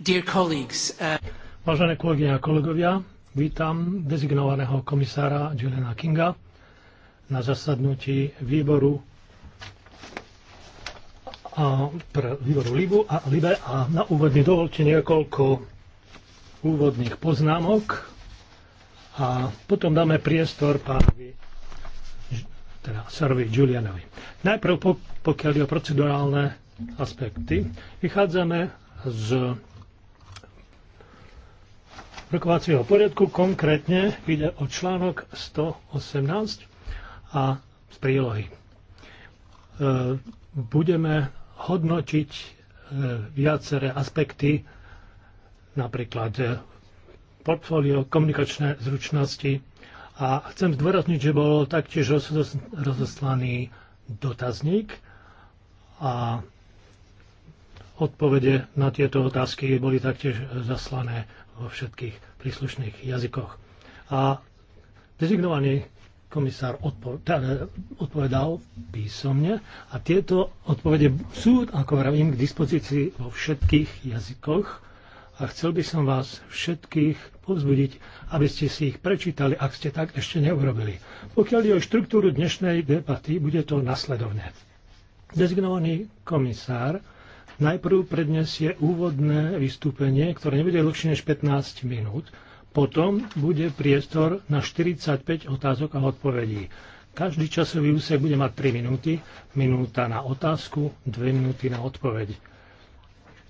Uh, Vážené kolegyne a kolegovia, vítam dezignovaného komisára Juliana Kinga na zasadnutí výboru a pre výboru Libu a Libe a na úvod mi dovolte niekoľko úvodných poznámok a potom dáme priestor pánovi teda Sarovi Julianovi. Najprv pokiaľ je o procedurálne aspekty, vychádzame z rokovacieho poriadku. Konkrétne ide o článok 118 a z prílohy. E, budeme hodnotiť e, viaceré aspekty, napríklad e, portfólio, komunikačné zručnosti a chcem zdôrazniť, že bol taktiež rozoslaný dotazník a Odpovede na tieto otázky boli taktiež zaslané vo všetkých príslušných jazykoch. A dezignovaný komisár odpovedal písomne a tieto odpovede sú, ako vravím, k dispozícii vo všetkých jazykoch a chcel by som vás všetkých povzbudiť, aby ste si ich prečítali, ak ste tak ešte neurobili. Pokiaľ je o štruktúru dnešnej debaty, bude to nasledovne. Dezignovaný komisár Najprv predniesie úvodné vystúpenie, ktoré nebude dlhšie než 15 minút. Potom bude priestor na 45 otázok a odpovedí. Každý časový úsek bude mať 3 minúty, minúta na otázku, 2 minúty na odpoveď.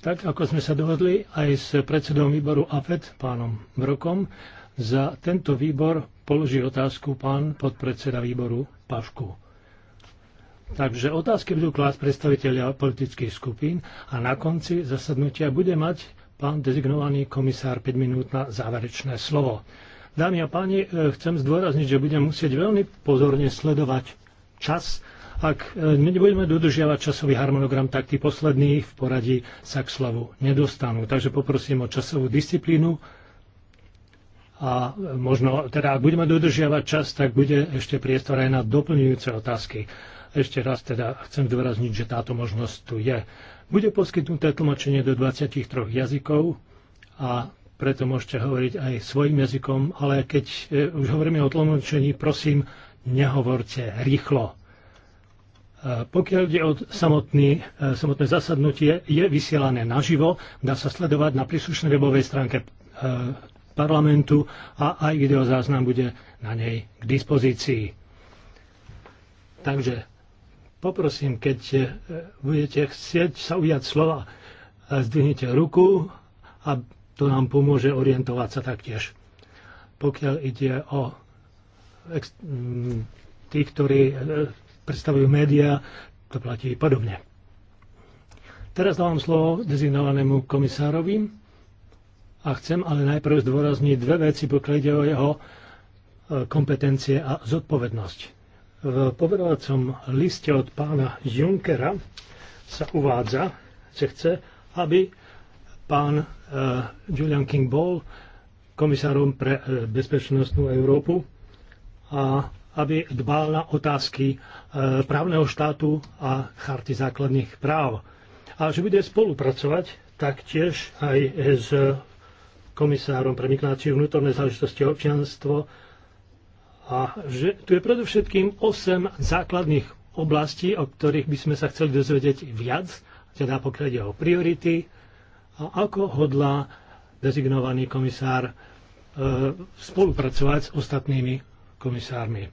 Tak, ako sme sa dohodli aj s predsedom výboru AFED, pánom Brokom, za tento výbor položí otázku pán podpredseda výboru Pašku. Takže otázky budú klásť predstaviteľia politických skupín a na konci zasadnutia bude mať pán dezignovaný komisár 5 minút na záverečné slovo. Dámy a páni, e, chcem zdôrazniť, že budem musieť veľmi pozorne sledovať čas. Ak e, nebudeme dodržiavať časový harmonogram, tak tí poslední v poradí sa k slovu nedostanú. Takže poprosím o časovú disciplínu a e, možno, teda ak budeme dodržiavať čas, tak bude ešte priestor aj na doplňujúce otázky. Ešte raz teda chcem zdôrazniť, že táto možnosť tu je. Bude poskytnuté tlmočenie do 23 jazykov a preto môžete hovoriť aj svojim jazykom, ale keď e, už hovoríme o tlmočení, prosím, nehovorte rýchlo. E, pokiaľ ide o samotný, e, samotné zasadnutie, je vysielané naživo, dá sa sledovať na príslušnej webovej stránke parlamentu a aj videozáznam bude na nej k dispozícii. Takže poprosím, keď e, budete chcieť sa ujať slova, e, zdvihnite ruku a to nám pomôže orientovať sa taktiež. Pokiaľ ide o tých, ktorí e, predstavujú médiá, to platí podobne. Teraz dávam slovo dezinovanému komisárovi a chcem ale najprv zdôrazniť dve veci, pokiaľ ide o jeho kompetencie a zodpovednosť. V poverovacom liste od pána Junckera sa uvádza, že chce, aby pán e, Julian King bol komisárom pre e, bezpečnostnú Európu a aby dbal na otázky e, právneho štátu a charty základných práv. A že bude spolupracovať taktiež aj s komisárom pre migráciu, vnútorné záležitosti občianstvo a že tu je predovšetkým 8 základných oblastí, o ktorých by sme sa chceli dozvedieť viac, teda pokiaľ ide o priority a ako hodlá dezignovaný komisár e, spolupracovať s ostatnými komisármi.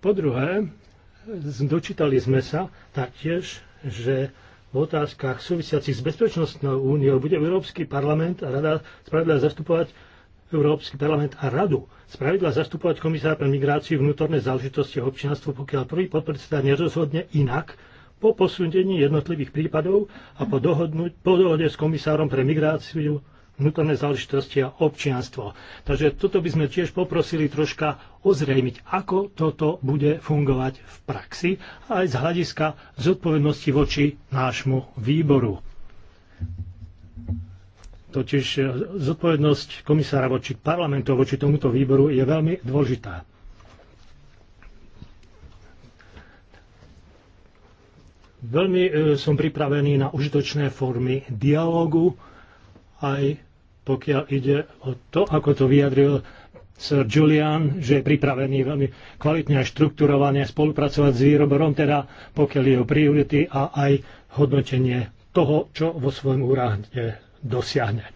Po druhé, dočítali sme sa taktiež, že v otázkach súvisiacich s bezpečnostnou úniou bude Európsky parlament a rada spravidla zastupovať Európsky parlament a radu spravidla zastupovať komisár pre migráciu vnútorné záležitosti a občianstvo, pokiaľ prvý podpredseda nerozhodne inak po posúdení jednotlivých prípadov a po, dohodnúť, po dohode s komisárom pre migráciu vnútorné záležitosti a občianstvo. Takže toto by sme tiež poprosili troška ozrejmiť, ako toto bude fungovať v praxi aj z hľadiska zodpovednosti voči nášmu výboru. Totiž e, zodpovednosť komisára voči parlamentu, voči tomuto výboru je veľmi dôležitá. Veľmi e, som pripravený na užitočné formy dialogu, aj pokiaľ ide o to, ako to vyjadril Sir Julian, že je pripravený veľmi kvalitne a štrukturovane spolupracovať s výroborom, teda pokiaľ je o priority a aj hodnotenie toho, čo vo svojom úrade dosiahne.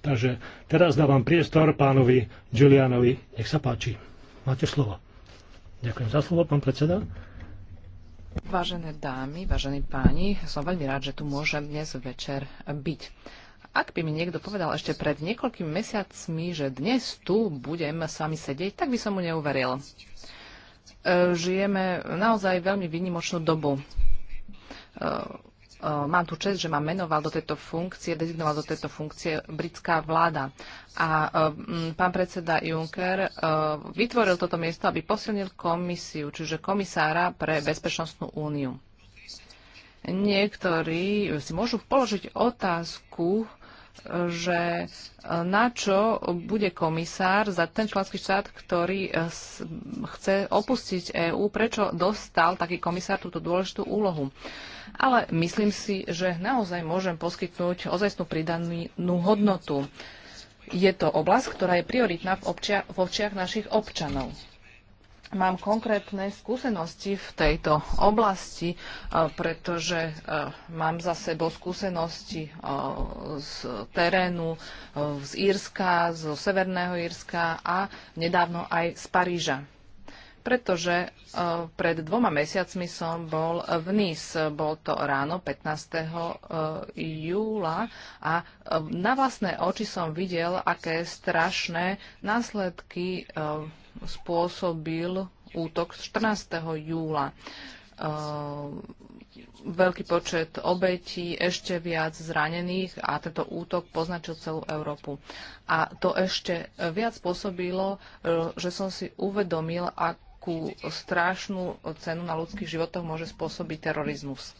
Takže teraz dávam priestor pánovi Julianovi. Nech sa páči. Máte slovo. Ďakujem za slovo, pán predseda. Vážené dámy, vážení páni, som veľmi rád, že tu môžem dnes večer byť. Ak by mi niekto povedal ešte pred niekoľkými mesiacmi, že dnes tu budem s vami sedieť, tak by som mu neuveril. E, žijeme naozaj veľmi výnimočnú dobu e, Eh, mám tu čest, že ma menoval do tejto funkcie, dezignoval do tejto funkcie britská vláda. A eh, pán predseda Juncker eh, vytvoril toto miesto, aby posilnil komisiu, čiže komisára pre bezpečnostnú úniu. Niektorí si môžu položiť otázku, že e, na čo bude komisár za ten členský štát, ktorý e, chce opustiť EÚ, prečo dostal taký komisár túto dôležitú úlohu. Ale myslím si, že naozaj môžem poskytnúť ozajstnú pridanú hodnotu. Je to oblasť, ktorá je prioritná v, občia- v očiach našich občanov mám konkrétne skúsenosti v tejto oblasti, e, pretože e, mám za sebou skúsenosti e, z terénu z Írska, zo Severného Írska a nedávno aj z Paríža. Pretože pred dvoma mesiacmi som bol v Nís. Bol to ráno 15. júla a na vlastné oči som videl, aké strašné následky spôsobil útok z 14. júla. Ehm, veľký počet obetí, ešte viac zranených a tento útok poznačil celú Európu. A to ešte viac spôsobilo, e, že som si uvedomil, akú strašnú cenu na ľudských životoch môže spôsobiť terorizmus.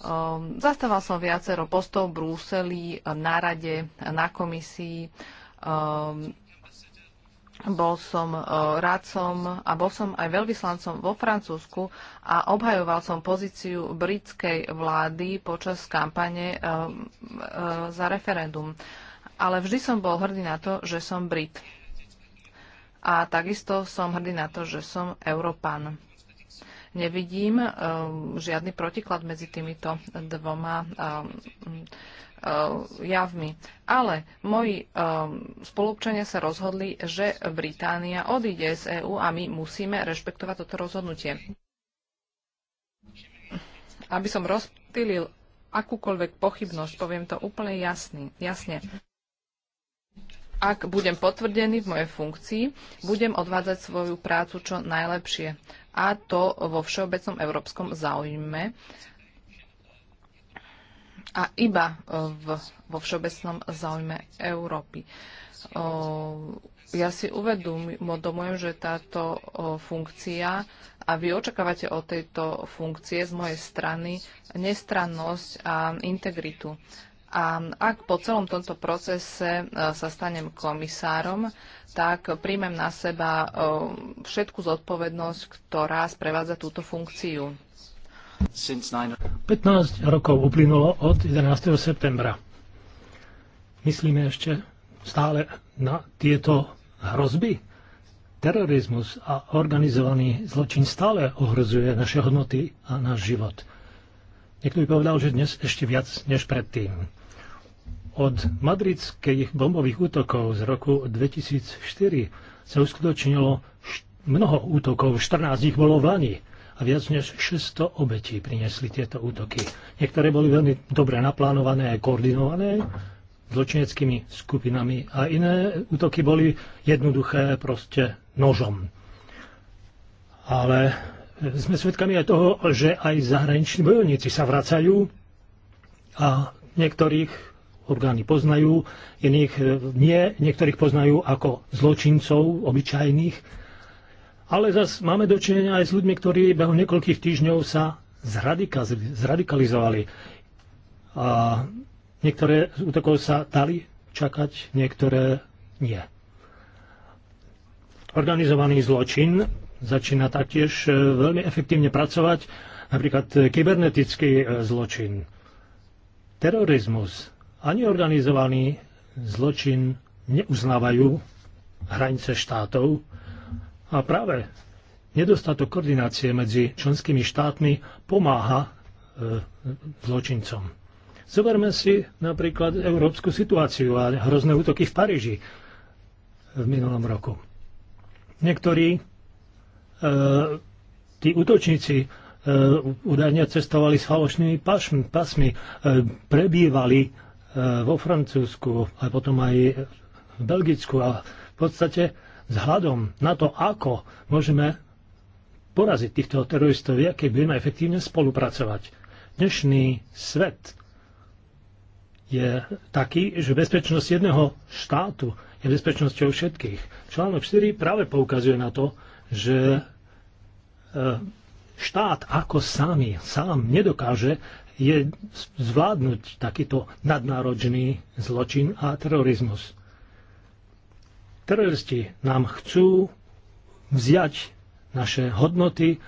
Ehm, zastával som viacero postov v Brúseli, na rade, na komisii. Um, bol som e, radcom a bol som aj veľvyslancom vo Francúzsku a obhajoval som pozíciu britskej vlády počas kampane e, e, za referendum. Ale vždy som bol hrdý na to, že som Brit. A takisto som hrdý na to, že som Európan. Nevidím žiadny protiklad medzi týmito dvoma Eh, javmi. Ale moji um, spolupčania sa rozhodli, že Británia odíde z EÚ a my musíme rešpektovať toto rozhodnutie. Aby som rozptýlil akúkoľvek pochybnosť, poviem to úplne jasný, jasne. Ak budem potvrdený v mojej funkcii, budem odvádzať svoju prácu čo najlepšie. A to vo všeobecnom európskom záujme. Uh, a iba e, v, vo všeobecnom záujme Európy. E, ja si uvedomujem, že táto e, funkcia a vy očakávate od tejto funkcie z mojej strany nestrannosť a integritu. A ak po celom tomto procese sa stanem komisárom, tak príjmem na seba všetku zodpovednosť, ktorá sprevádza túto funkciu. 15 rokov uplynulo od 11. septembra. Myslíme ešte stále na tieto hrozby. Terorizmus a organizovaný zločin stále ohrozuje naše hodnoty a náš život. Niekto by povedal, že dnes ešte viac než predtým. Od madridských bombových útokov z roku 2004 sa uskutočnilo mnoho útokov, 14 ich bolo v Lani a viac než 600 obetí priniesli tieto útoky. Niektoré boli veľmi dobre naplánované a koordinované zločineckými skupinami a iné útoky boli jednoduché proste nožom. Ale sme svedkami aj toho, že aj zahraniční bojovníci sa vracajú a niektorých orgány poznajú, iných e, nie, niektorých poznajú ako zločincov obyčajných, ale zase máme dočinenia aj s ľuďmi, ktorí behom niekoľkých týždňov sa zradikalizovali. A niektoré z útokov sa dali čakať, niektoré nie. Organizovaný zločin začína taktiež e, veľmi efektívne pracovať, napríklad e, kybernetický e, zločin, terorizmus, ani organizovaný zločin neuznávajú hranice štátov a práve nedostatok koordinácie medzi členskými štátmi pomáha e, zločincom. Zoberme si napríklad európsku situáciu a hrozné útoky v Paríži v minulom roku. Niektorí e, tí útočníci e, údajne cestovali s falošnými pašmi, pasmi, e, prebývali e, vo Francúzsku a potom aj v Belgicku a v podstate vzhľadom na to, ako môžeme poraziť týchto teroristov, aké budeme efektívne spolupracovať. Dnešný svet je taký, že bezpečnosť jedného štátu je bezpečnosťou všetkých. Článok 4 práve poukazuje na to, že e, štát ako sami, sám nedokáže je zvládnuť takýto nadnáročný zločin a terorizmus. Teroristi nám chcú vziať naše hodnoty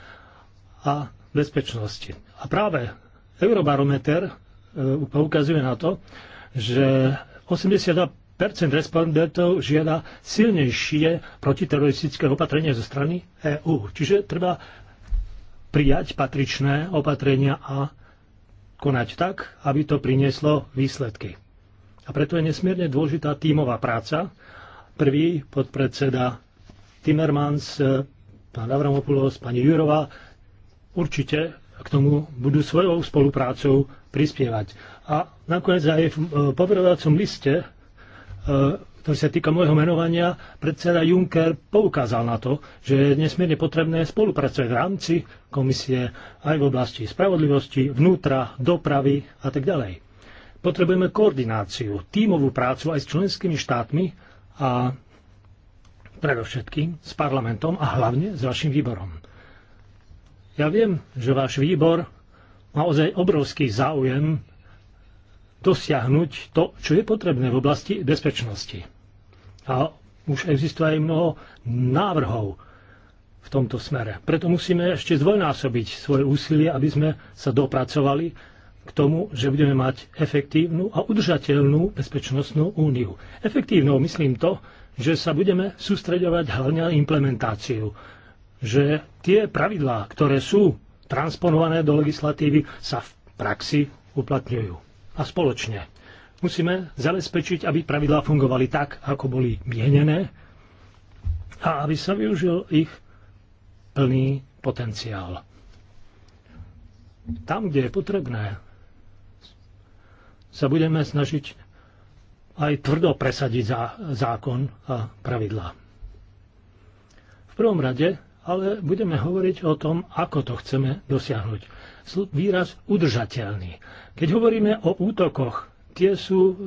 a bezpečnosti. A práve Eurobarometer e, poukazuje na to, že 82 respondentov žiada silnejšie protiteroristické opatrenie zo strany EÚ. Čiže treba prijať patričné opatrenia a konať tak, aby to prinieslo výsledky. A preto je nesmierne dôležitá tímová práca prvý podpredseda Timmermans, e, pán Avramopoulos, pani Jurova, určite k tomu budú svojou spoluprácou prispievať. A nakoniec aj v e, povedovacom liste, e, ktorý sa týka môjho menovania, predseda Juncker poukázal na to, že je nesmierne potrebné spolupracovať v rámci komisie aj v oblasti spravodlivosti, vnútra, dopravy a tak ďalej. Potrebujeme koordináciu, tímovú prácu aj s členskými štátmi, a predovšetkým s parlamentom a hlavne s vašim výborom. Ja viem, že váš výbor má ozaj obrovský záujem dosiahnuť to, čo je potrebné v oblasti bezpečnosti. A už existuje aj mnoho návrhov v tomto smere. Preto musíme ešte zdvojnásobiť svoje úsilie, aby sme sa dopracovali k tomu, že budeme mať efektívnu a udržateľnú bezpečnostnú úniu. Efektívnou myslím to, že sa budeme sústreďovať hlavne na implementáciu, že tie pravidlá, ktoré sú transponované do legislatívy, sa v praxi uplatňujú. A spoločne. Musíme zabezpečiť, aby pravidlá fungovali tak, ako boli mienené a aby sa využil ich plný potenciál. Tam, kde je potrebné sa budeme snažiť aj tvrdo presadiť za zákon a pravidlá. V prvom rade ale budeme hovoriť o tom, ako to chceme dosiahnuť. Výraz udržateľný. Keď hovoríme o útokoch, tie sú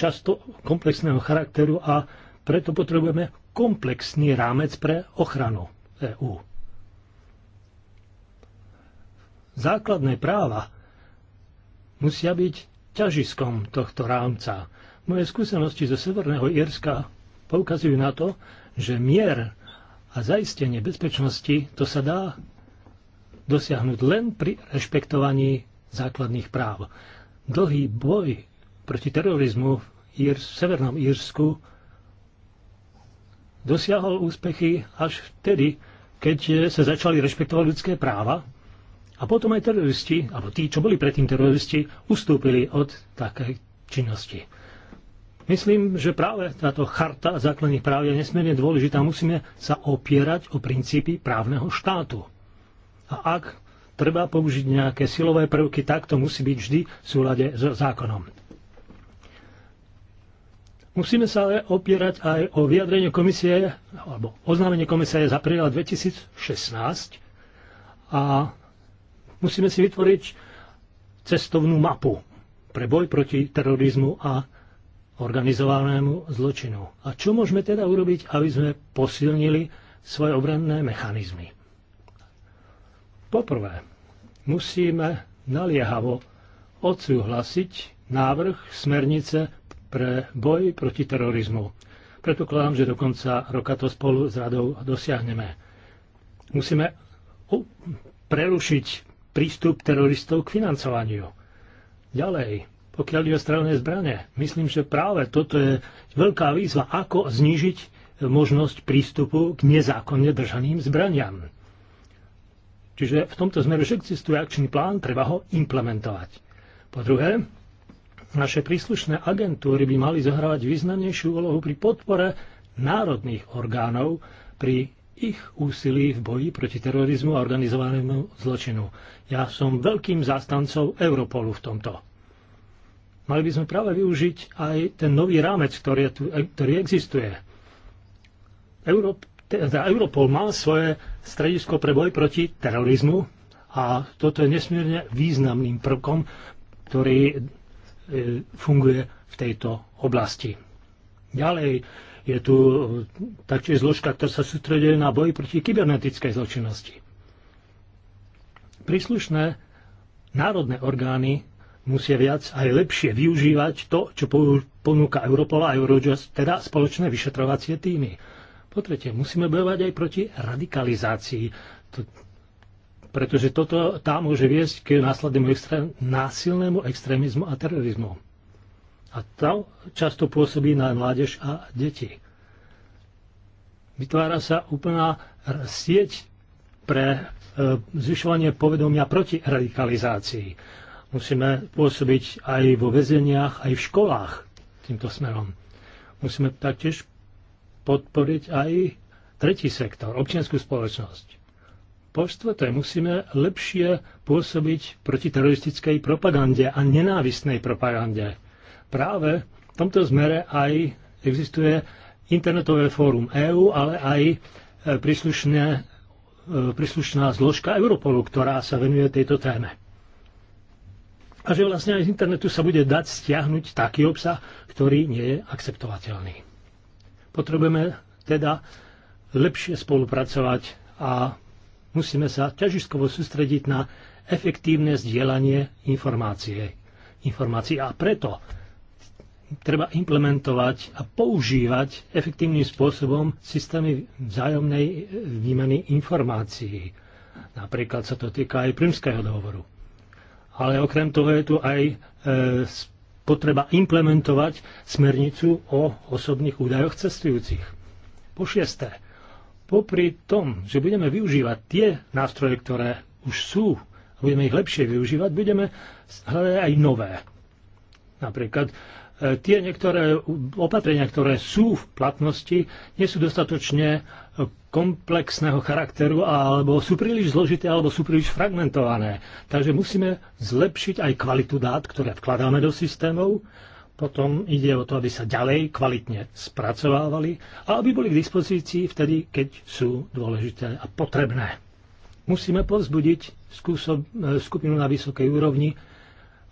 často komplexného charakteru a preto potrebujeme komplexný rámec pre ochranu EÚ. Základné práva musia byť ťažiskom tohto rámca. Moje skúsenosti zo Severného Írska poukazujú na to, že mier a zaistenie bezpečnosti to sa dá dosiahnuť len pri rešpektovaní základných práv. Dlhý boj proti terorizmu v, Ír, v Severnom Írsku dosiahol úspechy až vtedy, keď sa začali rešpektovať ľudské práva a potom aj teroristi, alebo tí, čo boli predtým teroristi, ustúpili od takej činnosti. Myslím, že práve táto charta základných práv je nesmierne dôležitá. Musíme sa opierať o princípy právneho štátu. A ak treba použiť nejaké silové prvky, tak to musí byť vždy v súlade s zákonom. Musíme sa ale opierať aj o vyjadrenie komisie, alebo oznámenie komisie za príklad 2016 a Musíme si vytvoriť cestovnú mapu pre boj proti terorizmu a organizovanému zločinu. A čo môžeme teda urobiť, aby sme posilnili svoje obranné mechanizmy? Poprvé, musíme naliehavo odsúhlasiť návrh smernice pre boj proti terorizmu. Predpokladám, že do konca roka to spolu s radou dosiahneme. Musíme prerušiť prístup teroristov k financovaniu. Ďalej, pokiaľ ide o strelné zbranie, myslím, že práve toto je veľká výzva, ako znížiť možnosť prístupu k nezákonne držaným zbraniam. Čiže v tomto že existuje akčný plán, treba ho implementovať. Po druhé, naše príslušné agentúry by mali zohrávať významnejšiu úlohu pri podpore národných orgánov pri ich úsilí v boji proti terorizmu a organizovanému zločinu. Ja som veľkým zástancom Europolu v tomto. Mali by sme práve využiť aj ten nový rámec, ktorý, tu, ktorý existuje. Europ, teda Europol má svoje stredisko pre boj proti terorizmu a toto je nesmierne významným prvkom, ktorý e, funguje v tejto oblasti. Ďalej, je tu e, taktiež zložka, ktorá sa sústreduje na boj proti kybernetickej zločinnosti. Príslušné národné orgány musia viac aj lepšie využívať to, čo ponúka Europol a Eurojust, teda spoločné vyšetrovacie týmy. Po tretie, musíme bojovať aj proti radikalizácii, pretože toto tá môže viesť k následnému extrém, násilnému extrémizmu a terorizmu. A to často pôsobí na mládež a deti. Vytvára sa úplná sieť pre e, zvyšovanie povedomia proti radikalizácii. Musíme pôsobiť aj vo väzeniach, aj v školách týmto smerom. Musíme taktiež podporiť aj tretí sektor, občianskú spoločnosť. Po štvrté, musíme lepšie pôsobiť proti teroristickej propagande a nenávistnej propagande práve v tomto zmere aj existuje internetové fórum EÚ, ale aj e, príslušne, príslušná zložka Europolu, ktorá sa venuje tejto téme. A že vlastne aj z internetu sa bude dať stiahnuť taký obsah, ktorý nie je akceptovateľný. Potrebujeme teda lepšie spolupracovať a musíme sa ťažiskovo sústrediť na efektívne zdieľanie informácie. informácií. A preto treba implementovať a používať efektívnym spôsobom systémy vzájomnej výmeny informácií. Napríklad sa to týka aj prímskeho dohovoru. Ale okrem toho je tu aj e, potreba implementovať smernicu o osobných údajoch cestujúcich. Po šiesté, popri tom, že budeme využívať tie nástroje, ktoré už sú, a budeme ich lepšie využívať, budeme hľadať aj nové. Napríklad E, tie niektoré opatrenia, ktoré sú v platnosti, nie sú dostatočne e, komplexného charakteru alebo sú príliš zložité alebo sú príliš fragmentované. Takže musíme zlepšiť aj kvalitu dát, ktoré vkladáme do systémov. Potom ide o to, aby sa ďalej kvalitne spracovávali a aby boli k dispozícii vtedy, keď sú dôležité a potrebné. Musíme povzbudiť e, skupinu na vysokej úrovni,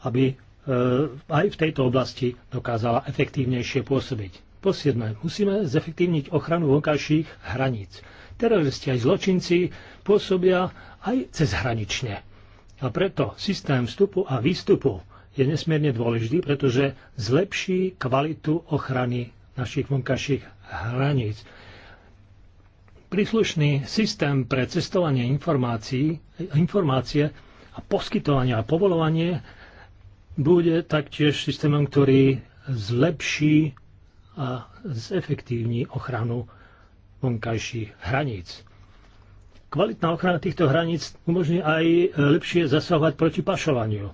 aby E, aj v tejto oblasti dokázala efektívnejšie pôsobiť. Po siedme, musíme zefektívniť ochranu vonkajších hraníc. Teroristi aj zločinci pôsobia aj cezhranične. A preto systém vstupu a výstupu je nesmierne dôležitý, pretože zlepší kvalitu ochrany našich vonkajších hraníc. Príslušný systém pre cestovanie informácií, informácie a poskytovanie a povolovanie bude taktiež systémom, ktorý zlepší a zefektívni ochranu vonkajších hraníc. Kvalitná ochrana týchto hraníc umožní aj lepšie zasahovať proti pašovaniu.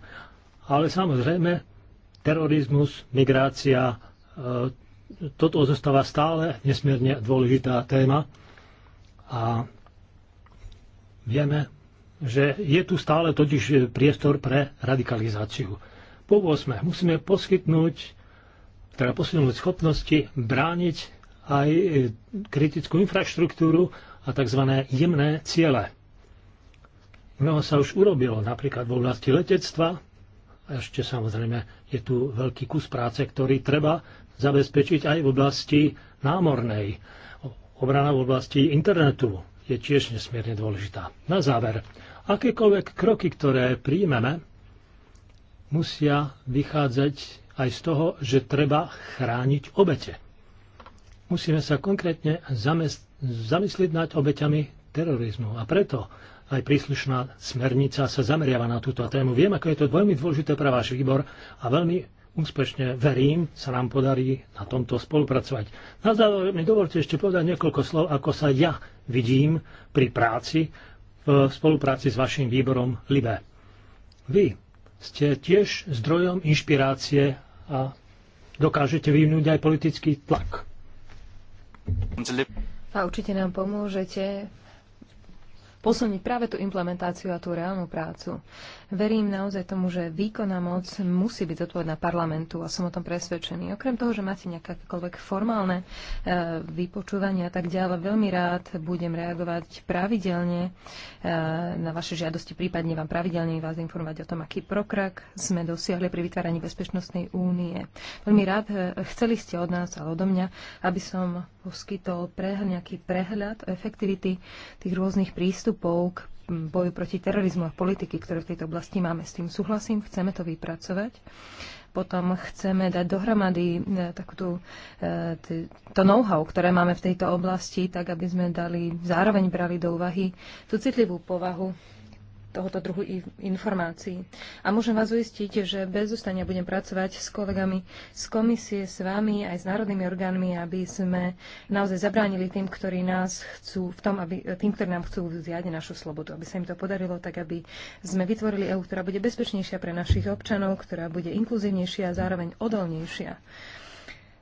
Ale samozrejme, terorizmus, migrácia, e, toto zostáva stále nesmierne dôležitá téma. A vieme, že je tu stále totiž priestor pre radikalizáciu. Po 8. Musíme poskytnúť, teda posilnúť schopnosti brániť aj e, kritickú infraštruktúru a tzv. jemné ciele. Mnoho sa už urobilo, napríklad v oblasti letectva. A ešte samozrejme je tu veľký kus práce, ktorý treba zabezpečiť aj v oblasti námornej. Obrana v oblasti internetu je tiež nesmierne dôležitá. Na záver, akékoľvek kroky, ktoré príjmeme, musia vychádzať aj z toho, že treba chrániť obete. Musíme sa konkrétne zamysliť nad obeťami terorizmu. A preto aj príslušná smernica sa zameriava na túto tému. Viem, ako je to veľmi dôležité pre váš výbor a veľmi úspešne, verím, sa nám podarí na tomto spolupracovať. Na záver mi dovolte ešte povedať niekoľko slov, ako sa ja vidím pri práci v spolupráci s vašim výborom LIBE. Vy ste tiež zdrojom inšpirácie a dokážete vyvinúť aj politický tlak. A určite nám pomôžete posilniť práve tú implementáciu a tú reálnu prácu. Verím naozaj tomu, že výkonná moc musí byť zodpovedná parlamentu a som o tom presvedčený. Okrem toho, že máte nejakékoľvek formálne e, vypočúvania a tak ďalej, veľmi rád budem reagovať pravidelne e, na vaše žiadosti, prípadne vám pravidelne vás informovať o tom, aký prokrak sme dosiahli pri vytváraní Bezpečnostnej únie. Veľmi rád e, chceli ste od nás a odo mňa, aby som poskytol pre, nejaký prehľad efektivity tých rôznych prístupov k boju proti terorizmu a politiky, ktoré v tejto oblasti máme. S tým súhlasím, chceme to vypracovať. Potom chceme dať dohromady e, takúto e, to know-how, ktoré máme v tejto oblasti, tak aby sme dali, zároveň brali do úvahy tú citlivú povahu tohoto druhu informácií. A môžem vás uistiť, že bez ustania budem pracovať s kolegami z komisie, s vami, aj s národnými orgánmi, aby sme naozaj zabránili tým, ktorí nás chcú, v tom, aby, tým, ktorí nám chcú zjať našu slobodu, aby sa im to podarilo, tak aby sme vytvorili EU, ktorá bude bezpečnejšia pre našich občanov, ktorá bude inkluzívnejšia a zároveň odolnejšia.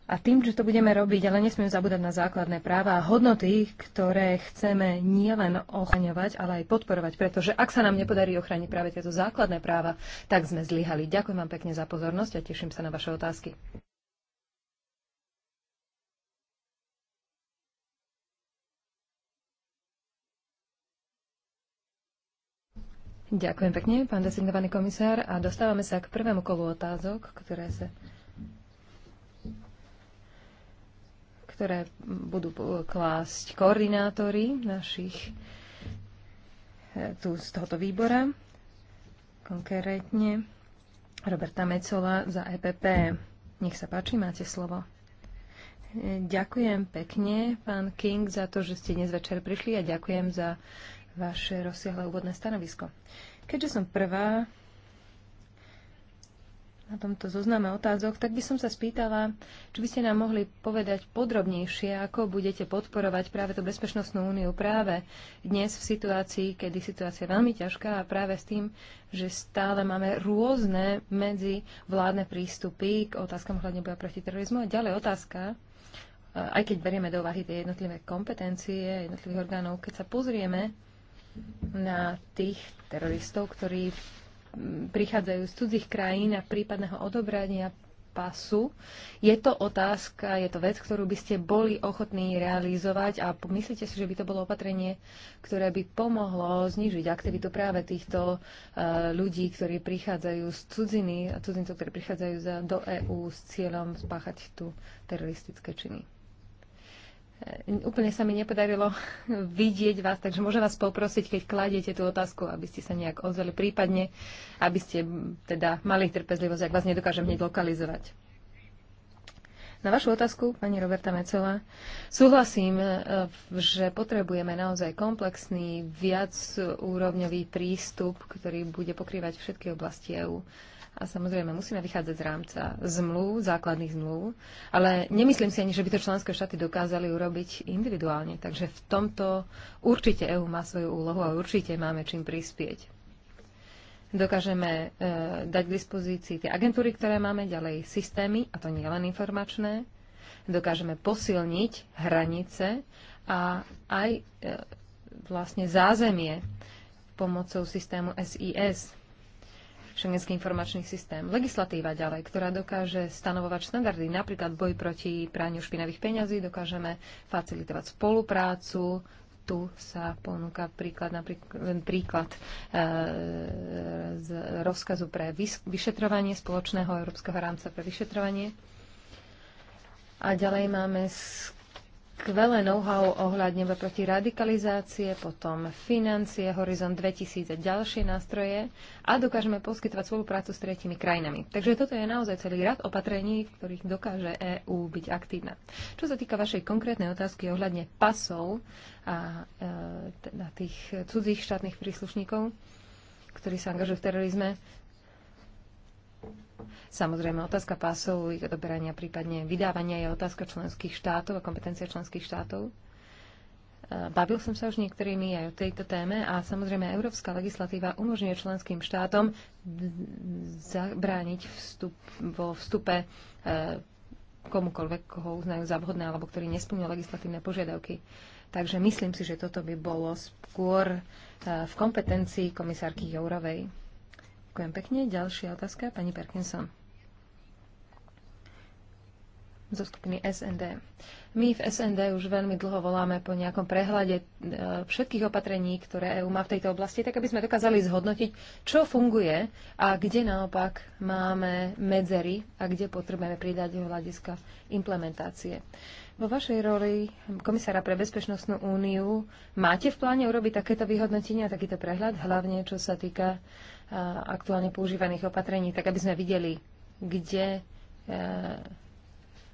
A tým, že to budeme robiť, ale nesmieme zabúdať na základné práva a hodnoty, ktoré chceme nielen ochraňovať, ale aj podporovať. Pretože ak sa nám nepodarí ochrániť práve tieto základné práva, tak sme zlyhali. Ďakujem vám pekne za pozornosť a teším sa na vaše otázky. Ďakujem pekne, pán designovaný komisár. A dostávame sa k prvému kolu otázok, ktoré sa ktoré budú klásť koordinátori našich e, tu z tohoto výbora, konkrétne Roberta Mecola za EPP. Nech sa páči, máte slovo. E, ďakujem pekne, pán King, za to, že ste dnes večer prišli a ďakujem za vaše rozsiahle úvodné stanovisko. Keďže som prvá, na tomto zozname otázok, tak by som sa spýtala, či by ste nám mohli povedať podrobnejšie, ako budete podporovať práve tú bezpečnostnú úniu práve dnes v situácii, kedy situácia je veľmi ťažká a práve s tým, že stále máme rôzne medzi vládne prístupy k otázkam hľadne boja proti terorizmu. A ďalej otázka, eh, aj keď berieme do úvahy tie jednotlivé kompetencie jednotlivých orgánov, keď sa pozrieme na tých teroristov, ktorí prichádzajú z cudzích krajín a prípadného odobrania pasu. Je to otázka, je to vec, ktorú by ste boli ochotní realizovať a myslíte si, že by to bolo opatrenie, ktoré by pomohlo znižiť aktivitu práve týchto eh, ľudí, ktorí prichádzajú z cudziny a cudzincov, ktorí prichádzajú do EÚ s cieľom spáchať tu teroristické činy? E, úplne sa mi nepodarilo vidieť vás, takže môžem vás poprosiť, keď kladiete tú otázku, aby ste sa nejak ozvali prípadne, aby ste teda mali trpezlivosť, ak vás nedokážem hneď lokalizovať. Na vašu otázku, pani Roberta Mecová, súhlasím, e, že potrebujeme naozaj komplexný, viacúrovňový prístup, ktorý bude pokrývať všetky oblasti EÚ. A samozrejme, musíme vychádzať z rámca zmluv, základných zmluv, ale nemyslím si ani, že by to členské štáty dokázali urobiť individuálne. Takže v tomto určite EÚ má svoju úlohu a určite máme čím prispieť. Dokážeme e, dať k dispozícii tie agentúry, ktoré máme, ďalej systémy, a to nie len informačné. Dokážeme posilniť hranice a aj e, vlastne zázemie pomocou systému SIS, šengenský informačný systém. Legislatíva ďalej, ktorá dokáže stanovovať štandardy, napríklad boj proti praniu špinavých peňazí, dokážeme facilitovať spoluprácu, tu sa ponúka príklad, napríklad, príklad e, z rozkazu pre vyšetrovanie spoločného európskeho rámca pre vyšetrovanie. A ďalej máme skvelé know-how ohľadne proti radikalizácie, potom financie, Horizon 2000 a ďalšie nástroje a dokážeme poskytovať spoluprácu s tretimi krajinami. Takže toto je naozaj celý rad opatrení, v ktorých dokáže EÚ byť aktívna. Čo sa týka vašej konkrétnej otázky ohľadne pasov a e, teda tých cudzích štátnych príslušníkov, ktorí sa angažujú v terorizme, Samozrejme, otázka pásov, ich odoberania, prípadne vydávania je otázka členských štátov a kompetencia členských štátov. E, bavil som sa už niektorými aj o tejto téme a samozrejme európska legislatíva umožňuje členským štátom zabrániť vstup, vo vstupe e, komukoľvek, koho uznajú za vhodné alebo ktorý nesplňuje legislatívne požiadavky. Takže myslím si, že toto by bolo skôr e, v kompetencii komisárky Jourovej. Ďakujem pekne. Ďalšia otázka, pani Parkinson zo skupiny SND. My v SND už veľmi dlho voláme po nejakom prehľade e, všetkých opatrení, ktoré EU má v tejto oblasti, tak aby sme dokázali zhodnotiť, čo funguje a kde naopak máme medzery a kde potrebujeme pridať hľadiska implementácie. Vo vašej roli komisára pre bezpečnostnú úniu máte v pláne urobiť takéto vyhodnotenie a takýto prehľad, hlavne čo sa týka Eh, aktuálne používaných opatrení, tak aby sme videli, kde eh,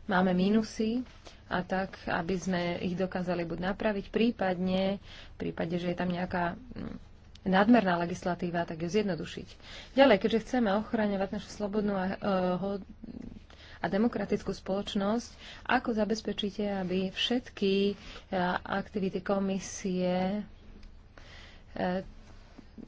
máme mínusy a tak, aby sme ich dokázali buď napraviť, prípadne, v prípade, že je tam nejaká hm, nadmerná legislatíva, tak ju zjednodušiť. Ďalej, keďže chceme ochraňovať našu slobodnú a, eh, a demokratickú spoločnosť, ako zabezpečíte, aby všetky aktivity komisie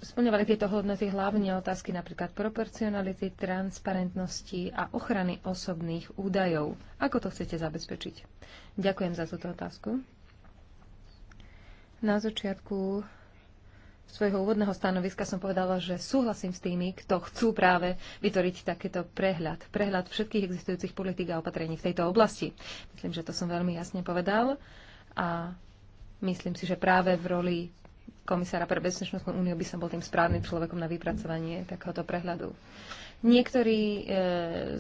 splňovali tieto hodnoty hlavne otázky napríklad proporcionality, transparentnosti a ochrany osobných údajov. Ako to chcete zabezpečiť? Ďakujem za túto otázku. Na začiatku svojho úvodného stanoviska som povedala, že súhlasím s tými, kto chcú práve vytvoriť takýto prehľad. Prehľad všetkých existujúcich politik a opatrení v tejto oblasti. Myslím, že to som veľmi jasne povedal a myslím si, že práve v roli komisára pre bezpečnostnú úniu by som bol tým správnym človekom na vypracovanie takéhoto prehľadu. Niektorí e,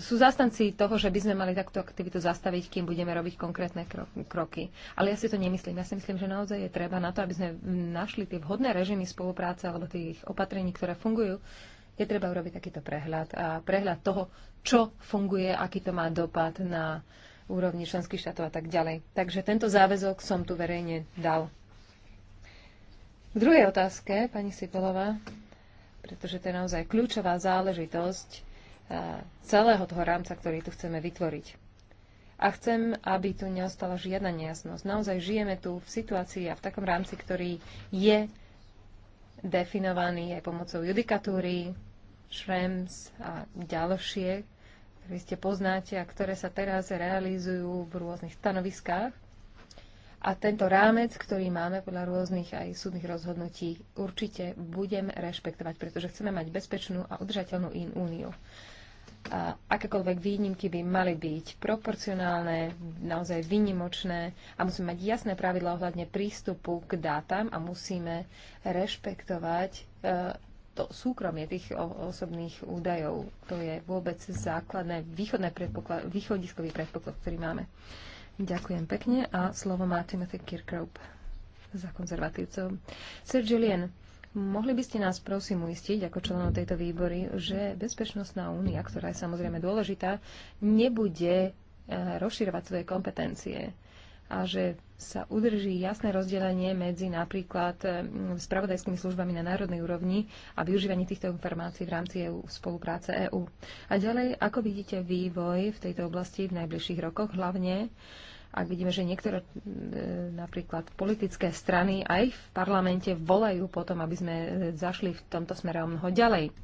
sú zastanci toho, že by sme mali takto aktivitu zastaviť, kým budeme robiť konkrétne kroky. Ale ja si to nemyslím. Ja si myslím, že naozaj je treba na to, aby sme našli tie vhodné režimy spolupráce alebo tých opatrení, ktoré fungujú, je treba urobiť takýto prehľad a prehľad toho, čo funguje, aký to má dopad na úrovni členských štátov a tak ďalej. Takže tento záväzok som tu verejne dal. K druhej otázke, pani Sipolová, pretože to je naozaj kľúčová záležitosť eh, celého toho rámca, ktorý tu chceme vytvoriť. A chcem, aby tu neostala žiadna nejasnosť. Naozaj žijeme tu v situácii a v takom rámci, ktorý je definovaný aj pomocou judikatúry, Schrems a ďalšie, ktoré ste poznáte a ktoré sa teraz realizujú v rôznych stanoviskách. A tento rámec, ktorý máme podľa rôznych aj súdnych rozhodnutí, určite budeme rešpektovať, pretože chceme mať bezpečnú a udržateľnú in úniu. A akékoľvek výnimky by mali byť proporcionálne, naozaj výnimočné a musíme mať jasné pravidla ohľadne prístupu k dátam a musíme rešpektovať e, to súkromie tých osobných údajov. To je vôbec základné východné predpoklad, východiskový predpoklad, ktorý máme. Ďakujem pekne a slovo má Timothy Kirkrope za konzervatívcov. Sir Julian, mohli by ste nás prosím uistiť ako členov tejto výbory, že Bezpečnostná únia, ktorá je samozrejme dôležitá, nebude eh, rozširovať svoje kompetencie a že sa udrží jasné rozdelenie medzi napríklad mm, spravodajskými službami na národnej úrovni a využívanie týchto informácií v rámci EU, spolupráce EÚ. A ďalej, ako vidíte vývoj v tejto oblasti v najbližších rokoch, hlavne ak vidíme, že niektoré mm, e, napríklad politické strany aj v parlamente volajú potom, aby sme e, zašli v tomto smere o mnoho ďalej.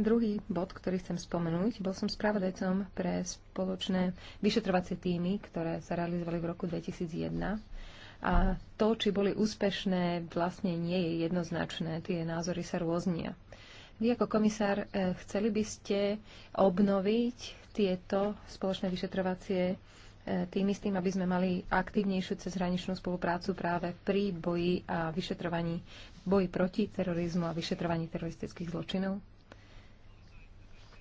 Druhý bod, ktorý chcem spomenúť, bol som spravodajcom pre spoločné vyšetrovacie týmy, ktoré sa realizovali v roku 2001. A to, či boli úspešné, vlastne nie je jednoznačné. Tie názory sa rôznia. Vy ako komisár eh, chceli by ste obnoviť tieto spoločné vyšetrovacie eh, týmy s tým, aby sme mali aktívnejšiu cezhraničnú spoluprácu práve pri boji a vyšetrovaní, boji proti terorizmu a vyšetrovaní teroristických zločinov?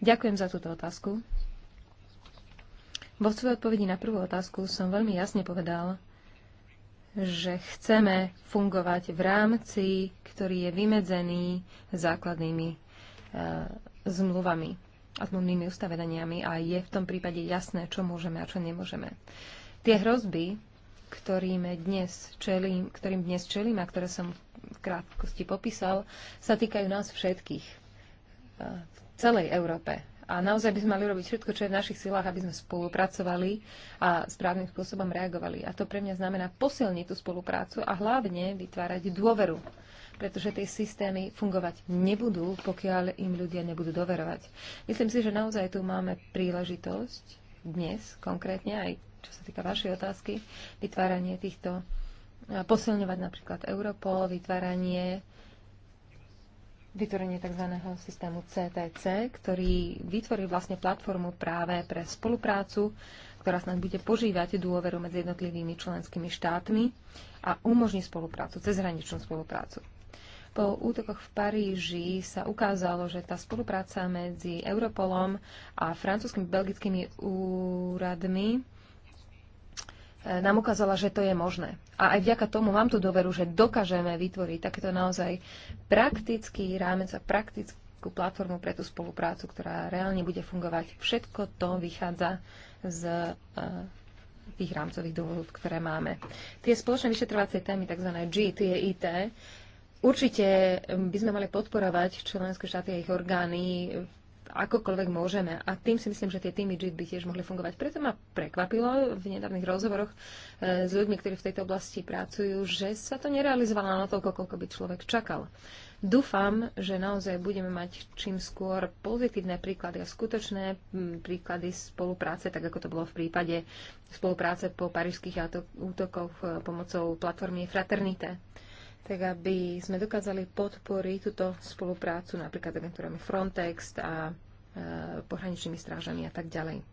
Ďakujem za túto otázku. Vo svojej odpovedi na prvú otázku som veľmi jasne povedal, že chceme fungovať v rámci, ktorý je vymedzený základnými e, zmluvami a zmluvnými ustavedaniami a je v tom prípade jasné, čo môžeme a čo nemôžeme. Tie hrozby, ktorým dnes čelím, ktorým dnes čelím a ktoré som v krátkosti popísal, sa týkajú nás všetkých. E, celej Európe. A naozaj by sme mali robiť všetko, čo je v našich silách, aby sme spolupracovali a správnym spôsobom reagovali. A to pre mňa znamená posilniť tú spoluprácu a hlavne vytvárať dôveru. Pretože tie systémy fungovať nebudú, pokiaľ im ľudia nebudú doverovať. Myslím si, že naozaj tu máme príležitosť dnes konkrétne, aj čo sa týka vašej otázky, vytváranie týchto posilňovať napríklad Europol, vytváranie vytvorenie tzv. systému CTC, ktorý vytvorí vlastne platformu práve pre spoluprácu, ktorá snad bude požívať dôveru medzi jednotlivými členskými štátmi a umožní spoluprácu, cezhraničnú spoluprácu. Po útokoch v Paríži sa ukázalo, že tá spolupráca medzi Europolom a francúzskými belgickými úradmi E, nám ukázala, že to je možné. A aj vďaka tomu mám tú doveru, že dokážeme vytvoriť takéto naozaj praktický rámec a praktickú platformu pre tú spoluprácu, ktorá reálne bude fungovať. Všetko to vychádza z e, tých rámcových dôvodov, ktoré máme. Tie spoločné vyšetrovacie témy, tzv. G, tie IT, určite by sme mali podporovať členské štáty a ich orgány v akokoľvek môžeme. A tým si myslím, že tie týmy JIT by tiež mohli fungovať. Preto ma prekvapilo v nedávnych rozhovoroch e, s ľuďmi, ktorí v tejto oblasti pracujú, že sa to nerealizovalo na toľko, koľko by človek čakal. Dúfam, že naozaj budeme mať čím skôr pozitívne príklady a skutočné príklady spolupráce, tak ako to bolo v prípade spolupráce po parížských útokoch e, pomocou platformy Fraternité tak aby sme dokázali podporiť túto spoluprácu napríklad agentúrami Frontex a e, pohraničnými strážami a tak ďalej.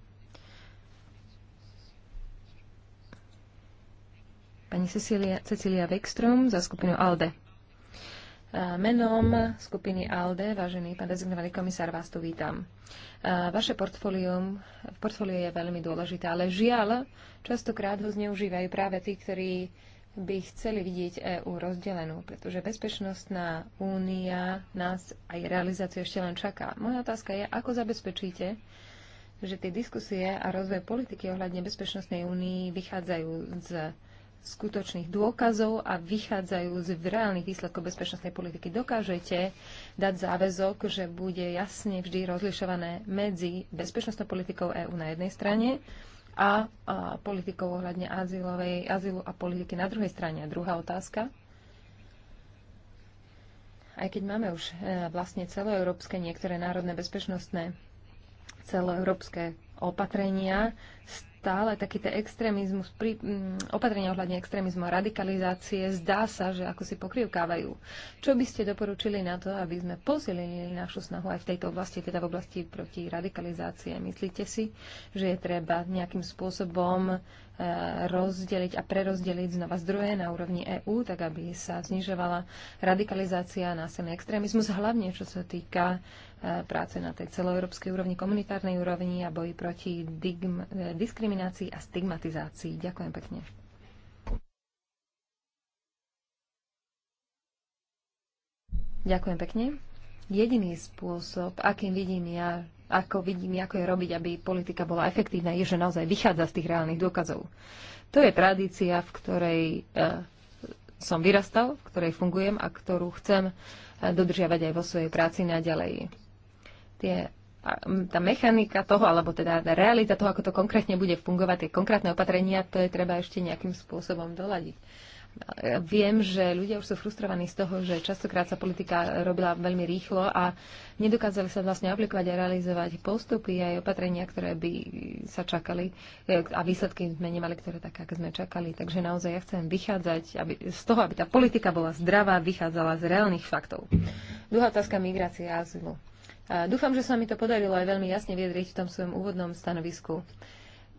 Pani Cecilia, Cecilia Wekström za skupinu ALDE. E, menom skupiny ALDE, vážený pán dezignovaný komisár, vás tu vítam. E, vaše portfólium, portfólio je veľmi dôležité, ale žiaľ, častokrát ho zneužívajú práve tí, ktorí by chceli vidieť EÚ rozdelenú, pretože bezpečnostná únia nás aj realizáciu ešte len čaká. Moja otázka je, ako zabezpečíte, že tie diskusie a rozvoj politiky ohľadne bezpečnostnej únii vychádzajú z skutočných dôkazov a vychádzajú z reálnych výsledkov bezpečnostnej politiky. Dokážete dať záväzok, že bude jasne vždy rozlišované medzi bezpečnostnou politikou EÚ na jednej strane a, a politikou ohľadne azylovej, azylu a politiky na druhej strane. A druhá otázka. Aj keď máme už e, vlastne celoeurópske, niektoré národné bezpečnostné celoeurópske opatrenia, s stále taký ten extrémizmus, pri, um, opatrenia ohľadne extrémizmu a radikalizácie, zdá sa, že ako si pokrivkávajú. Čo by ste doporučili na to, aby sme posilili našu snahu aj v tejto oblasti, teda v oblasti proti radikalizácie? Myslíte si, že je treba nejakým spôsobom rozdeliť a prerozdeliť znova zdroje na úrovni EÚ, tak aby sa znižovala radikalizácia a násilný extrémizmus, hlavne čo sa týka e, práce na tej celoeurópskej úrovni, komunitárnej úrovni a boji proti e, diskriminácii a stigmatizácii. Ďakujem pekne. Ďakujem pekne. Jediný spôsob, akým vidím ja ako vidím, ako je robiť, aby politika bola efektívna, je, že naozaj vychádza z tých reálnych dôkazov. To je tradícia, v ktorej e, som vyrastal, v ktorej fungujem a ktorú chcem e, dodržiavať aj vo svojej práci naďalej. Tie, tá mechanika toho, alebo teda realita toho, ako to konkrétne bude fungovať, tie konkrétne opatrenia, to je treba ešte nejakým spôsobom doladiť. Viem, že ľudia už sú frustrovaní z toho, že častokrát sa politika robila veľmi rýchlo a nedokázali sa vlastne aplikovať a realizovať postupy aj opatrenia, ktoré by sa čakali e, a výsledky sme nemali, ktoré také, ako sme čakali. Takže naozaj ja chcem vychádzať aby, z toho, aby tá politika bola zdravá, vychádzala z reálnych faktov. Druhá otázka migrácie a azylu. Dúfam, že sa mi to podarilo aj veľmi jasne vyjadriť v tom svojom úvodnom stanovisku.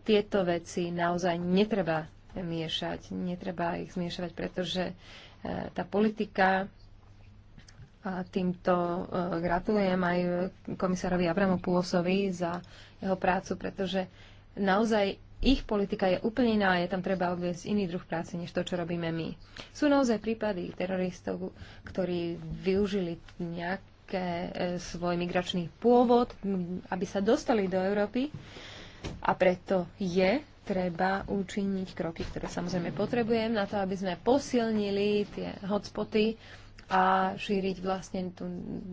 Tieto veci naozaj netreba miešať. Netreba ich zmiešavať, pretože e, tá politika a e, týmto e, gratulujem aj komisárovi Abramu Púlosovi za jeho prácu, pretože naozaj ich politika je úplne iná a je tam treba obviesť iný druh práce, než to, čo robíme my. Sú naozaj prípady teroristov, ktorí využili nejaké svoj migračný pôvod, aby sa dostali do Európy a preto je treba učiniť kroky, ktoré samozrejme potrebujem na to, aby sme posilnili tie hotspoty a šíriť vlastne tú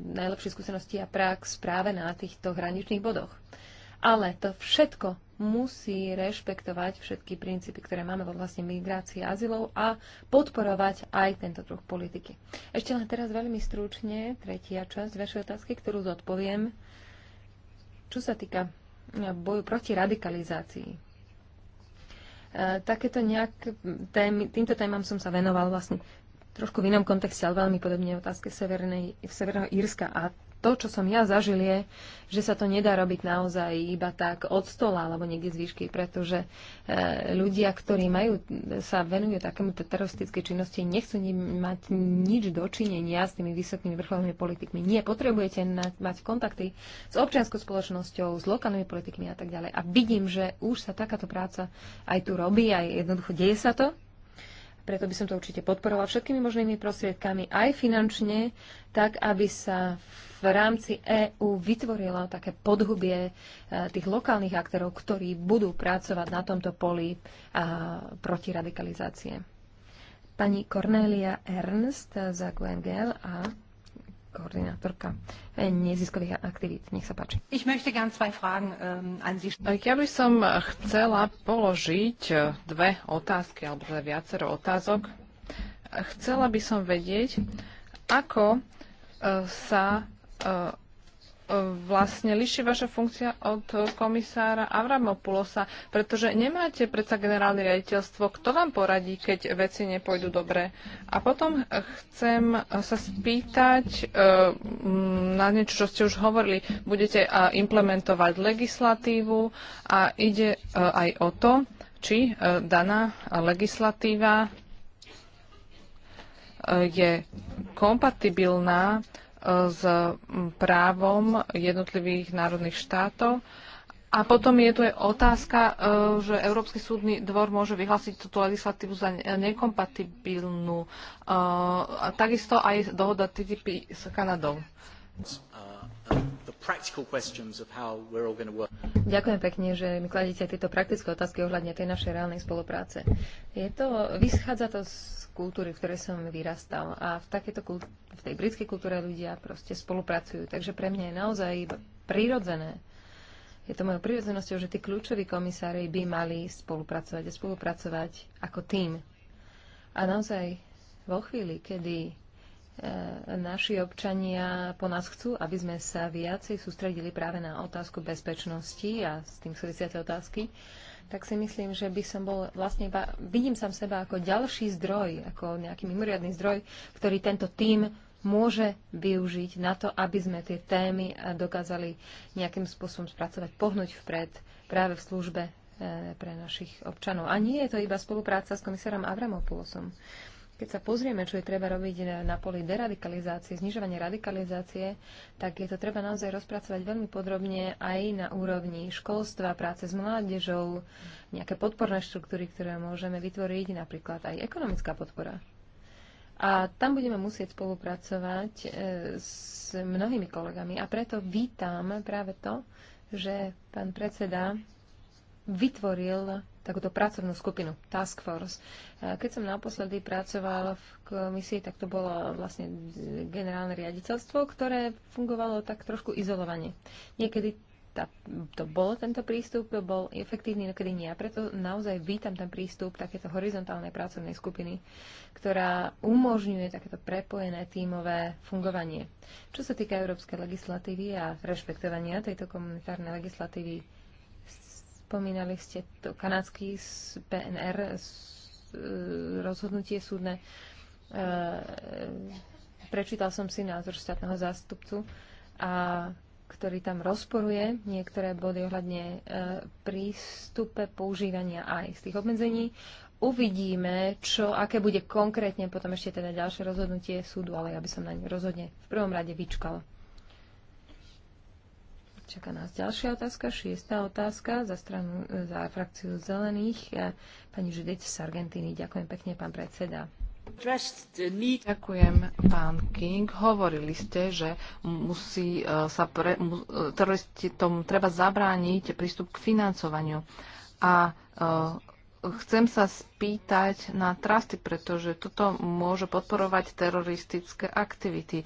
najlepšie skúsenosti a prax práve na týchto hraničných bodoch. Ale to všetko musí rešpektovať všetky princípy, ktoré máme vo vlastne migrácii a azylov a podporovať aj tento druh politiky. Ešte len teraz veľmi stručne tretia časť vašej otázky, ktorú zodpoviem. Čo sa týka boju proti radikalizácii. Eh, takéto nejak témy, týmto témam som sa venoval vlastne trošku v inom kontexte, ale veľmi podobne otázke Severnej, v Severného Írska. A to, čo som ja zažil, je, že sa to nedá robiť naozaj iba tak od stola alebo niekde z výšky, pretože e, ľudia, ktorí majú, sa venujú takému teroristickej činnosti, nechcú mať nič dočinenia s tými vysokými vrcholnými politikmi. Nie, potrebujete mať kontakty s občianskou spoločnosťou, s lokálnymi politikmi a tak ďalej. A vidím, že už sa takáto práca aj tu robí, aj jednoducho deje sa to, preto by som to určite podporovala všetkými možnými prostriedkami, aj finančne, tak aby sa v rámci EÚ vytvorila také podhubie e, tých lokálnych aktérov, ktorí budú pracovať na tomto poli e, proti radikalizácie. Pani Cornelia Ernst za Glengel a koordinátorka e, neziskových aktivít. Nech sa páči. Ähm, no, ja by som chcela položiť dve otázky, alebo teda viacero otázok. Chcela by som vedieť, ako sa E, e, vlastne liší vaša funkcia od komisára Avramopulosa, pretože nemáte predsa generálne riaditeľstvo, kto vám poradí, keď veci nepôjdu dobre. A potom chcem sa spýtať e, na niečo, čo ste už hovorili. Budete implementovať legislatívu a ide aj o to, či daná legislatíva je kompatibilná s mm, právom jednotlivých národných štátov. A potom je tu aj otázka, e, že Európsky súdny dvor môže vyhlásiť túto legislatívu za nekompatibilnú. E, takisto aj dohoda TTP s Kanadou. Ďakujem pekne, že mi kladíte tieto praktické otázky ohľadne tej našej reálnej spolupráce. Je to, vyschádza to z kultúry, v ktorej som vyrastal. A v, takéto, v tej britskej kultúre ľudia proste spolupracujú. Takže pre mňa je naozaj prirodzené, je to mojou prirodzenosťou, že tí kľúčoví komisári by mali spolupracovať a spolupracovať ako tým. A naozaj vo chvíli, kedy e, naši občania po nás chcú, aby sme sa viacej sústredili práve na otázku bezpečnosti a s tým súvisiace otázky, tak si myslím, že by som bol vlastne iba, vidím sám seba ako ďalší zdroj, ako nejaký mimoriadný zdroj, ktorý tento tým môže využiť na to, aby sme tie témy dokázali nejakým spôsobom spracovať, pohnúť vpred práve v službe eh, pre našich občanov. A nie je to iba spolupráca s komisárom Avramopulosom. Keď sa pozrieme, čo je treba robiť na, na poli deradikalizácie, znižovanie radikalizácie, tak je to treba naozaj rozpracovať veľmi podrobne aj na úrovni školstva, práce s mládežou, nejaké podporné štruktúry, ktoré môžeme vytvoriť, napríklad aj ekonomická podpora. A tam budeme musieť spolupracovať e, s mnohými kolegami. A preto vítam práve to, že pán predseda vytvoril takúto pracovnú skupinu, task force. Keď som naposledy pracoval v komisii, tak to bolo vlastne generálne riaditeľstvo, ktoré fungovalo tak trošku izolovanie. Niekedy tá, to bol tento prístup, bol efektívny, no kedy nie. A preto naozaj vítam ten prístup takéto horizontálnej pracovnej skupiny, ktorá umožňuje takéto prepojené tímové fungovanie. Čo sa týka európskej legislatívy a rešpektovania tejto komunitárnej legislatívy, Spomínali ste to kanadský z PNR, z, e, rozhodnutie súdne. E, prečítal som si názor štátneho zástupcu, a, ktorý tam rozporuje niektoré body ohľadne e, prístupe používania aj z tých obmedzení. Uvidíme, čo, aké bude konkrétne potom ešte teda ďalšie rozhodnutie súdu, ale ja by som na ne rozhodne v prvom rade vyčkala. Čaká nás ďalšia otázka, šiesta otázka za, stranu, e, za frakciu zelených. E, pani Židec z Argentíny. Ďakujem pekne, pán predseda. Ďakujem, pán King. Hovorili ste, že musí e, sa pre, mu, teroristom treba zabrániť prístup k financovaniu. A uh, chcem sa spýtať na trasty, pretože toto môže podporovať teroristické aktivity. E,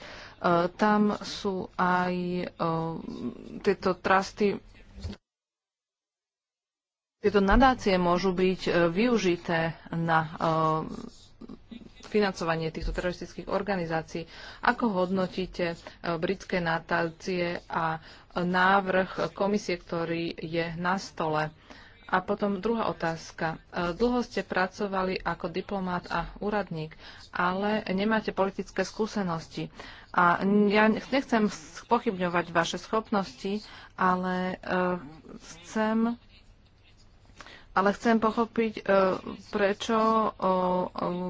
tam sú aj e, tieto trasty. Tieto nadácie môžu byť e, využité na financovanie týchto teroristických organizácií. Ako hodnotíte britské natácie a návrh komisie, ktorý je na stole? A potom druhá otázka. E, dlho ste pracovali ako diplomát a úradník, ale nemáte politické skúsenosti. A ja nechcem pochybňovať vaše schopnosti, ale e, chcem ale chcem pochopiť, e, prečo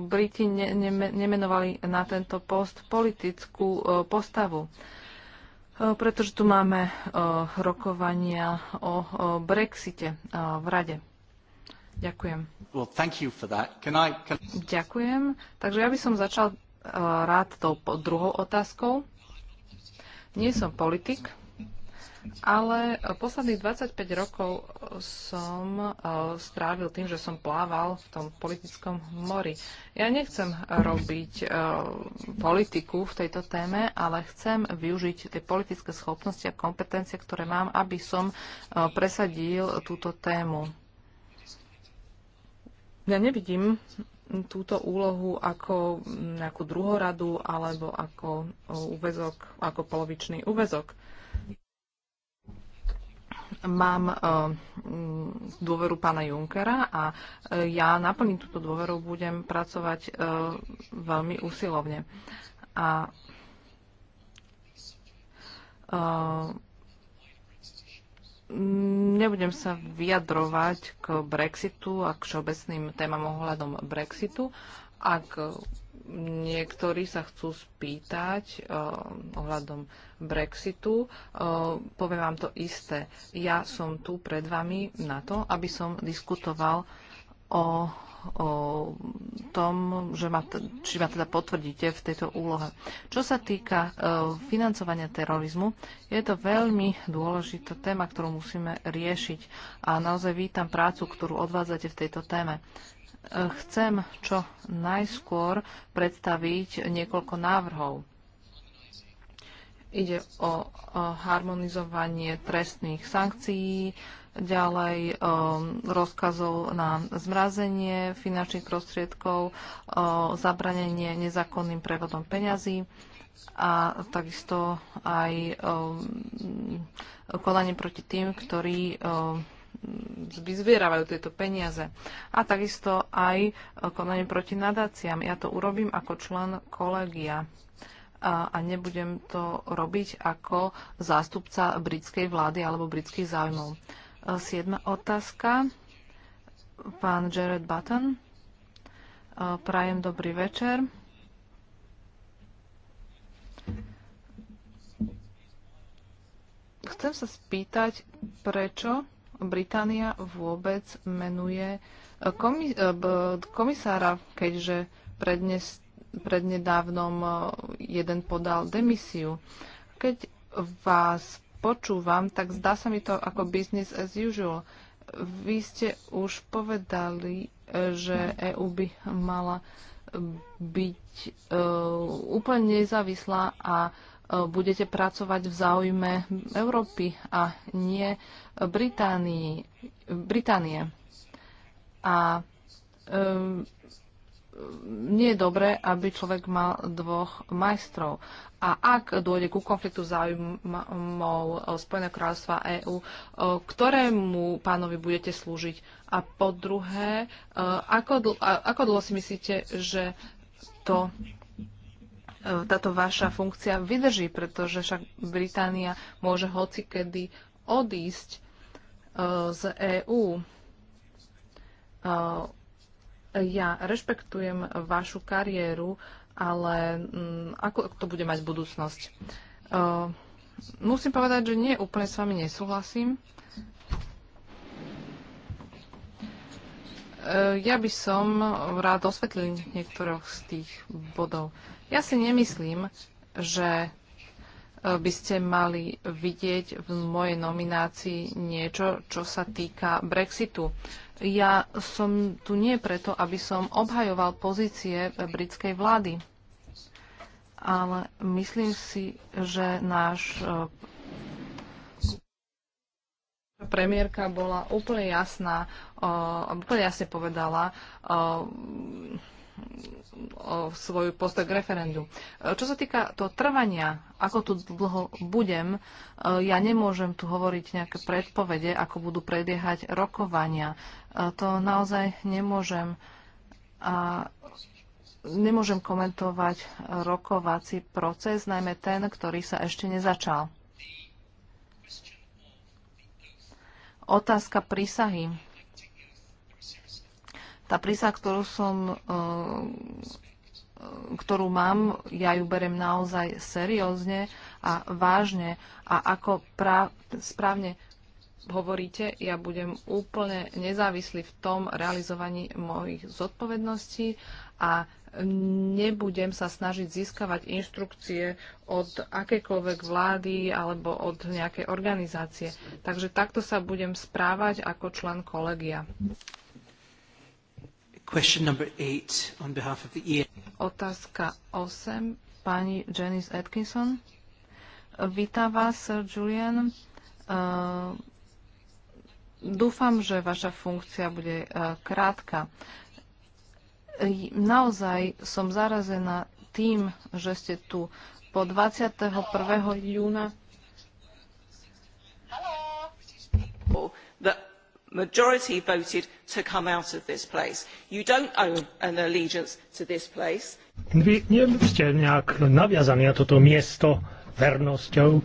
Briti nemenovali na tento post politickú postavu. E, pretože tu máme e, rokovania o Brexite e, v Rade. Ďakujem. Well, can I, can... Ďakujem. Takže ja by som začal rád tou druhou otázkou. Nie som politik, ale posledných 25 rokov som e, strávil tým, že som plával v tom politickom mori. Ja nechcem robiť e, politiku v tejto téme, ale chcem využiť tie politické schopnosti a kompetencie, ktoré mám, aby som e, presadil túto tému. Ja nevidím túto úlohu ako nejakú druhoradu alebo ako úvezok, ako polovičný úvezok mám eh, mm, dôveru pána Junkera a eh, ja naplním túto dôveru, budem pracovať eh, veľmi úsilovne. A nebudem sa vyjadrovať k Brexitu a k všeobecným témam ohľadom Brexitu. Ak niektorí sa chcú spýtať uh, ohľadom Brexitu. Uh, poviem vám to isté. Ja som tu pred vami na to, aby som diskutoval o, o tom, že ma, či ma teda potvrdíte v tejto úlohe. Čo sa týka uh, financovania terorizmu, je to veľmi dôležitá téma, ktorú musíme riešiť a naozaj vítam prácu, ktorú odvádzate v tejto téme chcem čo najskôr predstaviť niekoľko návrhov. Ide o harmonizovanie trestných sankcií, ďalej um, rozkazov na zmrazenie finančných prostriedkov, um, zabranenie nezákonným prevodom peňazí a takisto aj um, konanie proti tým, ktorí Vyzvierávajú tieto peniaze. A takisto aj konanie proti nadáciám. Ja to urobím ako člen kolegia a, a nebudem to robiť ako zástupca britskej vlády alebo britských záujmov. E, siedma otázka. Pán Jared Button. E, prajem dobrý večer. Chcem sa spýtať, prečo Británia vôbec menuje eh, eh, komisára, keďže prednes, prednedávnom eh, jeden podal demisiu. Keď vás počúvam, tak zdá sa mi to ako business as usual. Vy ste už povedali, že EU by mala byť uh, úplne nezávislá a budete pracovať v záujme Európy a nie Británii, Británie. A um, nie je dobré, aby človek mal dvoch majstrov. A ak dôjde ku konfliktu záujmov Spojeného kráľovstva EÚ, e, ktorému pánovi budete slúžiť? A po druhé, e, ako, dl- ako dlho si myslíte, že to táto vaša funkcia vydrží, pretože však Británia môže hocikedy odísť eh, z EÚ. Eh, ja rešpektujem vašu kariéru, ale mm, ako to bude mať budúcnosť? Eh, musím povedať, že nie úplne s vami nesúhlasím. Ja by som rád osvetlil niektorých z tých bodov. Ja si nemyslím, že e, by ste mali vidieť v mojej nominácii niečo, čo sa týka Brexitu. Ja som tu nie preto, aby som obhajoval pozície e, britskej vlády, ale myslím si, že náš e, premiérka bola úplne jasná, úplne jasne povedala, o svoj postoj k referendu. Čo sa týka toho trvania, ako tu dlho budem, e, ja nemôžem tu hovoriť nejaké predpovede, ako budú prebiehať rokovania. E, to naozaj nemôžem. A nemôžem komentovať rokovací proces, najmä ten, ktorý sa ešte nezačal. Otázka prísahy tá prísa, ktorú som eh, ktorú mám, ja ju berem naozaj seriózne a vážne. A ako práv, správne hovoríte, ja budem úplne nezávislý v tom realizovaní mojich zodpovedností a nebudem sa snažiť získavať inštrukcie od akékoľvek vlády alebo od nejakej organizácie. Takže takto sa budem správať ako člen kolegia. Question number eight on behalf of the EA. Otázka 8, pani Janice Atkinson. Vítam vás, Sir Julian. Uh, dúfam, že vaša funkcia bude uh, krátka. Naozaj som zarazená tým, že ste tu. Po 21. júna majority voted to come out of this place. You don't own an allegiance to this place. Vy nie ste nejak naviazaní na toto miesto vernosťou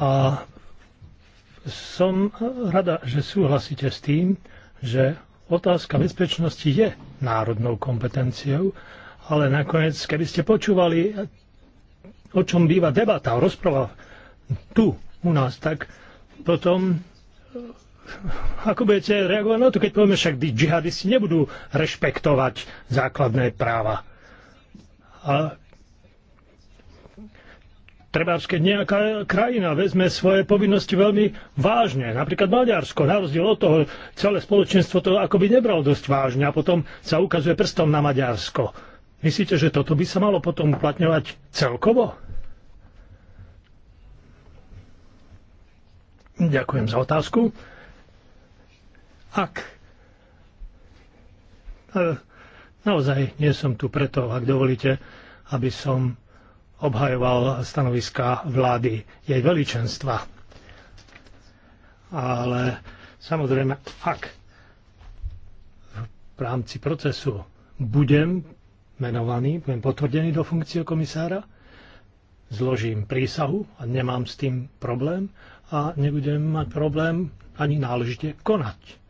a som rada, že súhlasíte s tým, že otázka bezpečnosti je národnou kompetenciou, ale nakoniec, keby ste počúvali, o čom býva debata, rozpráva tu u nás, tak potom ako budete reagovať na to, keď povieme však, tí džihadisti nebudú rešpektovať základné práva. A treba, keď nejaká krajina vezme svoje povinnosti veľmi vážne, napríklad Maďarsko, na rozdiel od toho, celé spoločenstvo to akoby nebralo dosť vážne a potom sa ukazuje prstom na Maďarsko. Myslíte, že toto by sa malo potom uplatňovať celkovo? Ďakujem za otázku. Ak e, naozaj nie som tu preto, ak dovolíte, aby som obhajoval stanoviska vlády, jej veličenstva. Ale samozrejme, ak v rámci procesu budem menovaný, budem potvrdený do funkcie komisára, zložím prísahu a nemám s tým problém a nebudem mať problém ani náležite konať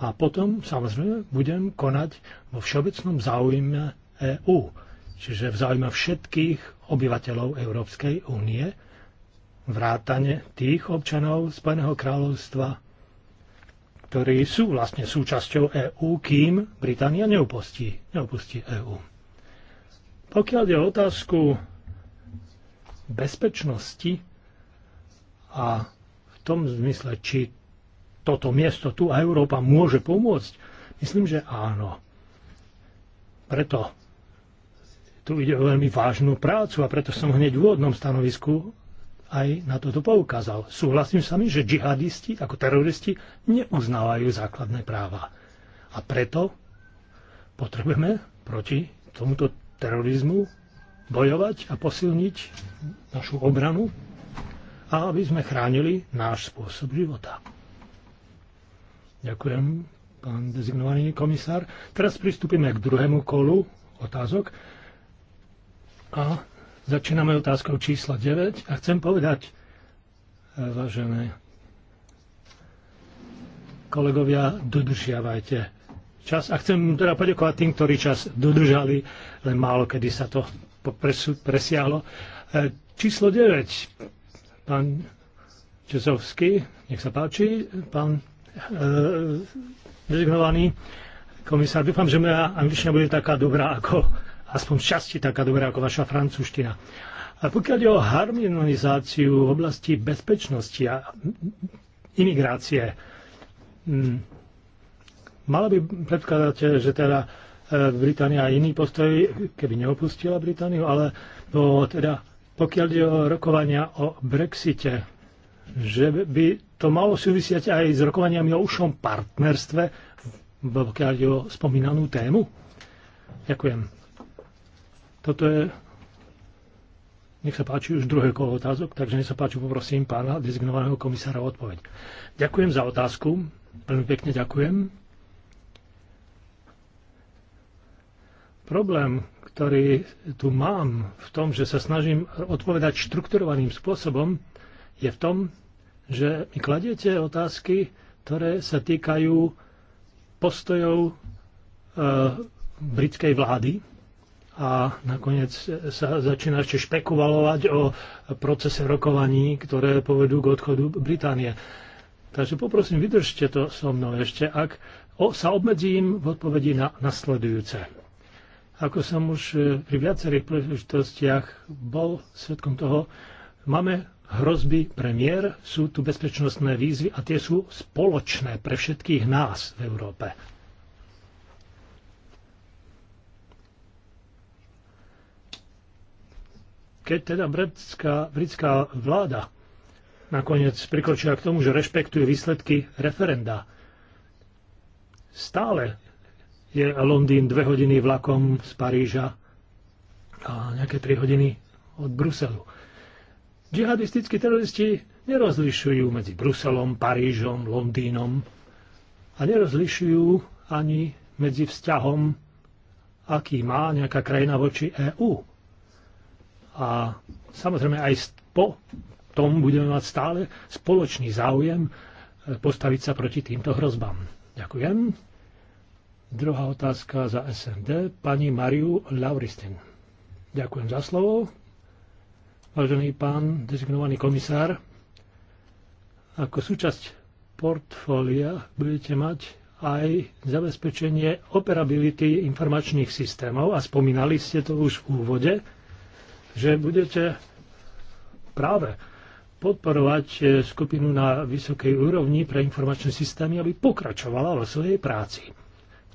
a potom samozrejme budem konať vo všeobecnom záujme EÚ, čiže v záujme všetkých obyvateľov Európskej únie, vrátane tých občanov Spojeného kráľovstva, ktorí sú vlastne súčasťou EÚ, kým Británia neopustí, neupustí EÚ. E Pokiaľ je otázku bezpečnosti a v tom zmysle, či toto miesto tu a Európa môže pomôcť? Myslím, že áno. Preto tu ide o veľmi vážnu prácu a preto som hneď v úvodnom stanovisku aj na toto poukázal. Súhlasím sami, že džihadisti ako teroristi neuznávajú základné práva. A preto potrebujeme proti tomuto terorizmu bojovať a posilniť našu obranu a aby sme chránili náš spôsob života. Ďakujem, pán dezignovaný komisár. Teraz pristúpime k druhému kolu otázok. A začíname otázkou čísla 9. A chcem povedať, eh, vážené kolegovia, dodržiavajte čas. A chcem teda poďakovať tým, ktorí čas dodržali, len málo kedy sa to presiahlo. Eh, číslo 9, pán Česovský, nech sa páči, pán dezignovaný e, komisár. Dúfam, že moja angličtina bude taká dobrá ako, aspoň v časti taká dobrá ako vaša francúzština. A pokiaľ je o harmonizáciu v oblasti bezpečnosti a imigrácie, mm, mala by predkladať, že teda e, Británia iný postoj, keby neopustila Britániu, ale no, teda, pokiaľ je o rokovania o Brexite, že by to malo súvisiať aj s rokovaniami o ušom partnerstve, pokiaľ ide o spomínanú tému? Ďakujem. Toto je... Nech sa páči už druhé kolo otázok, takže nech sa páči, poprosím pána dezignovaného komisára o odpoveď. Ďakujem za otázku. Veľmi pekne ďakujem. Problém, ktorý tu mám v tom, že sa snažím odpovedať štrukturovaným spôsobom, je v tom, že mi kladiete otázky, ktoré sa týkajú postojov e, britskej vlády a nakoniec sa začína ešte špekulovať o procese rokovaní, ktoré povedú k odchodu Británie. Takže poprosím, vydržte to so mnou ešte, ak o, sa obmedzím v odpovedi na nasledujúce. Ako som už e, pri viacerých príležitostiach bol svetkom toho, máme hrozby pre mier, sú tu bezpečnostné výzvy a tie sú spoločné pre všetkých nás v Európe. Keď teda britská, britská vláda nakoniec prikročila k tomu, že rešpektuje výsledky referenda, stále je Londýn dve hodiny vlakom z Paríža a nejaké tri hodiny od Bruselu. Džihadistickí teroristi nerozlišujú medzi Bruselom, Parížom, Londýnom a nerozlišujú ani medzi vzťahom, aký má nejaká krajina voči EÚ. A samozrejme aj po tom budeme mať stále spoločný záujem e, postaviť sa proti týmto hrozbám. Ďakujem. Druhá otázka za SND, pani Mariu Lauristin. Ďakujem za slovo, Vážený pán dezignovaný komisár, ako súčasť portfólia budete mať aj zabezpečenie operability informačných systémov a spomínali ste to už v úvode, že budete práve podporovať eh, skupinu na vysokej úrovni pre informačné systémy, aby pokračovala vo svojej práci.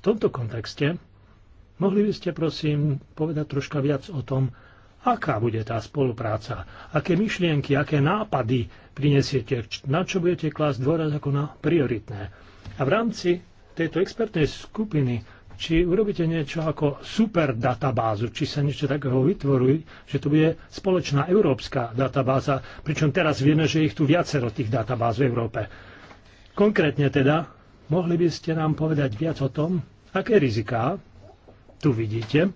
V tomto kontexte mohli by ste prosím povedať troška viac o tom, aká bude tá spolupráca, aké myšlienky, aké nápady prinesiete, na čo budete klásť dôraz ako na prioritné. A v rámci tejto expertnej skupiny, či urobíte niečo ako super databázu, či sa niečo takého vytvorí, že to bude spoločná európska databáza, pričom teraz vieme, že ich tu viacero tých databáz v Európe. Konkrétne teda, mohli by ste nám povedať viac o tom, aké riziká tu vidíte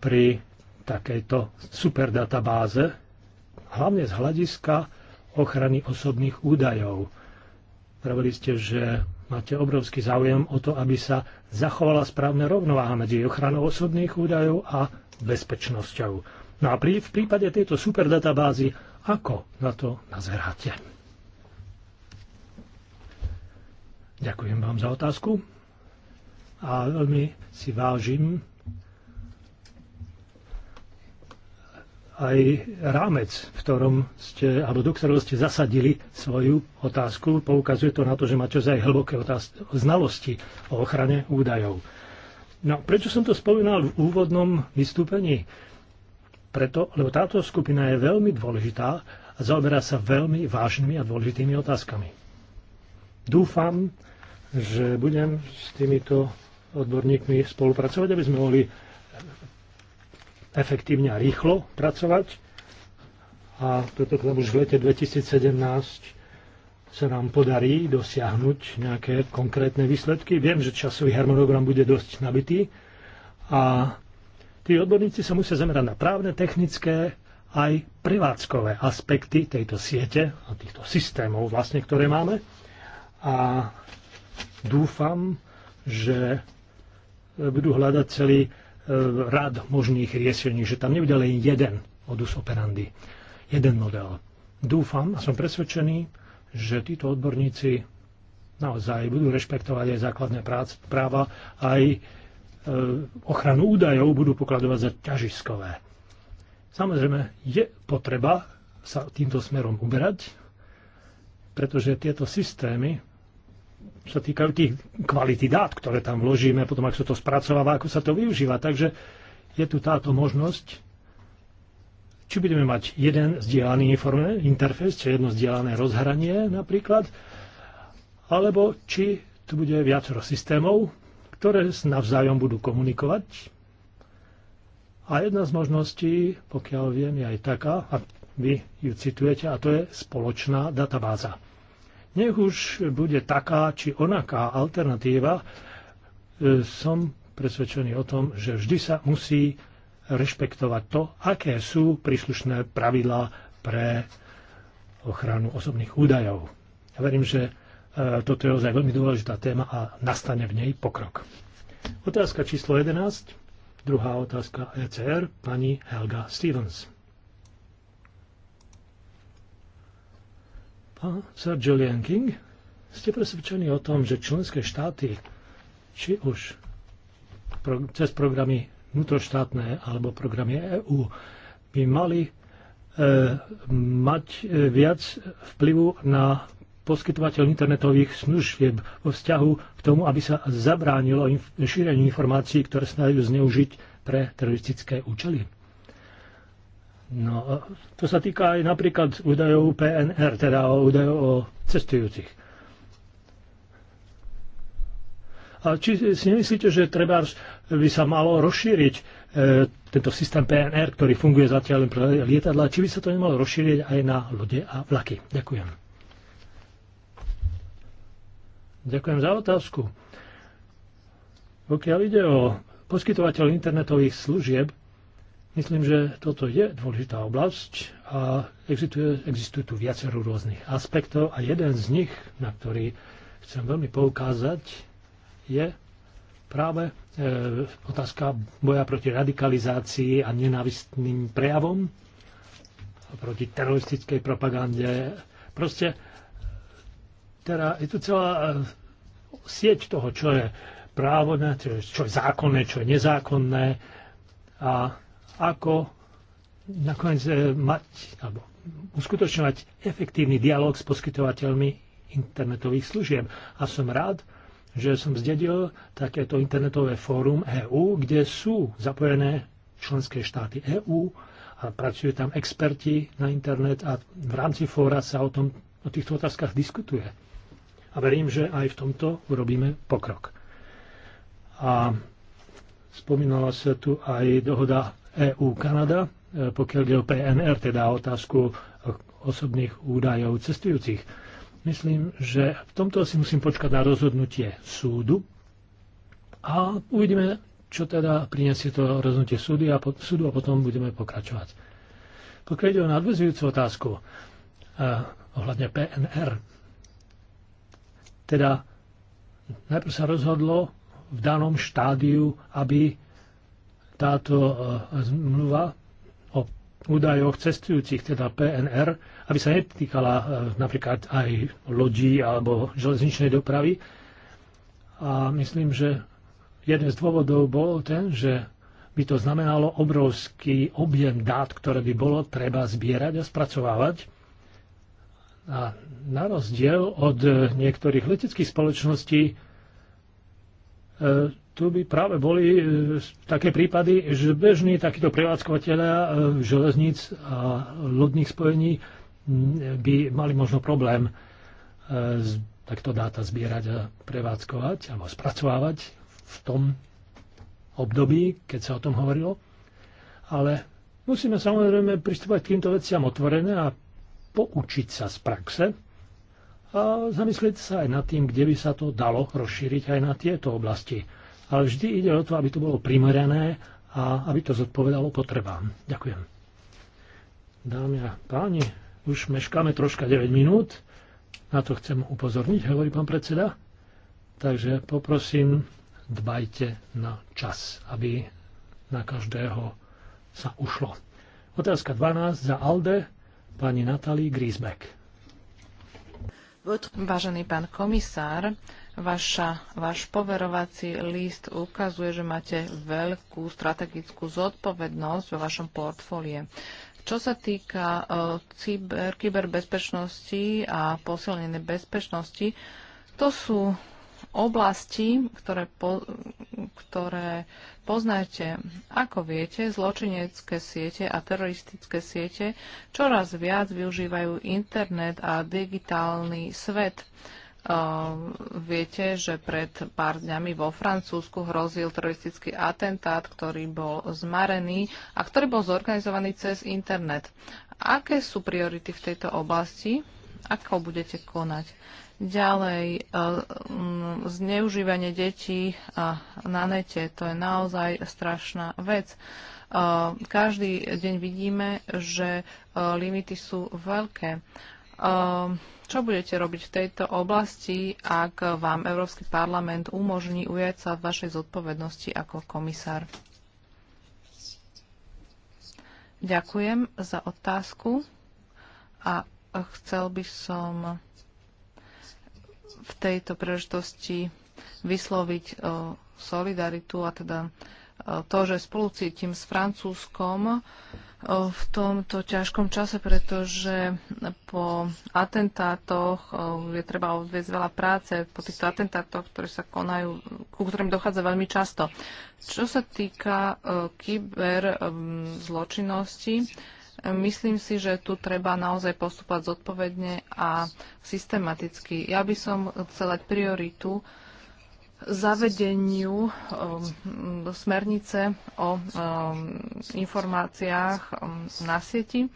pri takejto superdatabáze, hlavne z hľadiska ochrany osobných údajov. Pravili ste, že máte obrovský záujem o to, aby sa zachovala správna rovnováha medzi ochranou osobných údajov a bezpečnosťou. No a pri, v prípade tejto superdatabázy, ako na to nazeráte? Ďakujem vám za otázku a veľmi si vážim aj rámec, v ktorom ste, alebo do ktorého ste zasadili svoju otázku. Poukazuje to na to, že máte aj hlboké otázky, znalosti o ochrane údajov. No, prečo som to spomínal v úvodnom vystúpení? Preto, lebo táto skupina je veľmi dôležitá a zaoberá sa veľmi vážnymi a dôležitými otázkami. Dúfam, že budem s týmito odborníkmi spolupracovať, aby sme mohli efektívne a rýchlo pracovať. A preto tam teda už v lete 2017 sa nám podarí dosiahnuť nejaké konkrétne výsledky. Viem, že časový harmonogram bude dosť nabitý a tí odborníci sa musia zamerať na právne, technické aj prevádzkové aspekty tejto siete a týchto systémov vlastne, ktoré máme. A dúfam, že budú hľadať celý Eh, rád možných riešení, že tam nebude len jeden modus operandi, jeden model. Dúfam a som presvedčený, že títo odborníci naozaj budú rešpektovať aj základné prác, práva, aj eh, ochranu údajov budú pokladovať za ťažiskové. Samozrejme, je potreba sa týmto smerom uberať, pretože tieto systémy sa týkajú tých kvality dát, ktoré tam vložíme, potom ako sa to spracováva, ako sa to využíva. Takže je tu táto možnosť, či budeme mať jeden zdieľaný interfejs, či jedno zdieľané rozhranie napríklad, alebo či tu bude viacero systémov, ktoré navzájom budú komunikovať. A jedna z možností, pokiaľ viem, je aj taká, a vy ju citujete, a to je spoločná databáza. Nech už bude taká či onaká alternatíva, e, som presvedčený o tom, že vždy sa musí rešpektovať to, aké sú príslušné pravidlá pre ochranu osobných údajov. Ja verím, že e, toto je ozaj veľmi dôležitá téma a nastane v nej pokrok. Otázka číslo 11, druhá otázka ECR, pani Helga Stevens. Pán Sir Julian King, ste presvedčení o tom, že členské štáty, či už pro, cez programy vnútroštátne alebo programy EÚ, by mali e, mať e, viac vplyvu na poskytovateľ internetových služieb vo vzťahu k tomu, aby sa zabránilo inf- šíreniu informácií, ktoré sa dajú zneužiť pre teroristické účely? No, to sa týka aj napríklad údajov PNR, teda o údajov o cestujúcich. A či si nemyslíte, že treba by sa malo rozšíriť e, tento systém PNR, ktorý funguje zatiaľ len pre lietadla, či by sa to nemalo rozšíriť aj na lode a vlaky? Ďakujem. Ďakujem za otázku. Pokiaľ ide o poskytovateľ internetových služieb, Myslím, že toto je dôležitá oblasť a existuje, existuje tu viacero rôznych aspektov a jeden z nich, na ktorý chcem veľmi poukázať, je práve e, otázka boja proti radikalizácii a nenávistným prejavom, proti teroristickej propagande. Proste teda je tu celá e, sieť toho, čo je právne, čo je zákonné, čo je nezákonné a ako nakoniec e, mať alebo uskutočňovať efektívny dialog s poskytovateľmi internetových služieb. A som rád, že som zdedil takéto internetové fórum EÚ, kde sú zapojené členské štáty EÚ a pracujú tam experti na internet a v rámci fóra sa o, tom, o týchto otázkach diskutuje. A verím, že aj v tomto urobíme pokrok. A spomínala sa tu aj dohoda EU-Kanada, e, pokiaľ ide o PNR, teda otázku osobných údajov cestujúcich. Myslím, že v tomto si musím počkať na rozhodnutie súdu a uvidíme, čo teda prinesie to rozhodnutie súdu a, po, súdu a potom budeme pokračovať. Pokiaľ ide o nadvezujúcu otázku eh, ohľadne PNR, teda najprv sa rozhodlo v danom štádiu, aby táto e, zmluva o údajoch cestujúcich, teda PNR, aby sa netýkala e, napríklad aj lodí alebo železničnej dopravy. A myslím, že jeden z dôvodov bol ten, že by to znamenalo obrovský objem dát, ktoré by bolo treba zbierať a spracovávať. A na rozdiel od e, niektorých leteckých spoločností, E, tu by práve boli e, také prípady, že bežní takíto prevádzkovateľia e, železníc a lodných spojení by mali možno problém takto dáta zbierať a prevádzkovať alebo spracovávať v tom období, keď sa o tom hovorilo. Ale musíme samozrejme pristúpať k týmto veciam otvorené a poučiť sa z praxe, a zamyslieť sa aj nad tým, kde by sa to dalo rozšíriť aj na tieto oblasti. Ale vždy ide o to, aby to bolo primerané a aby to zodpovedalo potrebám. Ďakujem. Dámy a páni, už meškáme troška 9 minút. Na to chcem upozorniť, hovorí pán predseda. Takže poprosím, dbajte na čas, aby na každého sa ušlo. Otázka 12 za Alde, pani Natalie Griesbeck. Vážený pán komisár, vaša, váš poverovací list ukazuje, že máte veľkú strategickú zodpovednosť vo vašom portfólie. Čo sa týka e, cyber, kyberbezpečnosti a posilnenej bezpečnosti, to sú oblasti, ktoré, po, ktoré poznáte. Ako viete, zločinecké siete a teroristické siete čoraz viac využívajú internet a digitálny svet. Uh, viete, že pred pár dňami vo Francúzsku hrozil teroristický atentát, ktorý bol zmarený a ktorý bol zorganizovaný cez internet. Aké sú priority v tejto oblasti? Ako budete konať? Ďalej, e, zneužívanie detí na nete, to je naozaj strašná vec. E, každý deň vidíme, že e, limity sú veľké. Čo budete robiť v tejto oblasti, ak vám Európsky parlament umožní ujať sa v vašej zodpovednosti ako komisár? Ďakujem za otázku a chcel by som v tejto príležitosti vysloviť e, solidaritu a teda e, to, že spolu cítim s Francúzskom e, v tomto ťažkom čase, pretože po atentátoch je treba odviezť veľa práce, po týchto atentátoch, ktoré sa konajú, ku ktorým dochádza veľmi často. Čo sa týka kyber zločinnosti, Myslím si, že tu treba naozaj postupovať zodpovedne a systematicky. Ja by som chcela prioritu zavedeniu um, smernice o um, informáciách um, na sieti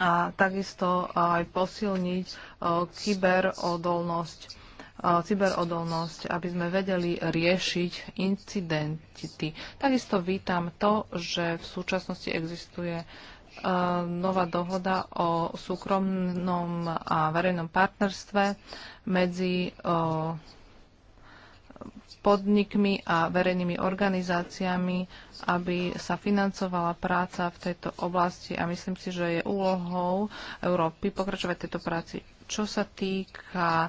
a takisto aj posilniť uh, kyberodolnosť uh, cyberodolnosť, aby sme vedeli riešiť incidenty. Takisto vítam to, že v súčasnosti existuje nová dohoda o súkromnom a verejnom partnerstve medzi podnikmi a verejnými organizáciami, aby sa financovala práca v tejto oblasti a myslím si, že je úlohou Európy pokračovať tejto práci. Čo sa týka e,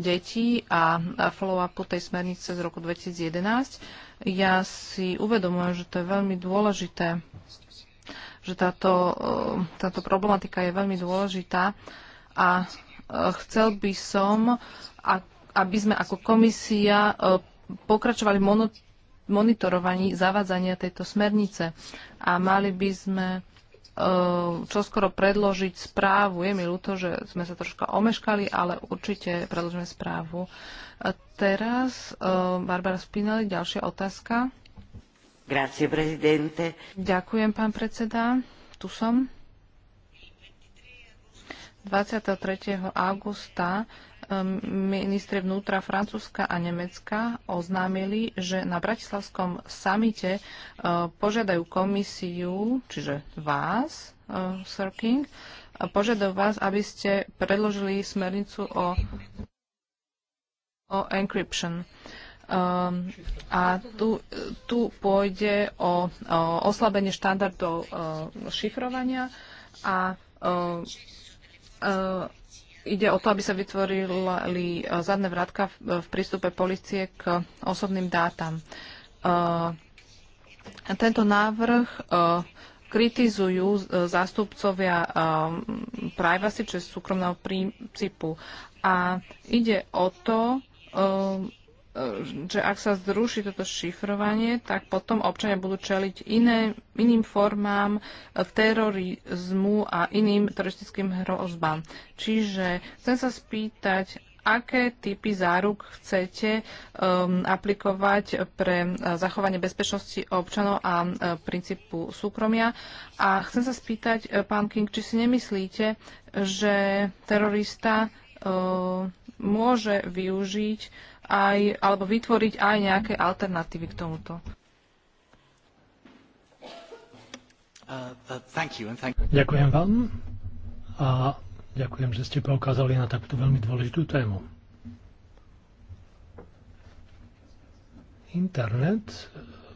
detí a follow-upu tej smernice z roku 2011, ja si uvedomujem, že to je veľmi dôležité že táto, eh, táto problematika je veľmi dôležitá a eh, chcel by som, aby sme ako komisia eh, pokračovali v monitorovaní zavádzania tejto smernice a mali by sme čoskoro predložiť správu. Je mi ľúto, že sme sa troška omeškali, ale určite predložíme správu. Teraz Barbara Spinelli, ďalšia otázka. Ďakujem, pán predseda. Tu som. 23. augusta ehm, ministri vnútra Francúzska a Nemecka oznámili, že na Bratislavskom samite ehm, požiadajú komisiu, čiže vás, ehm, Sir King, požiadajú vás, aby ste predložili smernicu o, o encryption. Um, a tu, tu pôjde o, o oslabenie štandardov uh, šifrovania a uh, uh, ide o to, aby sa vytvorili uh, zadné vrátka v, v prístupe policie k osobným dátam. Uh, tento návrh uh, kritizujú zástupcovia um, privacy, čiže súkromného princípu. A ide o to, um, E, že ak sa zruší toto šifrovanie, tak potom občania budú čeliť iné, iným formám e, terorizmu a iným teroristickým hrozbám. Čiže chcem sa spýtať, aké typy záruk chcete um, aplikovať pre zachovanie bezpečnosti občanov a um, princípu súkromia. A chcem sa spýtať, pán King, či si nemyslíte, že terorista um, môže využiť aj, alebo vytvoriť aj nejaké alternatívy k tomuto. Uh, uh, ďakujem vám a ďakujem, že ste poukázali na takúto veľmi dôležitú tému. Internet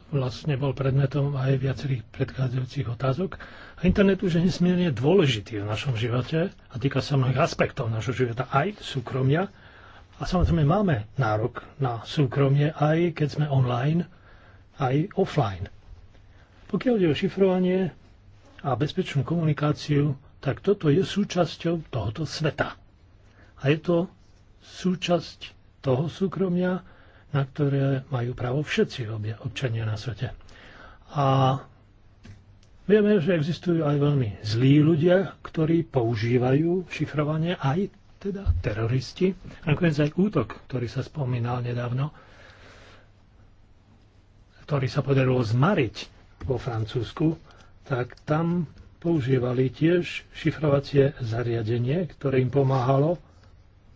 vlastne bol predmetom aj viacerých predchádzajúcich otázok. A internet už je nesmierne dôležitý v našom živote a týka sa mnohých aspektov našho života, aj súkromia, a samozrejme máme nárok na súkromie, aj keď sme online, aj offline. Pokiaľ ide o šifrovanie a bezpečnú komunikáciu, tak toto je súčasťou tohoto sveta. A je to súčasť toho súkromia, na ktoré majú právo všetci občania na svete. A vieme, že existujú aj veľmi zlí ľudia, ktorí používajú šifrovanie aj teda teroristi. Nakoniec aj útok, ktorý sa spomínal nedávno, ktorý sa podarilo zmariť vo Francúzsku, tak tam používali tiež šifrovacie zariadenie, ktoré im pomáhalo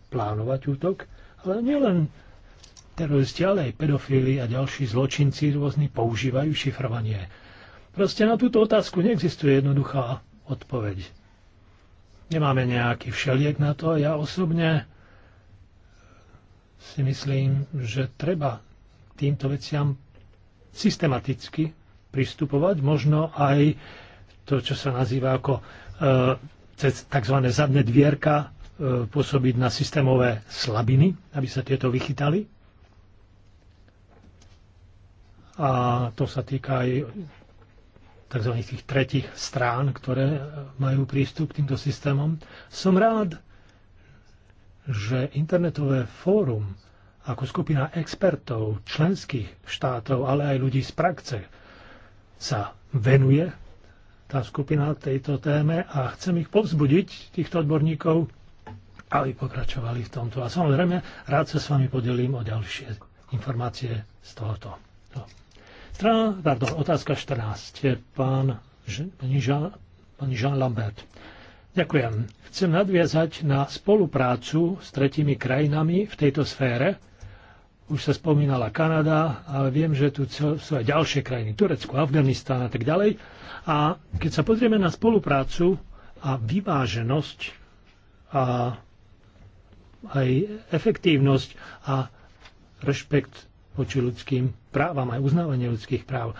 plánovať útok, ale nielen teroristi, ale aj pedofíli a ďalší zločinci rôzni používajú šifrovanie. Proste na túto otázku neexistuje jednoduchá odpoveď. Nemáme nejaký všeliek na to. Ja osobne si myslím, že treba týmto veciam systematicky pristupovať. Možno aj to, čo sa nazýva ako e, cez tzv. zadné dvierka e, pôsobiť na systémové slabiny, aby sa tieto vychytali. A to sa týka aj tzv. tých tretich strán, ktoré majú prístup k týmto systémom. Som rád, že internetové fórum ako skupina expertov členských štátov, ale aj ľudí z praxe sa venuje tá skupina tejto téme a chcem ich povzbudiť, týchto odborníkov, aby pokračovali v tomto. A samozrejme, rád sa s vami podelím o ďalšie informácie z tohoto. No pardon, otázka 14. Pán, pani, Jean, pani Jean Lambert. Ďakujem. Chcem nadviazať na spoluprácu s tretimi krajinami v tejto sfére. Už sa spomínala Kanada, ale viem, že tu sú aj ďalšie krajiny, Turecko, Afganistán a tak ďalej. A keď sa pozrieme na spoluprácu a vyváženosť a aj efektívnosť a rešpekt voči ľudským právam, aj uznávanie ľudských práv. E,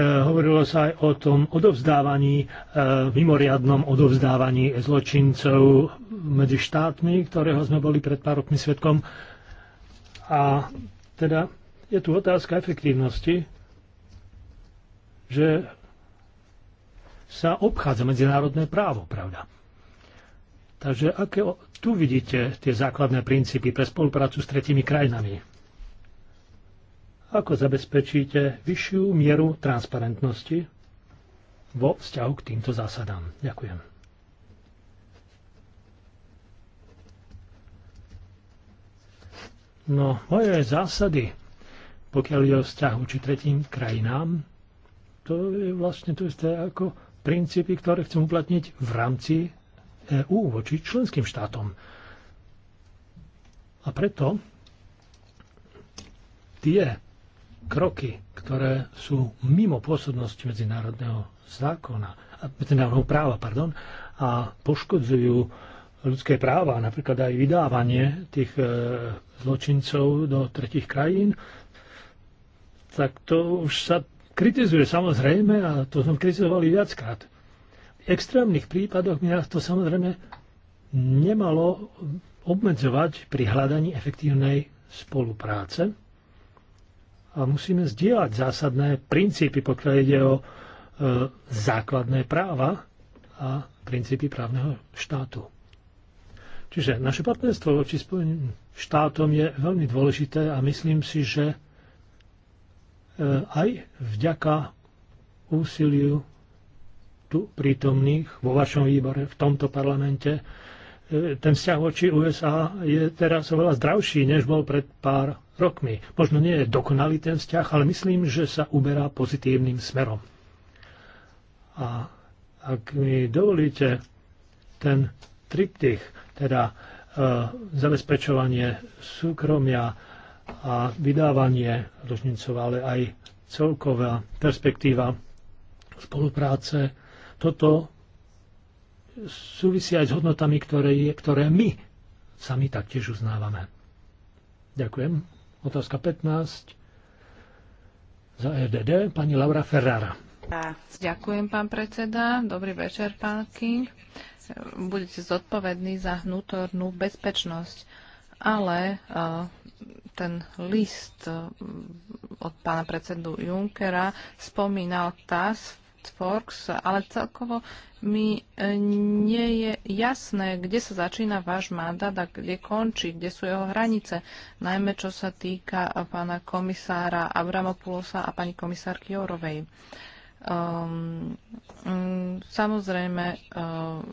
hovorilo sa aj o tom odovzdávaní, e, mimoriadnom odovzdávaní zločincov medzi štátmi, ktorého sme boli pred pár rokmi svetkom. A teda je tu otázka efektívnosti, že sa obchádza medzinárodné právo, pravda. Takže aké tu vidíte tie základné princípy pre spoluprácu s tretimi krajinami ako zabezpečíte vyššiu mieru transparentnosti vo vzťahu k týmto zásadám? Ďakujem. No, moje zásady, pokiaľ je o vzťah voči tretím krajinám, to je vlastne to isté ako princípy, ktoré chcem uplatniť v rámci EU voči členským štátom. A preto tie kroky, ktoré sú mimo pôsobnosti medzinárodného zákona, medzinárodného práva, pardon, a poškodzujú ľudské práva, napríklad aj vydávanie tých e, zločincov do tretich krajín, tak to už sa kritizuje samozrejme a to sme kritizovali viackrát. V extrémnych prípadoch by nás to samozrejme nemalo obmedzovať pri hľadaní efektívnej spolupráce a musíme zdieľať zásadné princípy, pokiaľ ide o e, základné práva a princípy právneho štátu. Čiže naše partnerstvo voči Spojeným štátom je veľmi dôležité a myslím si, že e, aj vďaka úsiliu tu prítomných vo vašom výbore, v tomto parlamente, e, ten vzťah voči USA je teraz oveľa zdravší, než bol pred pár rokmi. Možno nie je dokonalý ten vzťah, ale myslím, že sa uberá pozitívnym smerom. A ak mi dovolíte ten triptych, teda e, zabezpečovanie súkromia a vydávanie rožnicov, ale aj celková perspektíva spolupráce, toto súvisí aj s hodnotami, ktoré, ktoré my sami taktiež uznávame. Ďakujem. Otázka 15 za EDD, pani Laura Ferrara. Ďakujem, pán predseda. Dobrý večer, pán King. Budete zodpovední za vnútornú bezpečnosť, ale e, ten list e, od pána predsedu Junckera spomínal task Works, ale celkovo mi e, nie je jasné, kde sa začína váš mandát a kde končí, kde sú jeho hranice, najmä čo sa týka pána komisára Abramopulosa a pani komisárky Jorovej. Um, ehm, um, mm, samozrejme, um,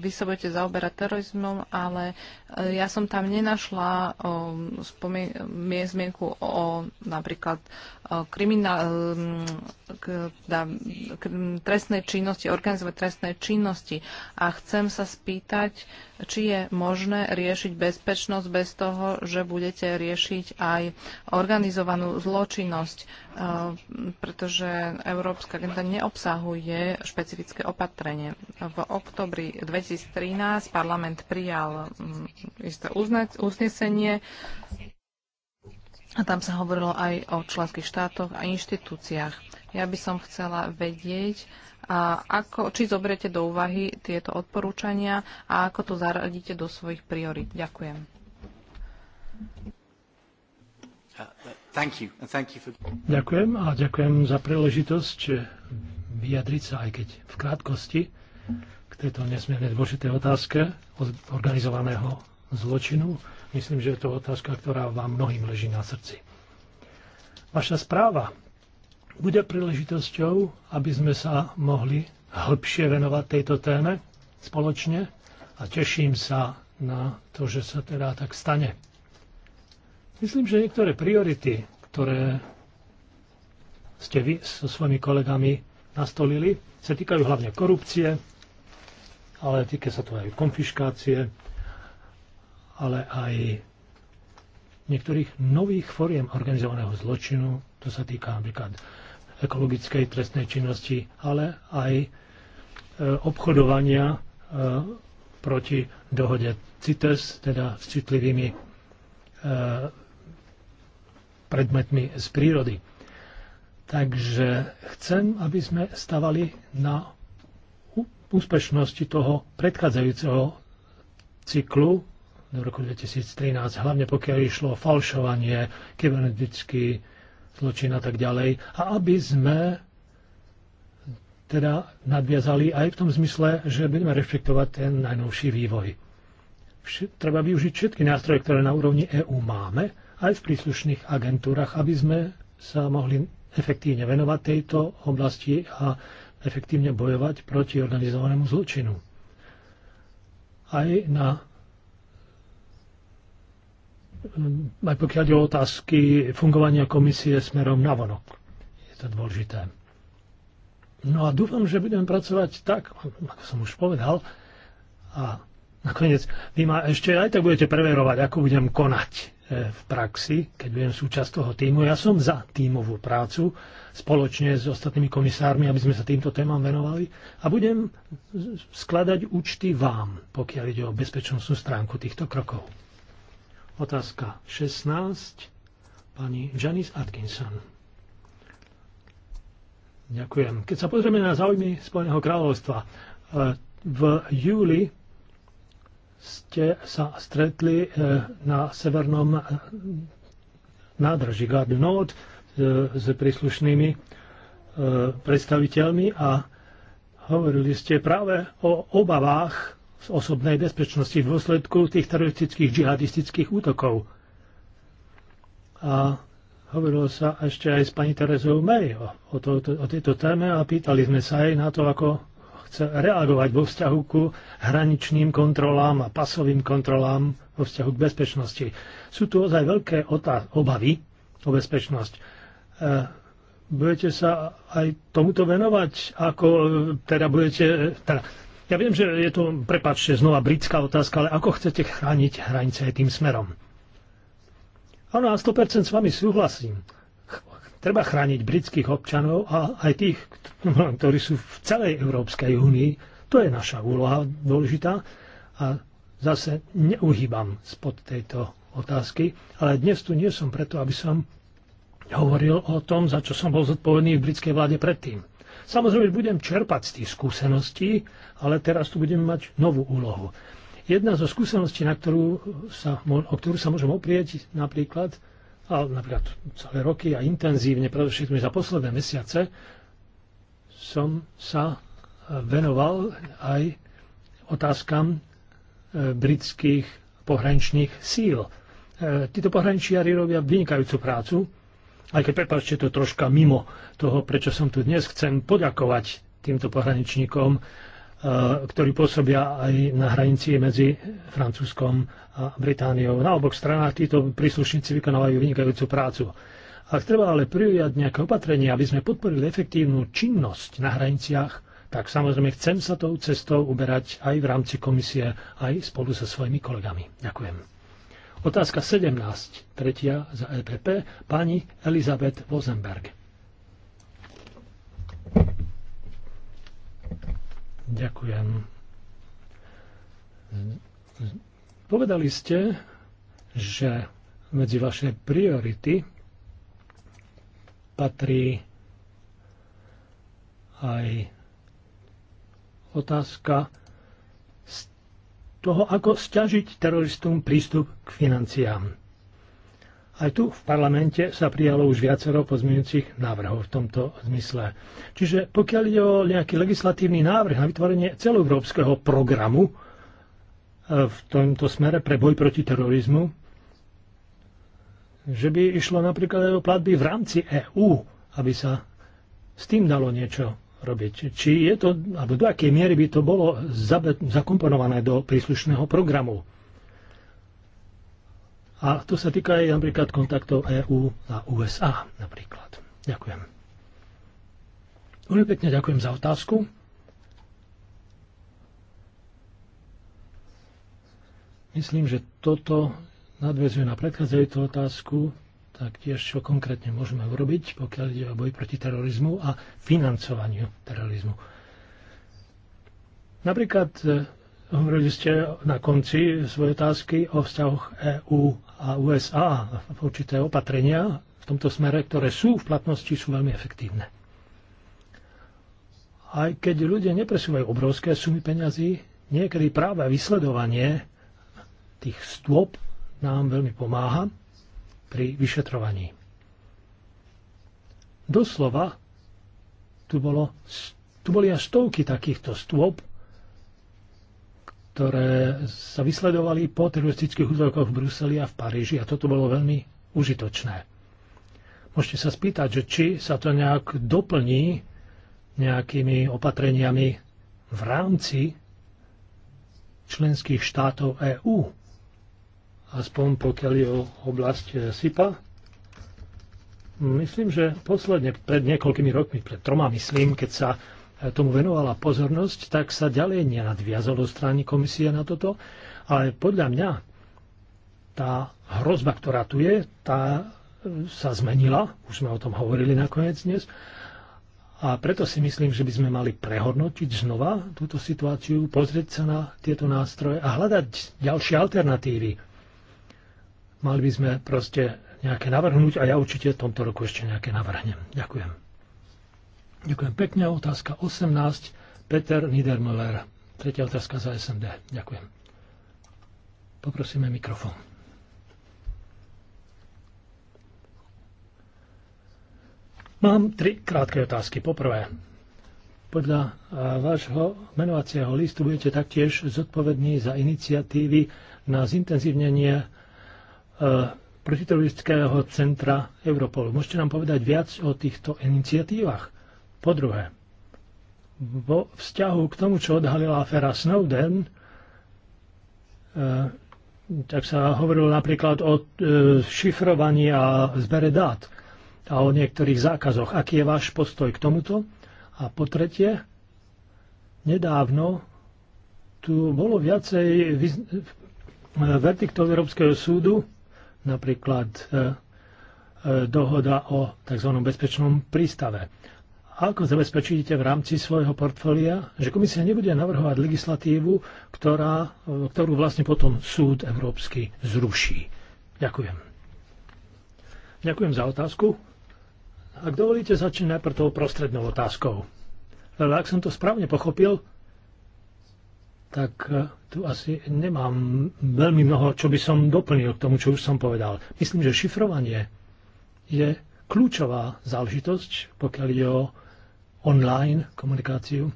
vy sa budete zaoberať terorizmom, ale um, ja som tam nenašla um, zmienku o napríklad kriminál, um, trestnej činnosti, organizovať trestnej činnosti. A chcem sa spýtať, či je možné riešiť bezpečnosť bez toho, že budete riešiť aj organizovanú zločinnosť, uh, pretože Európska agenda neobsahuje špecifické opatrenie. V oktobri 2013 parlament prijal um, isté uznesenie, a tam sa hovorilo aj o členských štátoch a inštitúciách. Ja by som chcela vedieť, a ako, či zoberiete do úvahy tieto odporúčania a ako to zaradíte do svojich priorit. Ďakujem. Uh, ďakujem a ďakujem za príležitosť vyjadriť sa, aj keď v krátkosti, k tejto nesmierne dôležitej otázke organizovaného zločinu Myslím, že je to otázka, ktorá vám mnohým leží na srdci. Vaša správa bude príležitosťou, aby sme sa mohli hĺbšie venovať tejto téme spoločne a teším sa na to, že sa teda tak stane. Myslím, že niektoré priority, ktoré ste vy so svojimi kolegami nastolili, sa týkajú hlavne korupcie, ale týka sa to aj konfiškácie ale aj niektorých nových foriem organizovaného zločinu, to sa týka napríklad ekologickej trestnej činnosti, ale aj e, obchodovania e, proti dohode CITES, teda s citlivými e, predmetmi z prírody. Takže chcem, aby sme stavali na úspešnosti toho predchádzajúceho cyklu do roku 2013, hlavne pokiaľ išlo o falšovanie, kybernetický zločin a tak ďalej. A aby sme teda nadviazali aj v tom zmysle, že budeme rešpektovať ten najnovší vývoj. Vš- treba využiť všetky nástroje, ktoré na úrovni EÚ máme, aj v príslušných agentúrach, aby sme sa mohli efektívne venovať tejto oblasti a efektívne bojovať proti organizovanému zločinu. Aj na aj pokiaľ je otázky fungovania komisie smerom na vonok. Je to dôležité. No a dúfam, že budem pracovať tak, ako som už povedal, a nakoniec vy ma ešte aj tak budete preverovať, ako budem konať e, v praxi, keď budem súčasť toho týmu. Ja som za týmovú prácu spoločne s ostatnými komisármi, aby sme sa týmto témam venovali a budem skladať účty vám, pokiaľ ide o bezpečnostnú stránku týchto krokov. Otázka 16. Pani Janice Atkinson. Ďakujem. Keď sa pozrieme na záujmy Spojeného kráľovstva, e, v júli ste sa stretli e, na severnom e, nádrži Garden Note s príslušnými predstaviteľmi a hovorili ste práve o obavách z osobnej bezpečnosti v dôsledku tých teroristických džihadistických útokov. A hovorilo sa ešte aj s pani Terezou May o, to, o tejto téme a pýtali sme sa aj na to, ako chce reagovať vo vzťahu ku hraničným kontrolám a pasovým kontrolám vo vzťahu k bezpečnosti. Sú tu ozaj veľké obavy o bezpečnosť. E budete sa aj tomuto venovať, ako e, teda budete, teda ja viem, že je tu, prepáčte, znova britská otázka, ale ako chcete chrániť hranice aj tým smerom? Áno, a 100% s vami súhlasím. Treba chrániť britských občanov a aj tých, ktorí sú v celej Európskej únii. To je naša úloha dôležitá. A zase neuhýbam spod tejto otázky, ale dnes tu nie som preto, aby som hovoril o tom, za čo som bol zodpovedný v britskej vláde predtým. Samozrejme, budem čerpať z tých skúseností, ale teraz tu budem mať novú úlohu. Jedna zo skúseností, na ktorú sa, o ktorú sa môžem oprieť napríklad, a napríklad celé roky a intenzívne, predovšetkým za posledné mesiace, som sa e, venoval aj otázkam e, britských pohraničných síl. E, títo pohraničiari robia vynikajúcu prácu aj keď prepáčte to troška mimo toho, prečo som tu dnes, chcem poďakovať týmto pohraničníkom, eh, ktorí pôsobia aj na hranici medzi Francúzskom a Britániou. Na oboch stranách títo príslušníci vykonávajú vynikajúcu prácu. Ak treba ale prijať nejaké opatrenie, aby sme podporili efektívnu činnosť na hraniciach, tak samozrejme chcem sa tou cestou uberať aj v rámci komisie, aj spolu so svojimi kolegami. Ďakujem. Otázka 17, tretia za EPP, pani Elizabeth Vozenberg. Ďakujem. Povedali ste, že medzi vaše priority patrí aj otázka toho, ako stiažiť teroristom prístup k financiám. Aj tu v parlamente sa prijalo už viacero pozmeňujúcich návrhov v tomto zmysle. Čiže pokiaľ ide o nejaký legislatívny návrh na vytvorenie celoeurópskeho programu e, v tomto smere pre boj proti terorizmu, že by išlo napríklad aj o platby v rámci EÚ, aby sa s tým dalo niečo robiť. Či je to, alebo do akej miery by to bolo zakomponované do príslušného programu. A to sa týka aj napríklad kontaktov EÚ a USA napríklad. Ďakujem. Veľmi pekne ďakujem za otázku. Myslím, že toto nadvezuje na predchádzajúcu otázku, tak tiež čo konkrétne môžeme urobiť, pokiaľ ide o boj proti terorizmu a financovaniu terorizmu. Napríklad e, hovorili ste na konci svojej otázky o vzťahoch EÚ a USA. Určité opatrenia v tomto smere, ktoré sú v platnosti, sú veľmi efektívne. Aj keď ľudia nepresúvajú obrovské sumy peňazí, niekedy práve vysledovanie tých stôp nám veľmi pomáha pri vyšetrovaní. Doslova tu, bolo, tu boli až stovky takýchto stôp, ktoré sa vysledovali po teroristických útokoch v Bruseli a v Paríži a toto bolo veľmi užitočné. Môžete sa spýtať, že či sa to nejak doplní nejakými opatreniami v rámci členských štátov EÚ aspoň pokiaľ je o oblasť e, SIPA. Myslím, že posledne pred niekoľkými rokmi, pred troma myslím, keď sa e, tomu venovala pozornosť, tak sa ďalej nenadviazalo strany komisie na toto, ale podľa mňa tá hrozba, ktorá tu je, tá e, sa zmenila, už sme o tom hovorili nakoniec dnes, a preto si myslím, že by sme mali prehodnotiť znova túto situáciu, pozrieť sa na tieto nástroje a hľadať ďalšie alternatívy. Mali by sme proste nejaké navrhnúť a ja určite v tomto roku ešte nejaké navrhnem. Ďakujem. Ďakujem pekne. Otázka 18. Peter Niedermüller. Tretia otázka za SMD. Ďakujem. Poprosíme mikrofón. Mám tri krátke otázky. Poprvé, podľa vášho menovacieho listu budete taktiež zodpovední za iniciatívy na zintenzívnenie Eh, protiteroristického centra Europol. Môžete nám povedať viac o týchto iniciatívach? Po druhé, vo vzťahu k tomu, čo odhalila aféra Snowden, e, tak sa hovorilo napríklad o e, šifrovaní a zbere dát a o niektorých zákazoch. Aký je váš postoj k tomuto? A po tretie, nedávno tu bolo viacej verdiktov Európskeho súdu napríklad e, e, dohoda o tzv. bezpečnom prístave. Ako zabezpečíte v rámci svojho portfólia, že komisia nebude navrhovať legislatívu, ktorá, e, ktorú vlastne potom súd európsky zruší? Ďakujem. Ďakujem za otázku. Ak dovolíte, začne najprv tou prostrednou otázkou. Ale ak som to správne pochopil, tak e, tu asi nemám veľmi mnoho, čo by som doplnil k tomu, čo už som povedal. Myslím, že šifrovanie je kľúčová záležitosť, pokiaľ ide o online komunikáciu.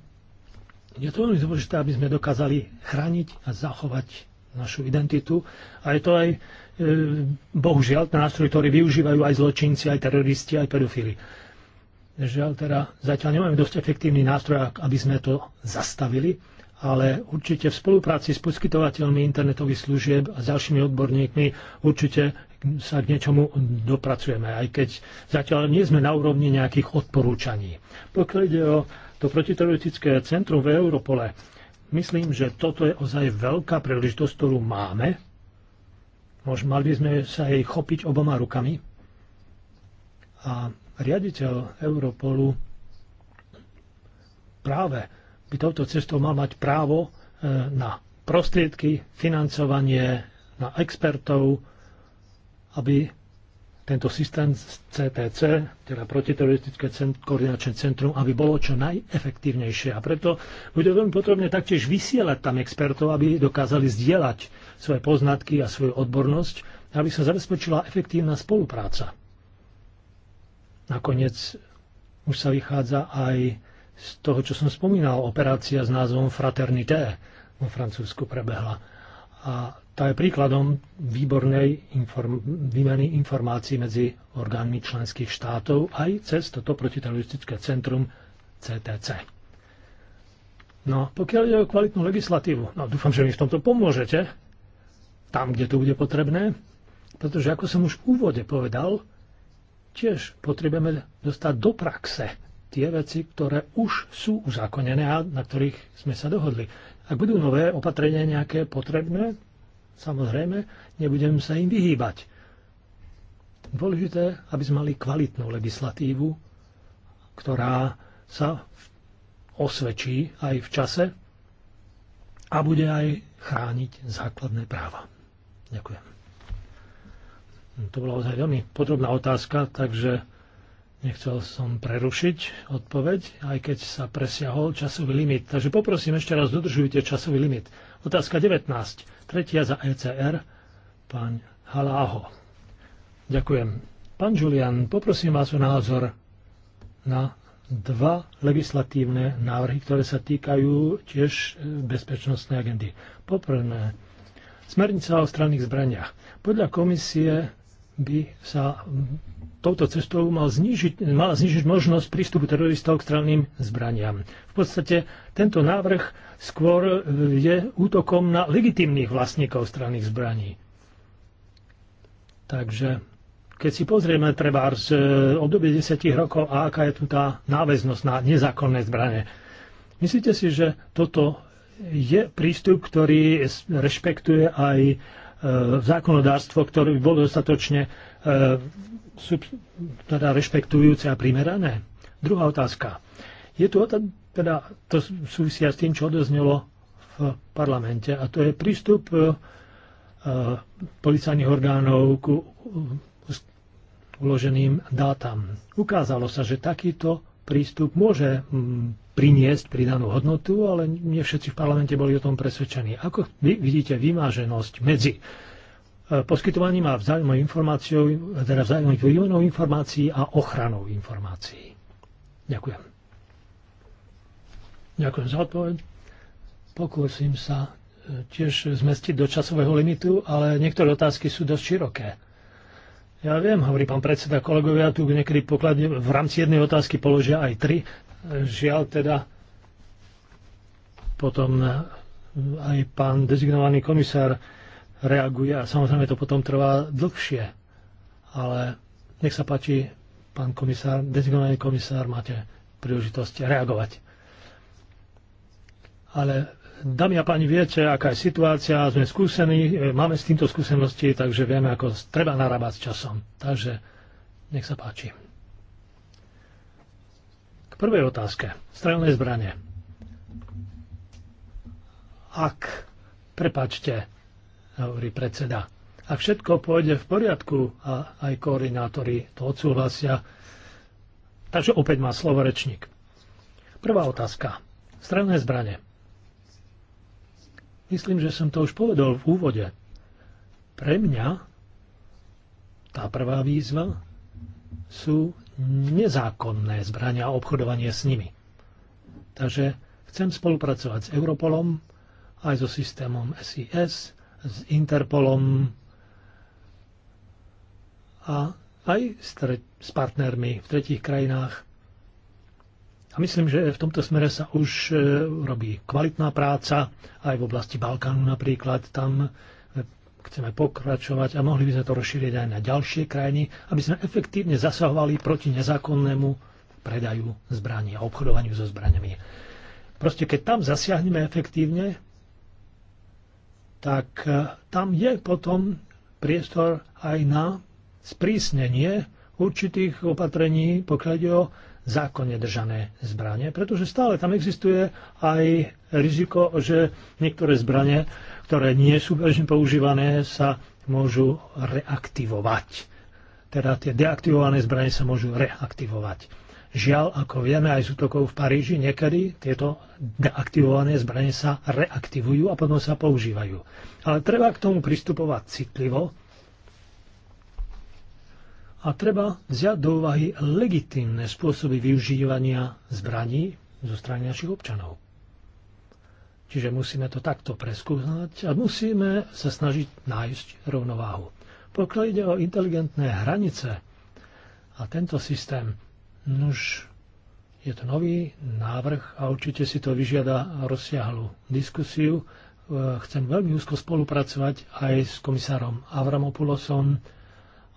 Je to veľmi dôležité, aby sme dokázali chrániť a zachovať našu identitu. A je to aj, e, bohužiaľ, ten nástroj, ktorý využívajú aj zločinci, aj teroristi, aj pedofíli. Žiaľ, teda zatiaľ nemáme dosť efektívny nástroj, aby sme to zastavili ale určite v spolupráci s poskytovateľmi internetových služieb a s ďalšími odborníkmi určite sa k niečomu dopracujeme, aj keď zatiaľ nie sme na úrovni nejakých odporúčaní. Pokiaľ ide o to protiteroristické centrum v Europole, myslím, že toto je ozaj veľká príležitosť, ktorú máme. Možno mali by sme sa jej chopiť oboma rukami. A riaditeľ Europolu práve by touto cestou mal mať právo e, na prostriedky, financovanie, na expertov, aby tento systém CTC, teda protiteroristické koordinačné centrum, aby bolo čo najefektívnejšie. A preto bude veľmi potrebné taktiež vysielať tam expertov, aby dokázali zdieľať svoje poznatky a svoju odbornosť, aby sa zabezpečila efektívna spolupráca. Nakoniec už sa vychádza aj z toho, čo som spomínal, operácia s názvom Fraternité vo Francúzsku prebehla. A tá je príkladom výbornej inform- výmeny informácií medzi orgánmi členských štátov aj cez toto protiteroristické centrum CTC. No, pokiaľ ide o kvalitnú legislatívu, no dúfam, že mi v tomto pomôžete, tam, kde to bude potrebné, pretože ako som už v úvode povedal, tiež potrebujeme dostať do praxe tie veci, ktoré už sú uzákonené a na ktorých sme sa dohodli. Ak budú nové opatrenia nejaké potrebné, samozrejme, nebudem sa im vyhýbať. Dôležité, aby sme mali kvalitnú legislatívu, ktorá sa osvedčí aj v čase a bude aj chrániť základné práva. Ďakujem. To bola ozaj veľmi podrobná otázka, takže Nechcel som prerušiť odpoveď, aj keď sa presiahol časový limit. Takže poprosím ešte raz, dodržujte časový limit. Otázka 19. Tretia za ECR. Pán Haláho. Ďakujem. Pán Julian, poprosím vás o názor na dva legislatívne návrhy, ktoré sa týkajú tiež e, bezpečnostnej agendy. Poprvé, smernica o stranných zbraniach. Podľa komisie by sa touto cestou mal znižiť, mala znižiť možnosť prístupu teroristov k stranným zbraniam. V podstate tento návrh skôr e, je útokom na legitimných vlastníkov stranných zbraní. Takže keď si pozrieme treba z e, obdobie 10 rokov a aká je tu tá náväznosť na nezákonné zbranie, myslíte si, že toto je prístup, ktorý rešpektuje aj E, zákonodárstvo, ktoré by bolo dostatočne e, teda rešpektujúce a primerané? Druhá otázka. Je tu teda, to súvisia s tým, čo odoznelo v parlamente, a to je prístup e, policajných orgánov ku uloženým dátam. Ukázalo sa, že takýto prístup môže priniesť pridanú hodnotu, ale nie všetci v parlamente boli o tom presvedčení. Ako vy vidíte vymáženosť medzi e, poskytovaním a vzájomnou informáciou, teda vzájomnou informácií a ochranou informácií. Ďakujem. Ďakujem za odpoveď. Pokúsim sa e, tiež zmestiť do časového limitu, ale niektoré otázky sú dosť široké. Ja viem, hovorí pán predseda, kolegovia tu niekedy pokladne, v rámci jednej otázky položia aj tri, Žiaľ teda potom aj pán dezignovaný komisár reaguje a samozrejme to potom trvá dlhšie. Ale nech sa páči, pán komisár, dezignovaný komisár, máte príležitosť reagovať. Ale dámy a páni, viete, aká je situácia, sme skúsení, e, máme s týmto skúsenosti, takže vieme, ako treba narábať s časom. Takže nech sa páči prvej otázke. Strelné zbranie. Ak, prepačte, hovorí predseda, ak všetko pôjde v poriadku a aj koordinátori to odsúhlasia, takže opäť má slovo rečník. Prvá otázka. Strelné zbranie. Myslím, že som to už povedal v úvode. Pre mňa tá prvá výzva sú nezákonné zbrania a obchodovanie s nimi. Takže chcem spolupracovať s Europolom, aj so systémom SIS, s Interpolom a aj s partnermi v tretich krajinách. A myslím, že v tomto smere sa už e, robí kvalitná práca, aj v oblasti Balkánu napríklad. Tam chceme pokračovať a mohli by sme to rozšíriť aj na ďalšie krajiny, aby sme efektívne zasahovali proti nezákonnému predaju zbraní a obchodovaniu so zbraniami. Proste keď tam zasiahneme efektívne, tak e, tam je potom priestor aj na sprísnenie určitých opatrení, pokiaľ ide o zákonne držané zbranie, pretože stále tam existuje aj riziko, že niektoré zbranie ktoré nie sú bežne používané, sa môžu reaktivovať. Teda tie deaktivované zbranie sa môžu reaktivovať. Žiaľ, ako vieme aj z útokov v Paríži, niekedy tieto deaktivované zbranie sa reaktivujú a potom sa používajú. Ale treba k tomu pristupovať citlivo a treba vziať do úvahy legitímne spôsoby využívania zbraní zo strany našich občanov. Čiže musíme to takto preskúhnať a musíme sa snažiť nájsť rovnováhu. Pokiaľ ide o inteligentné hranice a tento systém, nuž je to nový návrh a určite si to vyžiada rozsiahlu diskusiu. Chcem veľmi úzko spolupracovať aj s komisárom Avramopulosom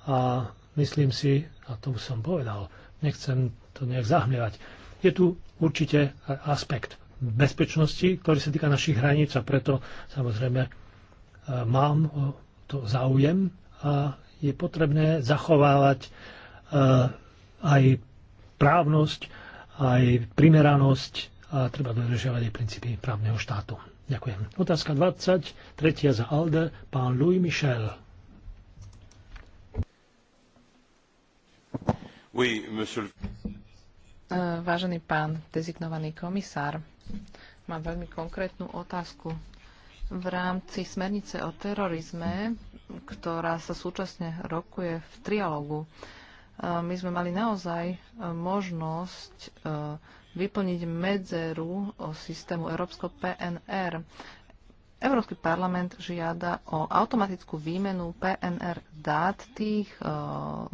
a myslím si, a to už som povedal, nechcem to nejak zahmlievať, je tu určite aspekt bezpečnosti, ktorý sa týka našich hraníc a preto samozrejme e, mám to záujem a je potrebné zachovávať e, aj právnosť, aj primeranosť a treba dodržiavať aj princípy právneho štátu. Ďakujem. Otázka 20, tretia za Alde, pán Louis Michel. Oui, monsieur... E, vážený pán dezignovaný komisár, Mám veľmi konkrétnu otázku. V rámci smernice o terorizme, ktorá sa súčasne rokuje v trialogu, e, my sme mali naozaj e, možnosť e, vyplniť medzeru o systému Európsko PNR. Európsky parlament žiada o automatickú výmenu PNR dát tých e,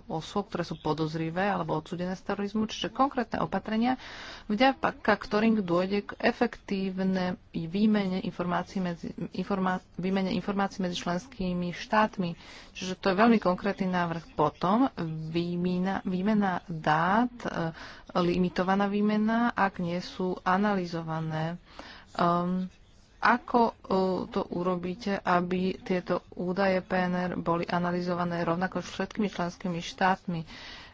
osôb, ktoré sú podozrivé alebo odsudené z terorizmu, čiže konkrétne opatrenia, vďaka ktorým dôjde k efektívne výmene informácií medzi, informá, výmene informácií medzi členskými štátmi. Čiže to je veľmi konkrétny návrh. Potom výmena, výmena dát, e, limitovaná výmena, ak nie sú analyzované. Um, ako e, to urobíte, aby tieto údaje PNR boli analyzované rovnako s všetkými členskými štátmi?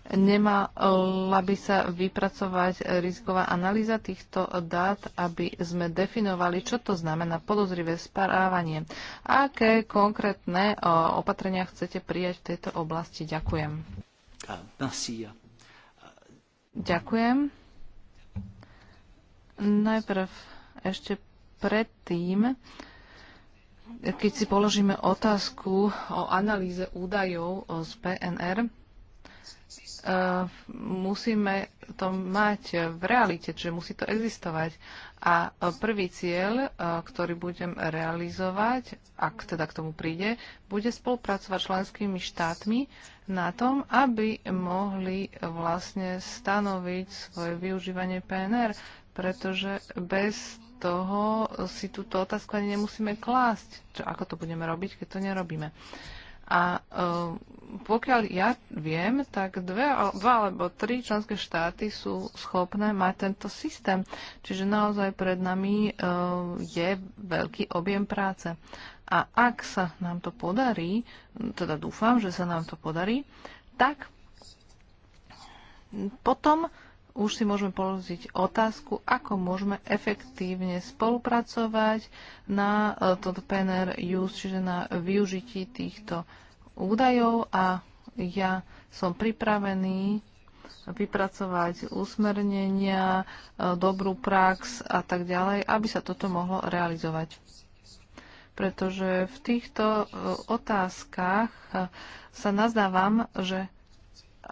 Nemala by sa vypracovať riziková analýza týchto dát, aby sme definovali, čo to znamená podozrivé správanie. Aké konkrétne e, opatrenia chcete prijať v tejto oblasti? Ďakujem. Ah, Ďakujem. Najprv ešte predtým, keď si položíme otázku o analýze údajov z PNR, eh, musíme to mať v realite, čiže musí to existovať. A prvý cieľ, eh, ktorý budem realizovať, ak teda k tomu príde, bude spolupracovať členskými štátmi na tom, aby mohli vlastne stanoviť svoje využívanie PNR, pretože bez toho si túto otázku ani nemusíme klásť, čo, ako to budeme robiť, keď to nerobíme. A e, pokiaľ ja viem, tak dve, dva alebo tri členské štáty sú schopné mať tento systém. Čiže naozaj pred nami e, je veľký objem práce. A ak sa nám to podarí, teda dúfam, že sa nám to podarí, tak potom už si môžeme položiť otázku, ako môžeme efektívne spolupracovať na e, toto PNR use, čiže na využití týchto údajov a ja som pripravený vypracovať usmernenia, e, dobrú prax a tak ďalej, aby sa toto mohlo realizovať. Pretože v týchto e, otázkach sa nazdávam, že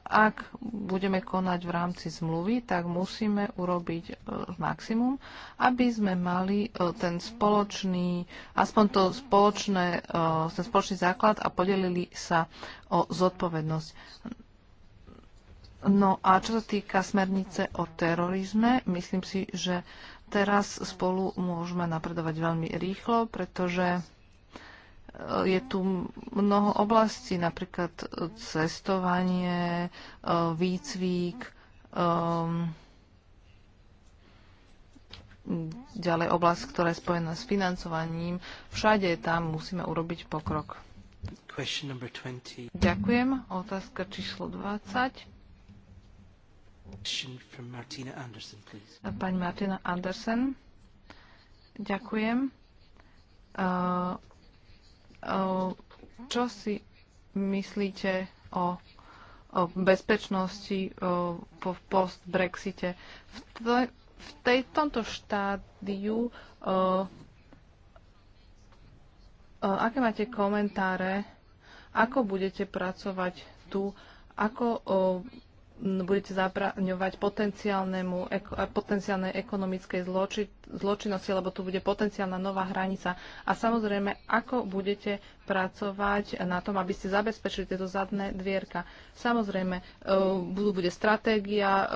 ak budeme konať v rámci zmluvy, tak musíme urobiť e, maximum, aby sme mali e, ten spoločný, aspoň to spoločné, e, ten spoločný základ a podelili sa o zodpovednosť. No a čo sa týka smernice o terorizme, myslím si, že teraz spolu môžeme napredovať veľmi rýchlo, pretože je tu mnoho oblastí, napríklad eh, cestovanie, eh, výcvik, eh, ďalej oblasť, ktorá je spojená s financovaním. Všade tam musíme urobiť pokrok. Ďakujem. Otázka číslo 20. Pani Martina Andersen. Ďakujem. Čo si myslíte o, o bezpečnosti po post-Brexite? V, te, v tej, tomto štádiu o, aké máte komentáre? Ako budete pracovať tu? Ako budete zabraňovať potenciálnemu, potenciálnej ekonomickej zloči, zločinnosti, lebo tu bude potenciálna nová hranica. A samozrejme, ako budete pracovať na tom, aby ste zabezpečili tieto zadné dvierka. Samozrejme, e, budú, bude stratégia, e,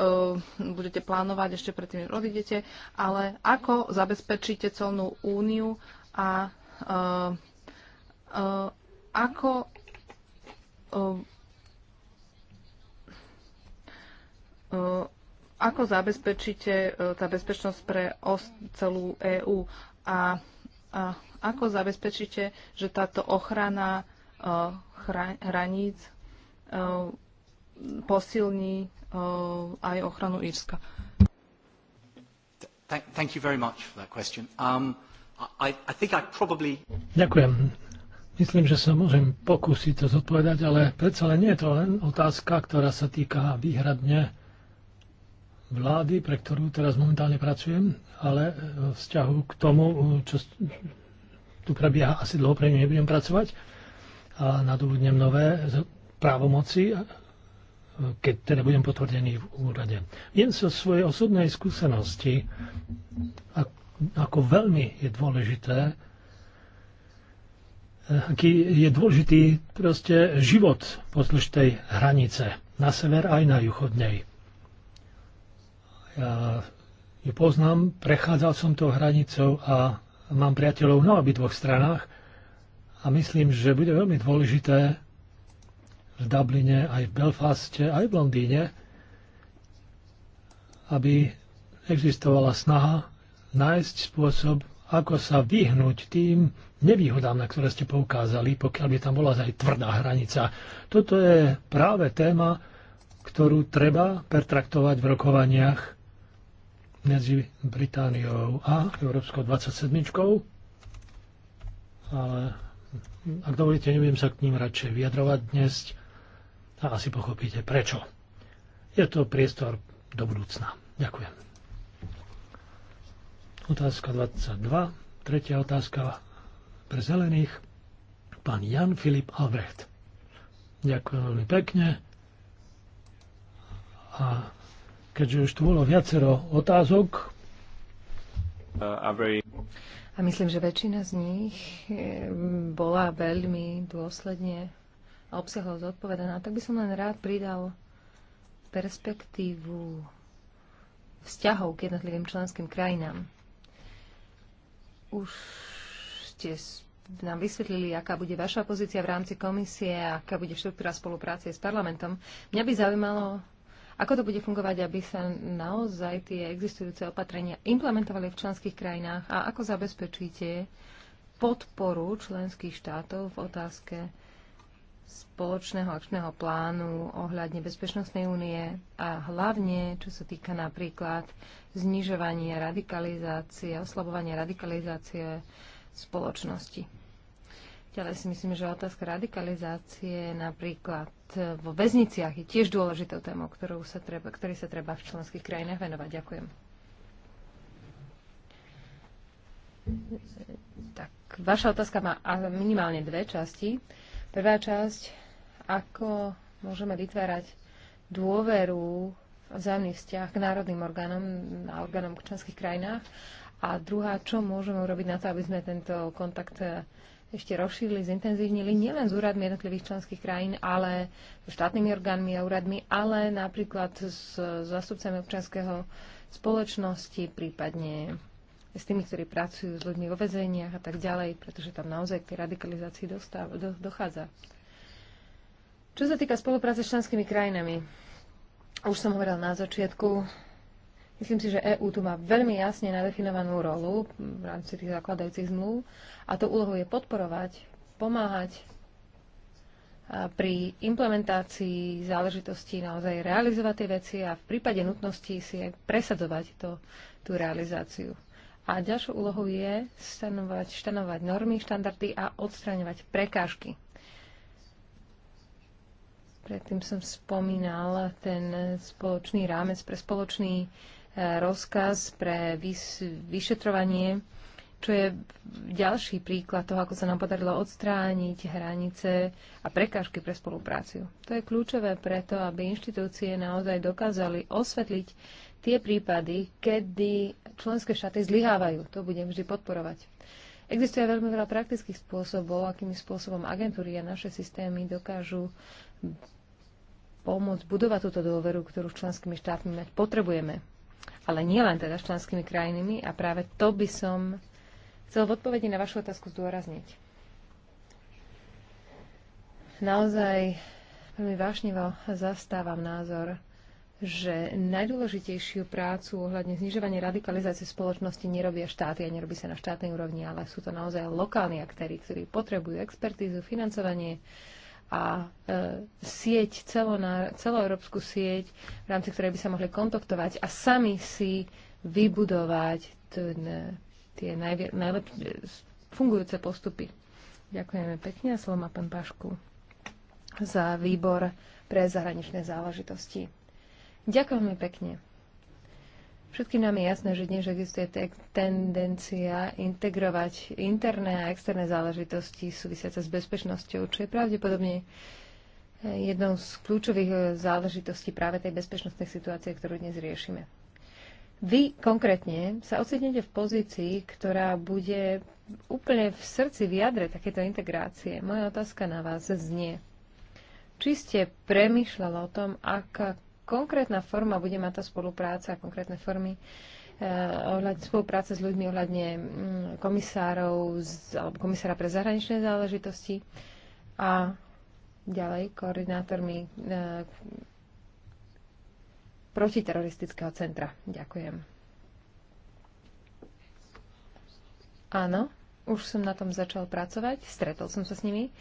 budete plánovať ešte predtým, než odídete, ale ako zabezpečíte celnú úniu a e, ako E, ako zabezpečíte e, tá bezpečnosť pre celú EÚ a, a ako zabezpečíte, že táto ochrana e, hraníc posilní aj ochranu Írska? Thank you very much for that question. Um, I, I think I probably... Ďakujem. Myslím, že sa môžem pokúsiť to zodpovedať, ale predsa len nie je to len otázka, ktorá sa týka výhradne vlády, pre ktorú teraz momentálne pracujem, ale vzťahu k tomu, čo tu prebieha, asi dlho pre ňu nebudem pracovať a nadobudnem nové právomoci, keď teda budem potvrdený v úrade. Viem sa svojej osobnej skúsenosti, ako veľmi je dôležité, aký je dôležitý proste život pozdĺž tej hranice, na sever aj na juchodnej. Ja ju poznám, prechádzal som tou hranicou a mám priateľov na dvoch stranách a myslím, že bude veľmi dôležité v Dubline, aj v Belfaste, aj v Londýne, aby existovala snaha nájsť spôsob, ako sa vyhnúť tým nevýhodám, na ktoré ste poukázali, pokiaľ by tam bola aj tvrdá hranica. Toto je práve téma, ktorú treba pertraktovať v rokovaniach medzi Britániou a Európskou 27. Ale ak dovolíte, nebudem sa k ním radšej vyjadrovať dnes a asi pochopíte prečo. Je to priestor do budúcna. Ďakujem. Otázka 22. Tretia otázka pre zelených. Pán Jan Filip Albrecht. Ďakujem veľmi pekne. A keďže už tu bolo viacero otázok. A myslím, že väčšina z nich eh, bola veľmi dôsledne a obsahov zodpovedaná. Tak by som len rád pridal perspektívu vzťahov k jednotlivým členským krajinám. Už ste nám vysvetlili, aká bude vaša pozícia v rámci komisie, a aká bude štruktúra spolupráce s parlamentom. Mňa by zaujímalo, ako to bude fungovať, aby sa naozaj tie existujúce opatrenia implementovali v členských krajinách a ako zabezpečíte podporu členských štátov v otázke spoločného akčného plánu ohľadne bezpečnostnej únie a hlavne, čo sa týka napríklad znižovania radikalizácie, oslabovania radikalizácie spoločnosti. Ale si myslím, že otázka radikalizácie napríklad vo väzniciach je tiež dôležitou témou, ktorú sa treba, ktorý sa treba v členských krajinách venovať. Ďakujem. Tak, vaša otázka má minimálne dve časti. Prvá časť, ako môžeme vytvárať dôveru vzájomný vzťah k národným orgánom a orgánom v členských krajinách. A druhá, čo môžeme urobiť na to, aby sme tento kontakt ešte rozšírili, zintenzívnili nielen s úradmi jednotlivých členských krajín, ale so štátnymi orgánmi a úradmi, ale napríklad s zastupcami občanského spoločnosti, prípadne s tými, ktorí pracujú s ľuďmi vo vezeniach a tak ďalej, pretože tam naozaj k radikalizácii dostáv, do, dochádza. Čo sa týka spolupráce s členskými krajinami, už som hovoril na začiatku, Myslím si, že EÚ tu má veľmi jasne nadefinovanú rolu v rámci tých zakladajúcich zmluv a to úlohou je podporovať, pomáhať pri implementácii záležitostí naozaj realizovať tie veci a v prípade nutnosti si aj presadzovať to, tú realizáciu. A ďalšou úlohou je stanovať, stanovať normy, štandardy a odstraňovať prekážky. Predtým som spomínal ten spoločný rámec pre spoločný rozkaz pre vyšetrovanie, čo je ďalší príklad toho, ako sa nám podarilo odstrániť hranice a prekážky pre spolupráciu. To je kľúčové preto, aby inštitúcie naozaj dokázali osvetliť tie prípady, kedy členské štáty zlyhávajú. To budem vždy podporovať. Existuje veľmi veľa praktických spôsobov, akými spôsobom agentúry a naše systémy dokážu pomôcť budovať túto dôveru, ktorú s členskými štátmi mať potrebujeme ale len teda s členskými krajinami a práve to by som chcel v odpovedi na vašu otázku zdôrazniť. Naozaj veľmi vášnivo zastávam názor, že najdôležitejšiu prácu ohľadne znižovania radikalizácie spoločnosti nerobia štáty a nerobí sa na štátnej úrovni, ale sú to naozaj lokálni aktéry, ktorí potrebujú expertízu, financovanie, a e, sieť, celoeurópsku sieť, v rámci ktorej by sa mohli kontaktovať a sami si vybudovať ten, tie najvi- najlepšie fungujúce postupy. Ďakujeme pekne a slovo má pán Pašku za výbor pre zahraničné záležitosti. Ďakujeme pekne. Všetkým nám je jasné, že dnes existuje tendencia integrovať interné a externé záležitosti súvisiace s bezpečnosťou, čo je pravdepodobne eh, jednou z kľúčových eh, záležitostí práve tej bezpečnostnej situácie, ktorú dnes riešime. Vy konkrétne sa ocitnete v pozícii, ktorá bude úplne v srdci, v jadre takéto integrácie. Moja otázka na vás znie. Či ste premyšľali o tom, aká konkrétna forma bude mať tá spolupráca, konkrétne formy eh, spolupráce s ľuďmi ohľadne mm, komisárov z, alebo komisára pre zahraničné záležitosti a ďalej koordinátormi e, protiteroristického centra. Ďakujem. Áno, už som na tom začal pracovať, stretol som sa s nimi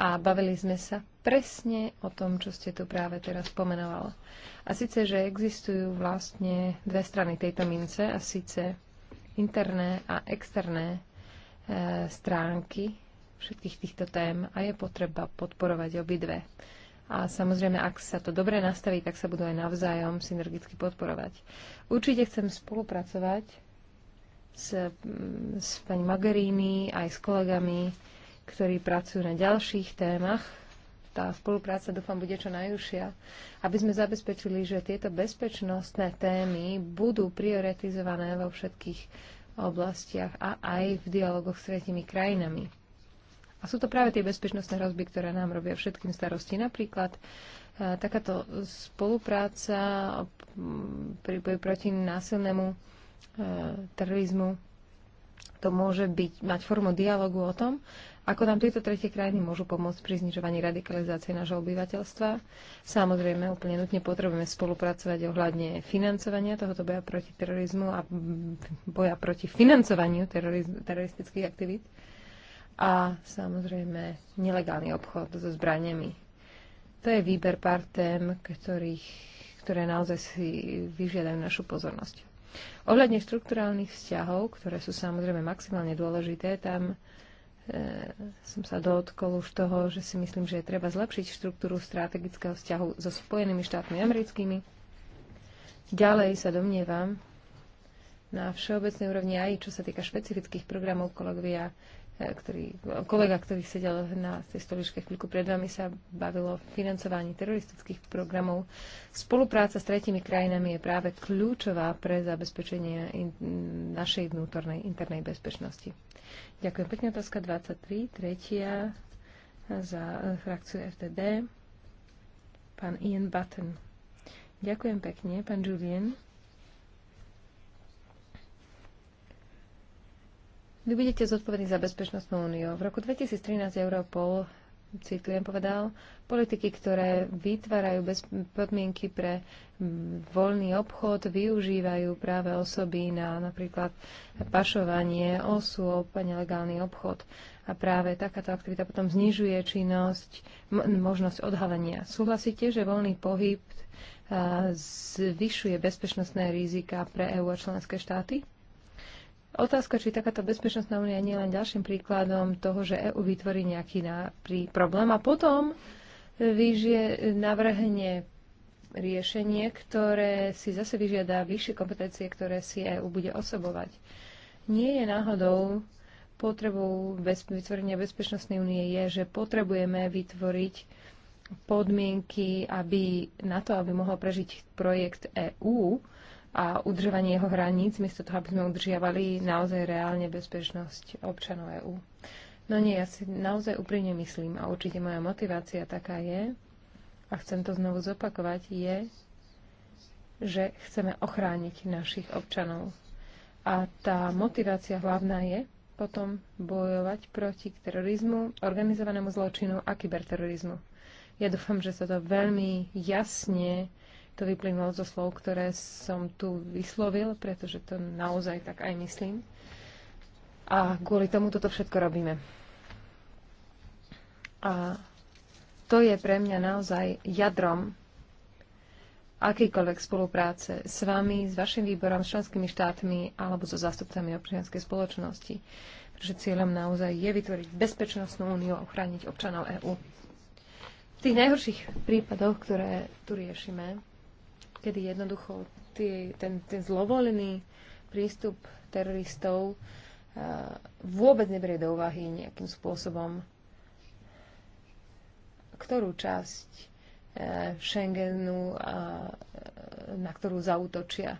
a bavili sme sa presne o tom, čo ste tu práve teraz pomenovala. A síce, že existujú vlastne dve strany tejto mince, a síce interné a externé e, stránky všetkých týchto tém a je potreba podporovať obidve. A samozrejme, ak sa to dobre nastaví, tak sa budú aj navzájom synergicky podporovať. Určite chcem spolupracovať s, s pani Magarini aj s kolegami, ktorí pracujú na ďalších témach. Tá spolupráca dúfam bude čo najúžšia, aby sme zabezpečili, že tieto bezpečnostné témy budú prioritizované vo všetkých oblastiach a aj v dialogoch s tretimi krajinami. A sú to práve tie bezpečnostné hrozby, ktoré nám robia všetkým starosti. Napríklad e, takáto spolupráca pri boji proti násilnému E, terorizmu. To môže byť, mať formu dialogu o tom, ako nám tieto tretie krajiny môžu pomôcť pri znižovaní radikalizácie nášho obyvateľstva. Samozrejme, úplne nutne potrebujeme spolupracovať ohľadne financovania tohoto boja proti terorizmu a boja proti financovaniu teroristických aktivít a samozrejme nelegálny obchod so zbraniami. To je výber pár tém, ktorých, ktoré naozaj si vyžiadajú našu pozornosť. Ohľadne štruktúrálnych vzťahov, ktoré sú samozrejme maximálne dôležité, tam e, som sa dotkol už toho, že si myslím, že je treba zlepšiť štruktúru strategického vzťahu so Spojenými štátmi americkými. Ďalej sa domnievam na všeobecnej úrovni aj čo sa týka špecifických programov kolegovia Eh, ktorý, kolega, ktorý sedel na tej stoličke chvíľku pred vami, sa bavilo o financovaní teroristických programov. Spolupráca s tretimi krajinami je práve kľúčová pre zabezpečenie in, našej vnútornej internej bezpečnosti. Ďakujem pekne. Otázka 23, tretia za eh, frakciu FTD. Pán Ian Button. Ďakujem pekne, pán Julian. Vy budete zodpovední za bezpečnostnú úniu. V roku 2013 Europol, citujem povedal, politiky, ktoré vytvárajú bez podmienky pre voľný obchod, využívajú práve osoby na napríklad pašovanie osôb a nelegálny obchod. A práve takáto aktivita potom znižuje činnosť, možnosť odhalenia. Súhlasíte, že voľný pohyb zvyšuje bezpečnostné rizika pre EU a členské štáty? Otázka, či takáto bezpečnostná únia nie je len ďalším príkladom toho, že EU vytvorí nejaký náprí problém a potom vyžije navrhne riešenie, ktoré si zase vyžiada vyššie kompetencie, ktoré si EU bude osobovať. Nie je náhodou potrebou bez, vytvorenia bezpečnostnej únie je, že potrebujeme vytvoriť podmienky aby, na to, aby mohol prežiť projekt EÚ, a udržovanie jeho hraníc, miesto toho, aby sme udržiavali naozaj reálne bezpečnosť občanov EÚ. No nie, ja si naozaj úprimne myslím a určite moja motivácia taká je, a chcem to znovu zopakovať, je, že chceme ochrániť našich občanov. A tá motivácia hlavná je potom bojovať proti terorizmu, organizovanému zločinu a kyberterorizmu. Ja dúfam, že sa to veľmi jasne to vyplynulo zo slov, ktoré som tu vyslovil, pretože to naozaj tak aj myslím. A kvôli tomu toto všetko robíme. A to je pre mňa naozaj jadrom akýkoľvek spolupráce s vami, s vašim výborom, s členskými štátmi alebo so zástupcami občianskej spoločnosti. Pretože cieľom naozaj je vytvoriť bezpečnostnú úniu a ochrániť občanov EÚ. V tých najhorších prípadoch, ktoré tu riešime, kedy jednoducho tie, ten, ten zlovolený prístup teroristov uh, vôbec neberie do úvahy nejakým spôsobom, ktorú časť uh, Schengenu, uh, na ktorú zautočia.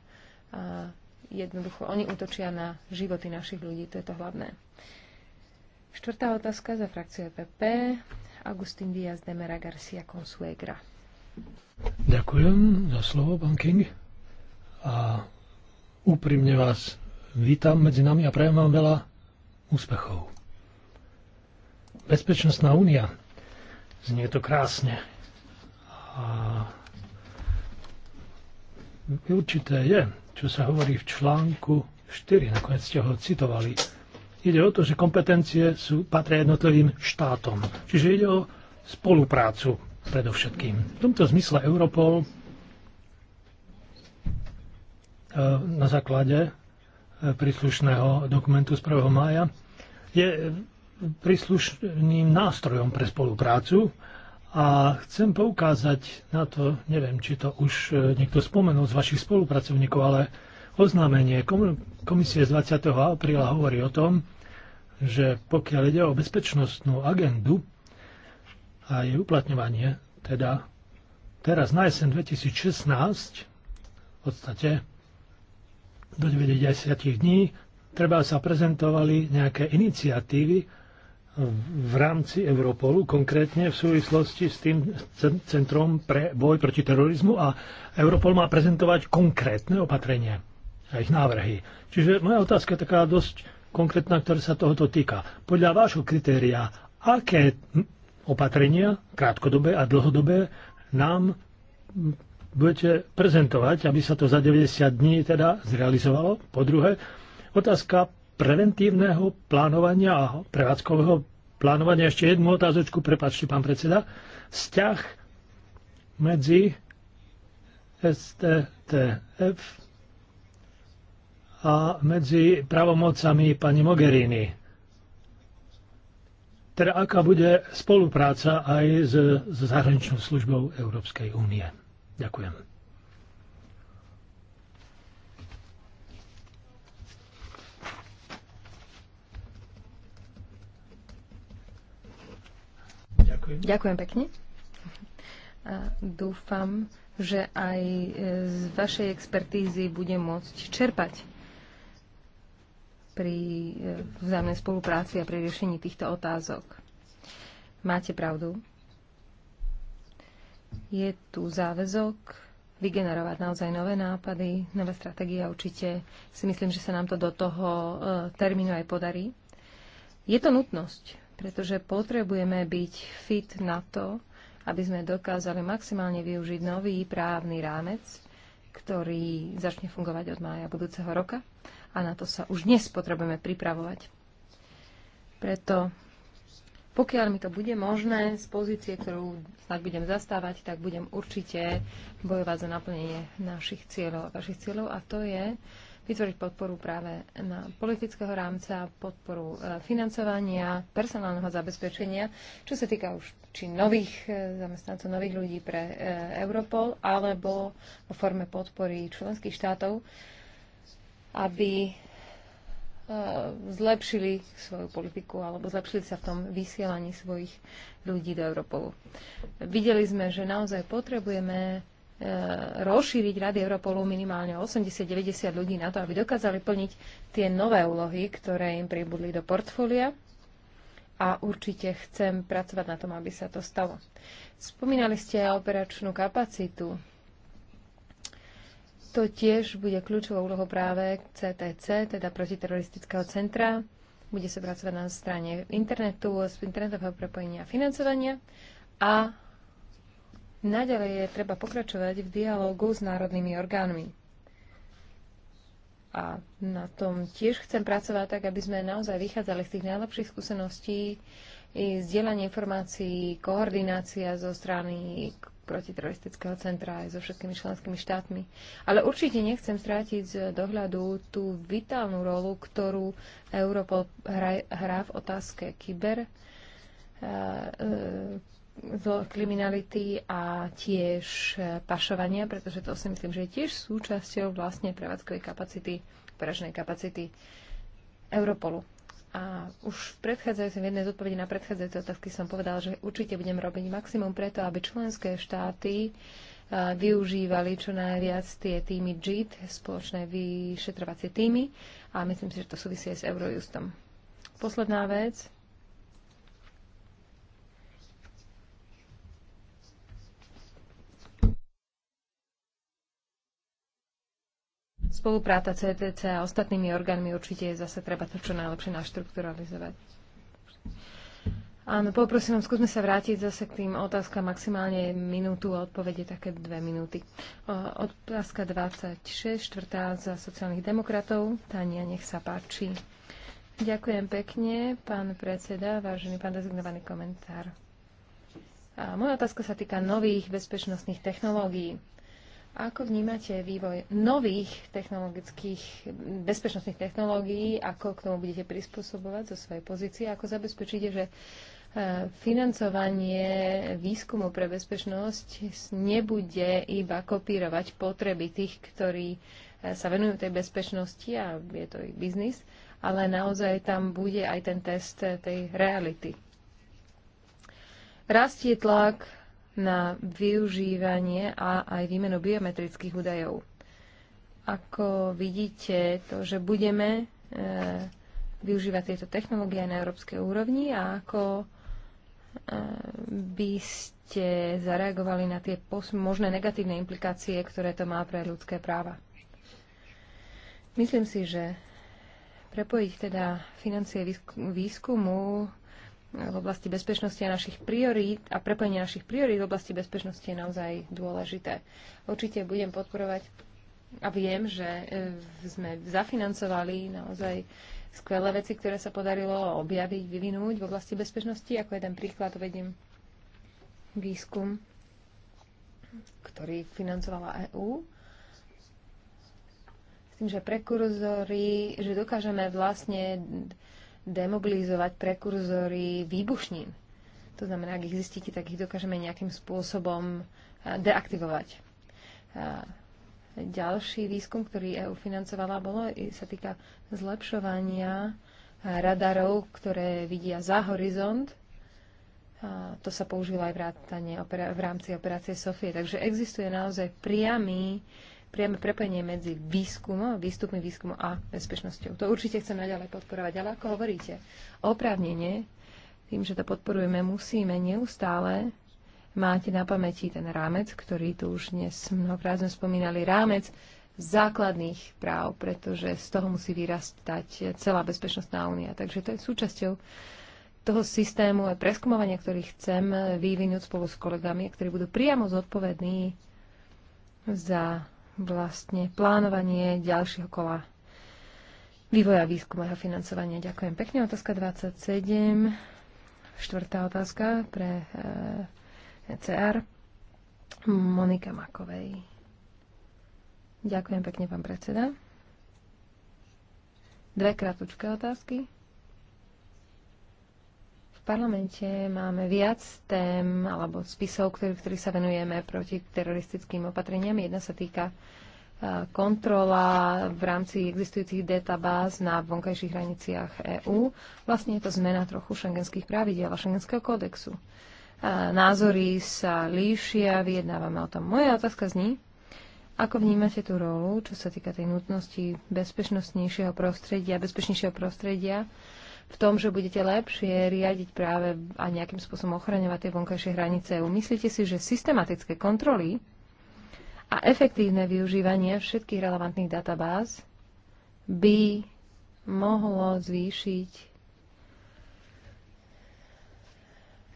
Uh, jednoducho, oni útočia na životy našich ľudí, to je to hlavné. Štvrtá otázka za frakciu EPP. Agustín Díaz de Mera Garcia Consuegra. Ďakujem za slovo, pán King. A úprimne vás vítam medzi nami a prajem vám veľa úspechov. Bezpečnostná únia. Znie to krásne. A určité je, čo sa hovorí v článku 4, nakoniec ste ho citovali. Ide o to, že kompetencie sú, patria jednotlivým štátom. Čiže ide o spoluprácu predovšetkým. V tomto zmysle Europol e, na základe e, príslušného dokumentu z 1. mája je príslušným nástrojom pre spoluprácu a chcem poukázať na to, neviem, či to už e, niekto spomenul z vašich spolupracovníkov, ale oznámenie komisie z 20. apríla hovorí o tom, že pokiaľ ide o bezpečnostnú agendu, a jej uplatňovanie, teda teraz na jeseň 2016, v podstate do 90 dní, treba sa prezentovali nejaké iniciatívy, v rámci Europolu, konkrétne v súvislosti s tým Centrom pre boj proti terorizmu a Europol má prezentovať konkrétne opatrenie a ich návrhy. Čiže moja otázka je taká dosť konkrétna, ktorá sa tohoto týka. Podľa vášho kritéria, aké opatrenia, krátkodobé a dlhodobé, nám budete prezentovať, aby sa to za 90 dní teda zrealizovalo. Po druhé, otázka preventívneho plánovania a prevádzkového plánovania. Ešte jednu otázočku, prepáčte, pán predseda. Vzťah medzi STTF a medzi pravomocami pani Mogherini teda aká bude spolupráca aj s, s zahraničnou službou Európskej únie. Ďakujem. Ďakujem. Ďakujem pekne. A dúfam, že aj z vašej expertízy budem môcť čerpať pri eh, vzájomnej spolupráci a pri riešení týchto otázok. Máte pravdu. Je tu záväzok vygenerovať naozaj nové nápady, nové stratégie a určite si myslím, že sa nám to do toho eh, termínu aj podarí. Je to nutnosť, pretože potrebujeme byť fit na to, aby sme dokázali maximálne využiť nový právny rámec, ktorý začne fungovať od mája budúceho roka a na to sa už dnes potrebujeme pripravovať. Preto pokiaľ mi to bude možné z pozície, ktorú snad budem zastávať, tak budem určite bojovať za naplnenie našich cieľov vašich cieľov a to je vytvoriť podporu práve na politického rámca, podporu e, financovania, personálneho zabezpečenia, čo sa týka už či nových e, zamestnancov, nových ľudí pre e, Europol, alebo o forme podpory členských štátov aby e, zlepšili svoju politiku alebo zlepšili sa v tom vysielaní svojich ľudí do Europolu. Videli sme, že naozaj potrebujeme e, rozšíriť Rady Europolu minimálne 80-90 ľudí na to, aby dokázali plniť tie nové úlohy, ktoré im pribudli do portfólia a určite chcem pracovať na tom, aby sa to stalo. Spomínali ste operačnú kapacitu to tiež bude kľúčovou úlohou práve CTC, teda protiteroristického centra. Bude sa pracovať na strane internetu, z internetového prepojenia a financovania. A naďalej je treba pokračovať v dialogu s národnými orgánmi. A na tom tiež chcem pracovať tak, aby sme naozaj vychádzali z tých najlepších skúseností, i zdieľanie informácií, koordinácia zo strany protiteroristického centra aj so všetkými členskými štátmi. Ale určite nechcem strátiť z dohľadu tú vitálnu rolu, ktorú Europol hrá, hrá v otázke kyber e, e, kriminality a tiež e, pašovania, pretože to si myslím, že je tiež súčasťou vlastne prevádzkovej kapacity, operačnej kapacity Europolu. A už v predchádzajúcej, jednej z odpovedí na predchádzajúce otázky som povedal, že určite budem robiť maximum preto, aby členské štáty využívali čo najviac tie týmy JIT, spoločné vyšetrovacie týmy a myslím si, že to súvisí aj s Eurojustom. Posledná vec, Spolupráca CTC a ostatnými orgánmi určite je zase treba to čo najlepšie naštrukturalizovať. Áno, poprosím vám, skúsme sa vrátiť zase k tým otázkam maximálne minútu a odpovede také dve minúty. Otázka 26, štvrtá za sociálnych demokratov. Tania, nech sa páči. Ďakujem pekne, pán predseda, vážený pán dezignovaný komentár. A moja otázka sa týka nových bezpečnostných technológií. Ako vnímate vývoj nových technologických, bezpečnostných technológií? Ako k tomu budete prispôsobovať zo svojej pozície? Ako zabezpečíte, že e, financovanie výskumu pre bezpečnosť nebude iba kopírovať potreby tých, ktorí e, sa venujú tej bezpečnosti a je to ich biznis, ale naozaj tam bude aj ten test tej reality. Rastie tlak na využívanie a aj výmenu biometrických údajov. Ako vidíte, to, že budeme e, využívať tieto technológie na európskej úrovni a ako e, by ste zareagovali na tie možné negatívne implikácie, ktoré to má pre ľudské práva. Myslím si, že prepojiť teda financie výskumu v oblasti bezpečnosti a našich priorít a prepojenie našich priorít v oblasti bezpečnosti je naozaj dôležité. Určite budem podporovať a viem, že e, sme zafinancovali naozaj skvelé veci, ktoré sa podarilo objaviť, vyvinúť v oblasti bezpečnosti. Ako jeden príklad uvedím výskum, ktorý financovala EÚ tým, že prekurzory, že dokážeme vlastne demobilizovať prekurzory výbušnín. To znamená, ak ich zistíte, tak ich dokážeme nejakým spôsobom e, deaktivovať. A ďalší výskum, ktorý EU financovala, bolo, sa týka zlepšovania radarov, ktoré vidia za horizont. A to sa používa aj v, rámci operácie Sofie. Takže existuje naozaj priamy priame prepojenie medzi výskumom, výstupmi výskumu a bezpečnosťou. To určite chcem naďalej podporovať. Ale ako hovoríte, oprávnenie, tým, že to podporujeme, musíme neustále máte na pamäti ten rámec, ktorý tu už dnes mnohokrát sme spomínali, rámec základných práv, pretože z toho musí vyrastať celá bezpečnostná únia. Takže to je súčasťou toho systému a preskumovania, ktorý chcem vyvinúť spolu s kolegami, ktorí budú priamo zodpovední za vlastne plánovanie ďalšieho kola vývoja výskumu a financovania. Ďakujem pekne. Otázka 27. Štvrtá otázka pre eh, e CR. Monika Makovej. Ďakujem pekne, pán predseda. Dve kratučké otázky parlamente máme viac tém alebo spisov, ktorý, ktorý sa venujeme proti teroristickým opatreniam. Jedna sa týka e, kontrola v rámci existujúcich databáz na vonkajších hraniciach EÚ. Vlastne je to zmena trochu šengenských pravidiel a šengenského kódexu. E, názory sa líšia, vyjednávame o tom. Moja otázka zní, ako vnímate tú rolu, čo sa týka tej nutnosti bezpečnostnejšieho prostredia, bezpečnejšieho prostredia v tom, že budete lepšie riadiť práve a nejakým spôsobom ochraňovať tie vonkajšie hranice EU. Myslíte si, že systematické kontroly a efektívne využívanie všetkých relevantných databáz by mohlo zvýšiť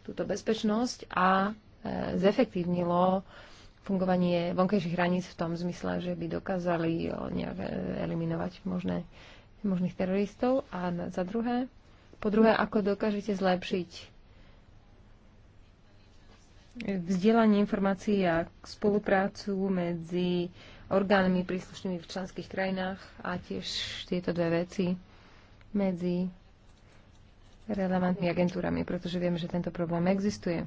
túto bezpečnosť a e, zefektívnilo fungovanie vonkajších hraníc v tom zmysle, že by dokázali nejak e, eliminovať možné, možných teroristov. A za druhé, po druhé, ako dokážete zlepšiť vzdielanie informácií a spoluprácu medzi orgánmi príslušnými v členských krajinách a tiež tieto dve veci medzi relevantnými agentúrami, pretože vieme, že tento problém existuje.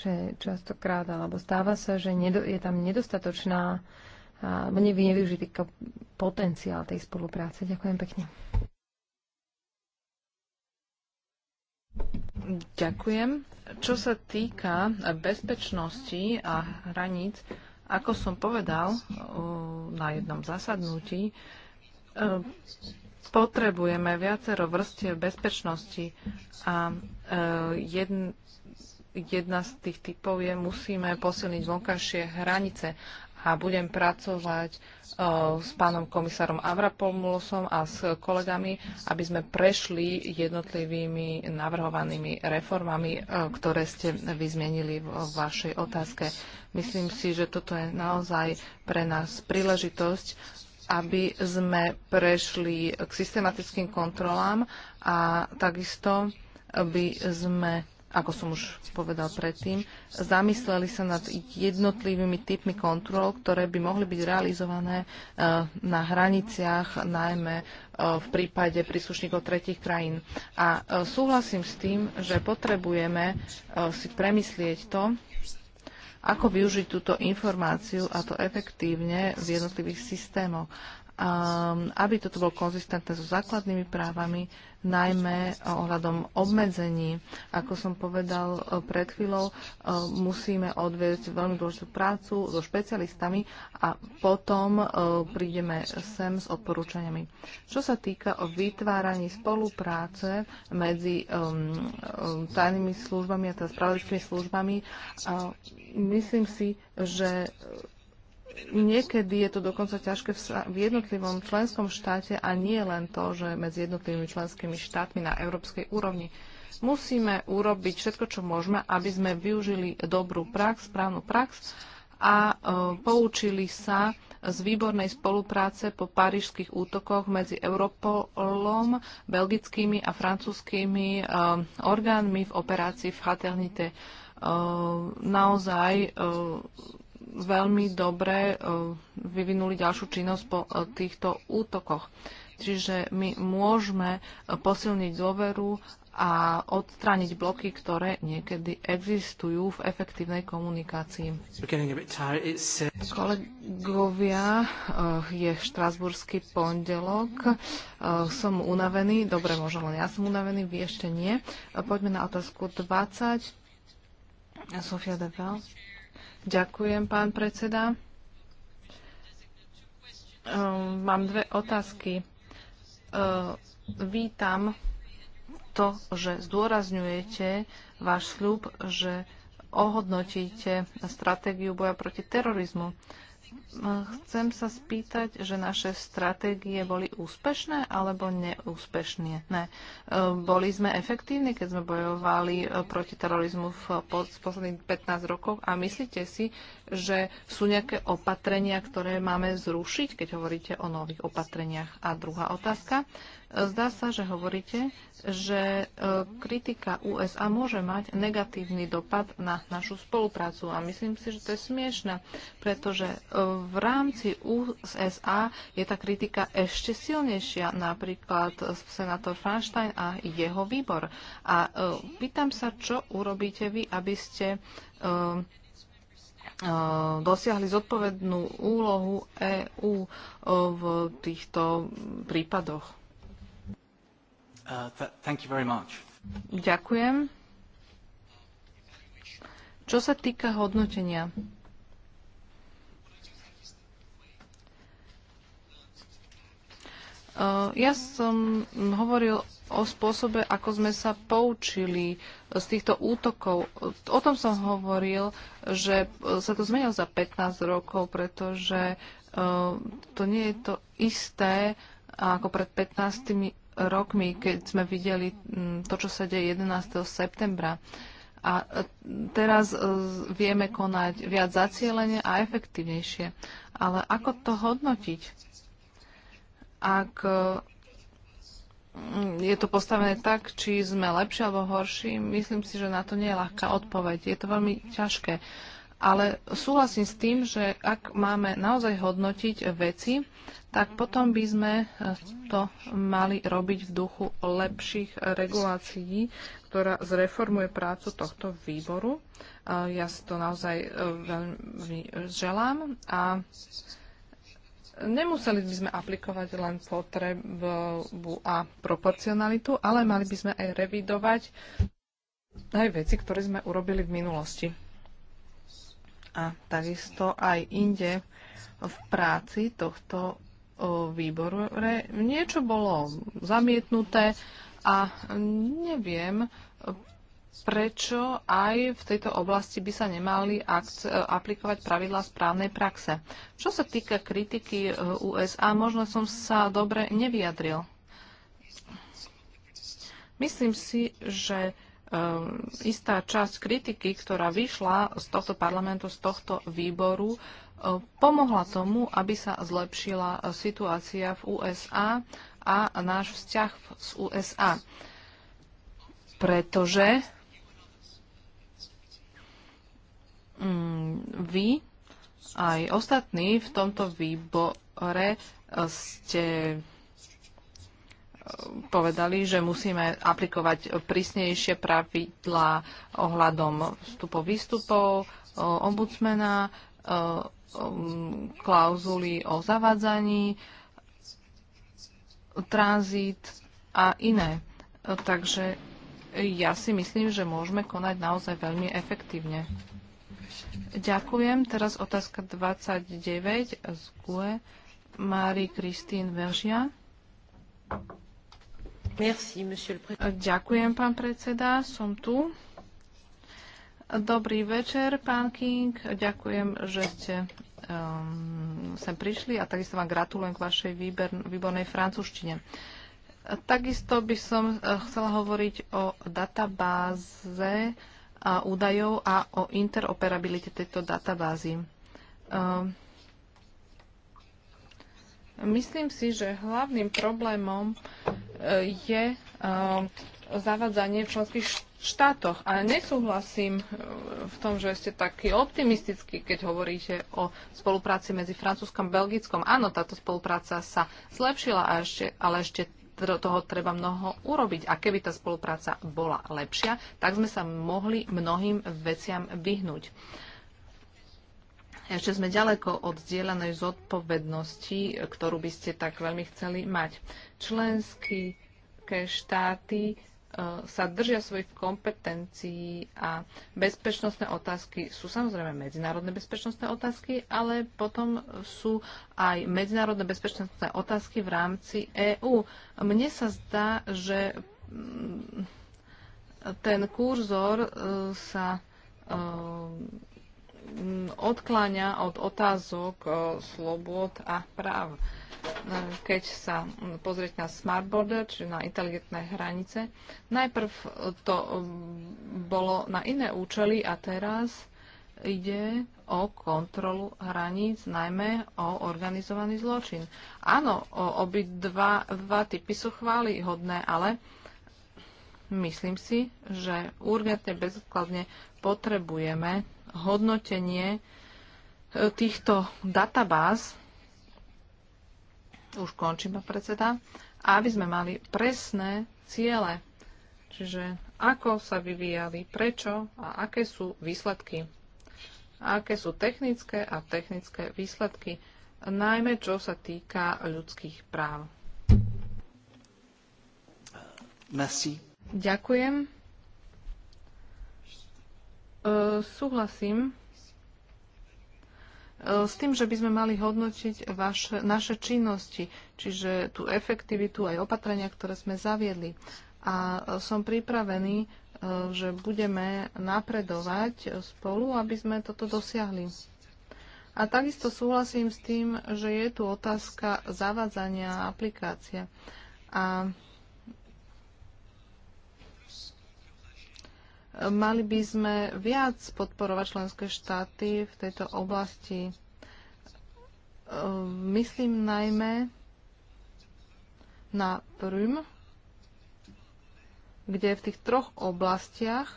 Že častokrát, alebo stáva sa, že je tam nedostatočná alebo nevyužitý potenciál tej spolupráce. Ďakujem pekne. Ďakujem. Čo sa týka bezpečnosti a hraníc, ako som povedal na jednom zasadnutí, e, potrebujeme viacero vrstiev bezpečnosti a e, jedna z tých typov je, musíme posilniť vonkajšie hranice a budem pracovať uh, s pánom komisárom Avrapomulosom a s kolegami, aby sme prešli jednotlivými navrhovanými reformami, uh, ktoré ste vyzmenili zmenili v vašej otázke. Myslím si, že toto je naozaj pre nás príležitosť, aby sme prešli k systematickým kontrolám a takisto by sme ako som už povedal predtým, zamysleli sa nad jednotlivými typmi kontrol, ktoré by mohli byť realizované e, na hraniciach, najmä e, v prípade príslušníkov tretich krajín. A e, súhlasím s tým, že potrebujeme si premyslieť to, ako využiť túto informáciu a to efektívne v jednotlivých systémoch. Um, aby toto bolo konzistentné so základnými právami, najmä ohľadom obmedzení. Ako som povedal uh, pred chvíľou, uh, musíme odvieť veľmi dôležitú prácu so špecialistami a potom uh, prídeme sem s odporúčaniami. Čo sa týka o vytváraní spolupráce medzi um, um, tajnými službami a teda spravodajskými službami, myslím si, že niekedy je to dokonca ťažké v jednotlivom členskom štáte a nie len to, že medzi jednotlivými členskými štátmi na európskej úrovni. Musíme urobiť všetko, čo môžeme, aby sme využili dobrú prax, správnu prax a e, poučili sa z výbornej spolupráce po parížských útokoch medzi Europolom, belgickými a francúzskými e, orgánmi v operácii v Fraternité. E, naozaj e, veľmi dobre eh, vyvinuli ďalšiu činnosť po eh, týchto útokoch. Čiže my môžeme eh, posilniť dôveru a odstrániť bloky, ktoré niekedy existujú v efektívnej komunikácii. Kolegovia, je štrasburský pondelok, som unavený, dobre, možno len ja som unavený, vy ešte nie. Poďme na otázku 20. Sofia Devel. Ďakujem, pán predseda. Ehm, mám dve otázky. Ehm, vítam to, že zdôrazňujete váš sľub, že ohodnotíte stratégiu boja proti terorizmu. Chcem sa spýtať, že naše stratégie boli úspešné alebo neúspešné? Ne. Boli sme efektívni, keď sme bojovali proti terorizmu v posledných 15 rokov a myslíte si, že sú nejaké opatrenia, ktoré máme zrušiť, keď hovoríte o nových opatreniach. A druhá otázka. Zdá sa, že hovoríte, že e, kritika USA môže mať negatívny dopad na našu spoluprácu. A myslím si, že to je smiešne, pretože e, v rámci USA je tá kritika ešte silnejšia, napríklad senátor Feinstein a jeho výbor. A e, pýtam sa, čo urobíte vy, aby ste E, dosiahli zodpovednú úlohu EÚ e, v týchto prípadoch. Uh, th Ďakujem. Čo sa týka hodnotenia, Eh, ja som hovoril o spôsobe, ako sme sa poučili z týchto útokov. O tom som hovoril, že eh, sa to zmenilo za 15 rokov, pretože eh, to nie je to isté ako pred 15 rokmi, keď sme videli hm, to, čo sa deje 11. septembra. A teraz vieme konať viac zacielenie a efektívnejšie. Ale ako to hodnotiť? ak mm, je to postavené tak, či sme lepší alebo horší, myslím si, že na to nie je ľahká odpoveď. Je to veľmi ťažké. Ale súhlasím s tým, že ak máme naozaj hodnotiť veci, tak potom by sme eh, to mali robiť v duchu lepších regulácií, ktorá zreformuje prácu tohto výboru. Eh, ja si to naozaj eh, veľmi želám a Nemuseli by sme aplikovať len potrebu a proporcionalitu, ale mali by sme aj revidovať aj veci, ktoré sme urobili v minulosti. A takisto aj inde v práci tohto výboru niečo bolo zamietnuté a neviem prečo aj v tejto oblasti by sa nemali e, aplikovať pravidlá správnej praxe. Čo sa týka kritiky e, USA, možno som sa dobre nevyjadril. Myslím si, že um, istá časť kritiky, ktorá vyšla z tohto parlamentu, z tohto výboru, um, pomohla tomu, aby sa zlepšila situácia v USA a náš vzťah s USA. Pretože Mm, vy aj ostatní v tomto výbore ste eh, povedali, že musíme aplikovať prísnejšie pravidlá ohľadom vstupov výstupov, eh, ombudsmena, eh, um, klauzuly o zavádzaní, tranzit a iné. Takže ja si myslím, že môžeme konať naozaj veľmi efektívne. Ďakujem. Teraz otázka 29 z GUE. Mári Kristín Veržia. Merci, monsieur le Ďakujem, pán predseda. Som tu. Dobrý večer, pán King. Ďakujem, že ste um, sem prišli a takisto vám gratulujem k vašej výber, výbornej francúzštine. Takisto by som eh, chcela hovoriť o databáze uh, a údajov a o interoperabilite tejto databázy. Ehm, myslím si, že hlavným problémom eh, je ehm, zavadzanie v členských štátoch. A nesúhlasím eh, v tom, že ste taký optimistický, keď hovoríte o spolupráci medzi Francúzskom a Belgickom. Áno, táto spolupráca sa zlepšila, a ešte, ale ešte toho treba mnoho urobiť. A keby tá spolupráca bola lepšia, tak sme sa mohli mnohým veciam vyhnúť. Ešte sme ďaleko od zdieľanej zodpovednosti, ktorú by ste tak veľmi chceli mať. Členské štáty E, sa držia svojich kompetencií a bezpečnostné otázky sú samozrejme medzinárodné bezpečnostné otázky, ale potom sú aj medzinárodné bezpečnostné otázky v rámci EÚ. Mne sa zdá, že mm, ten kurzor e, sa e, odkláňa od otázok e, slobod a práv. E, keď sa pozrieť na smart border, či na inteligentné hranice, najprv to e, bolo na iné účely a teraz ide o kontrolu hraníc, najmä o organizovaný zločin. Áno, obi dva typy sú hodné, ale myslím si, že urgentne, bezodkladne potrebujeme hodnotenie e, týchto databáz, už končím, pán predseda, aby sme mali presné ciele. Čiže ako sa vyvíjali, prečo a aké sú výsledky. Aké sú technické a technické výsledky, najmä čo sa týka ľudských práv. Merci. Ďakujem. E, súhlasím e, s tým, že by sme mali hodnotiť vaše, naše činnosti, čiže tú efektivitu aj opatrenia, ktoré sme zaviedli. A som pripravený, e, že budeme napredovať spolu, aby sme toto dosiahli. A takisto súhlasím s tým, že je tu otázka zavádzania aplikácie. A Mali by sme viac podporovať členské štáty v tejto oblasti. E, myslím najmä na Prüm, kde v tých troch oblastiach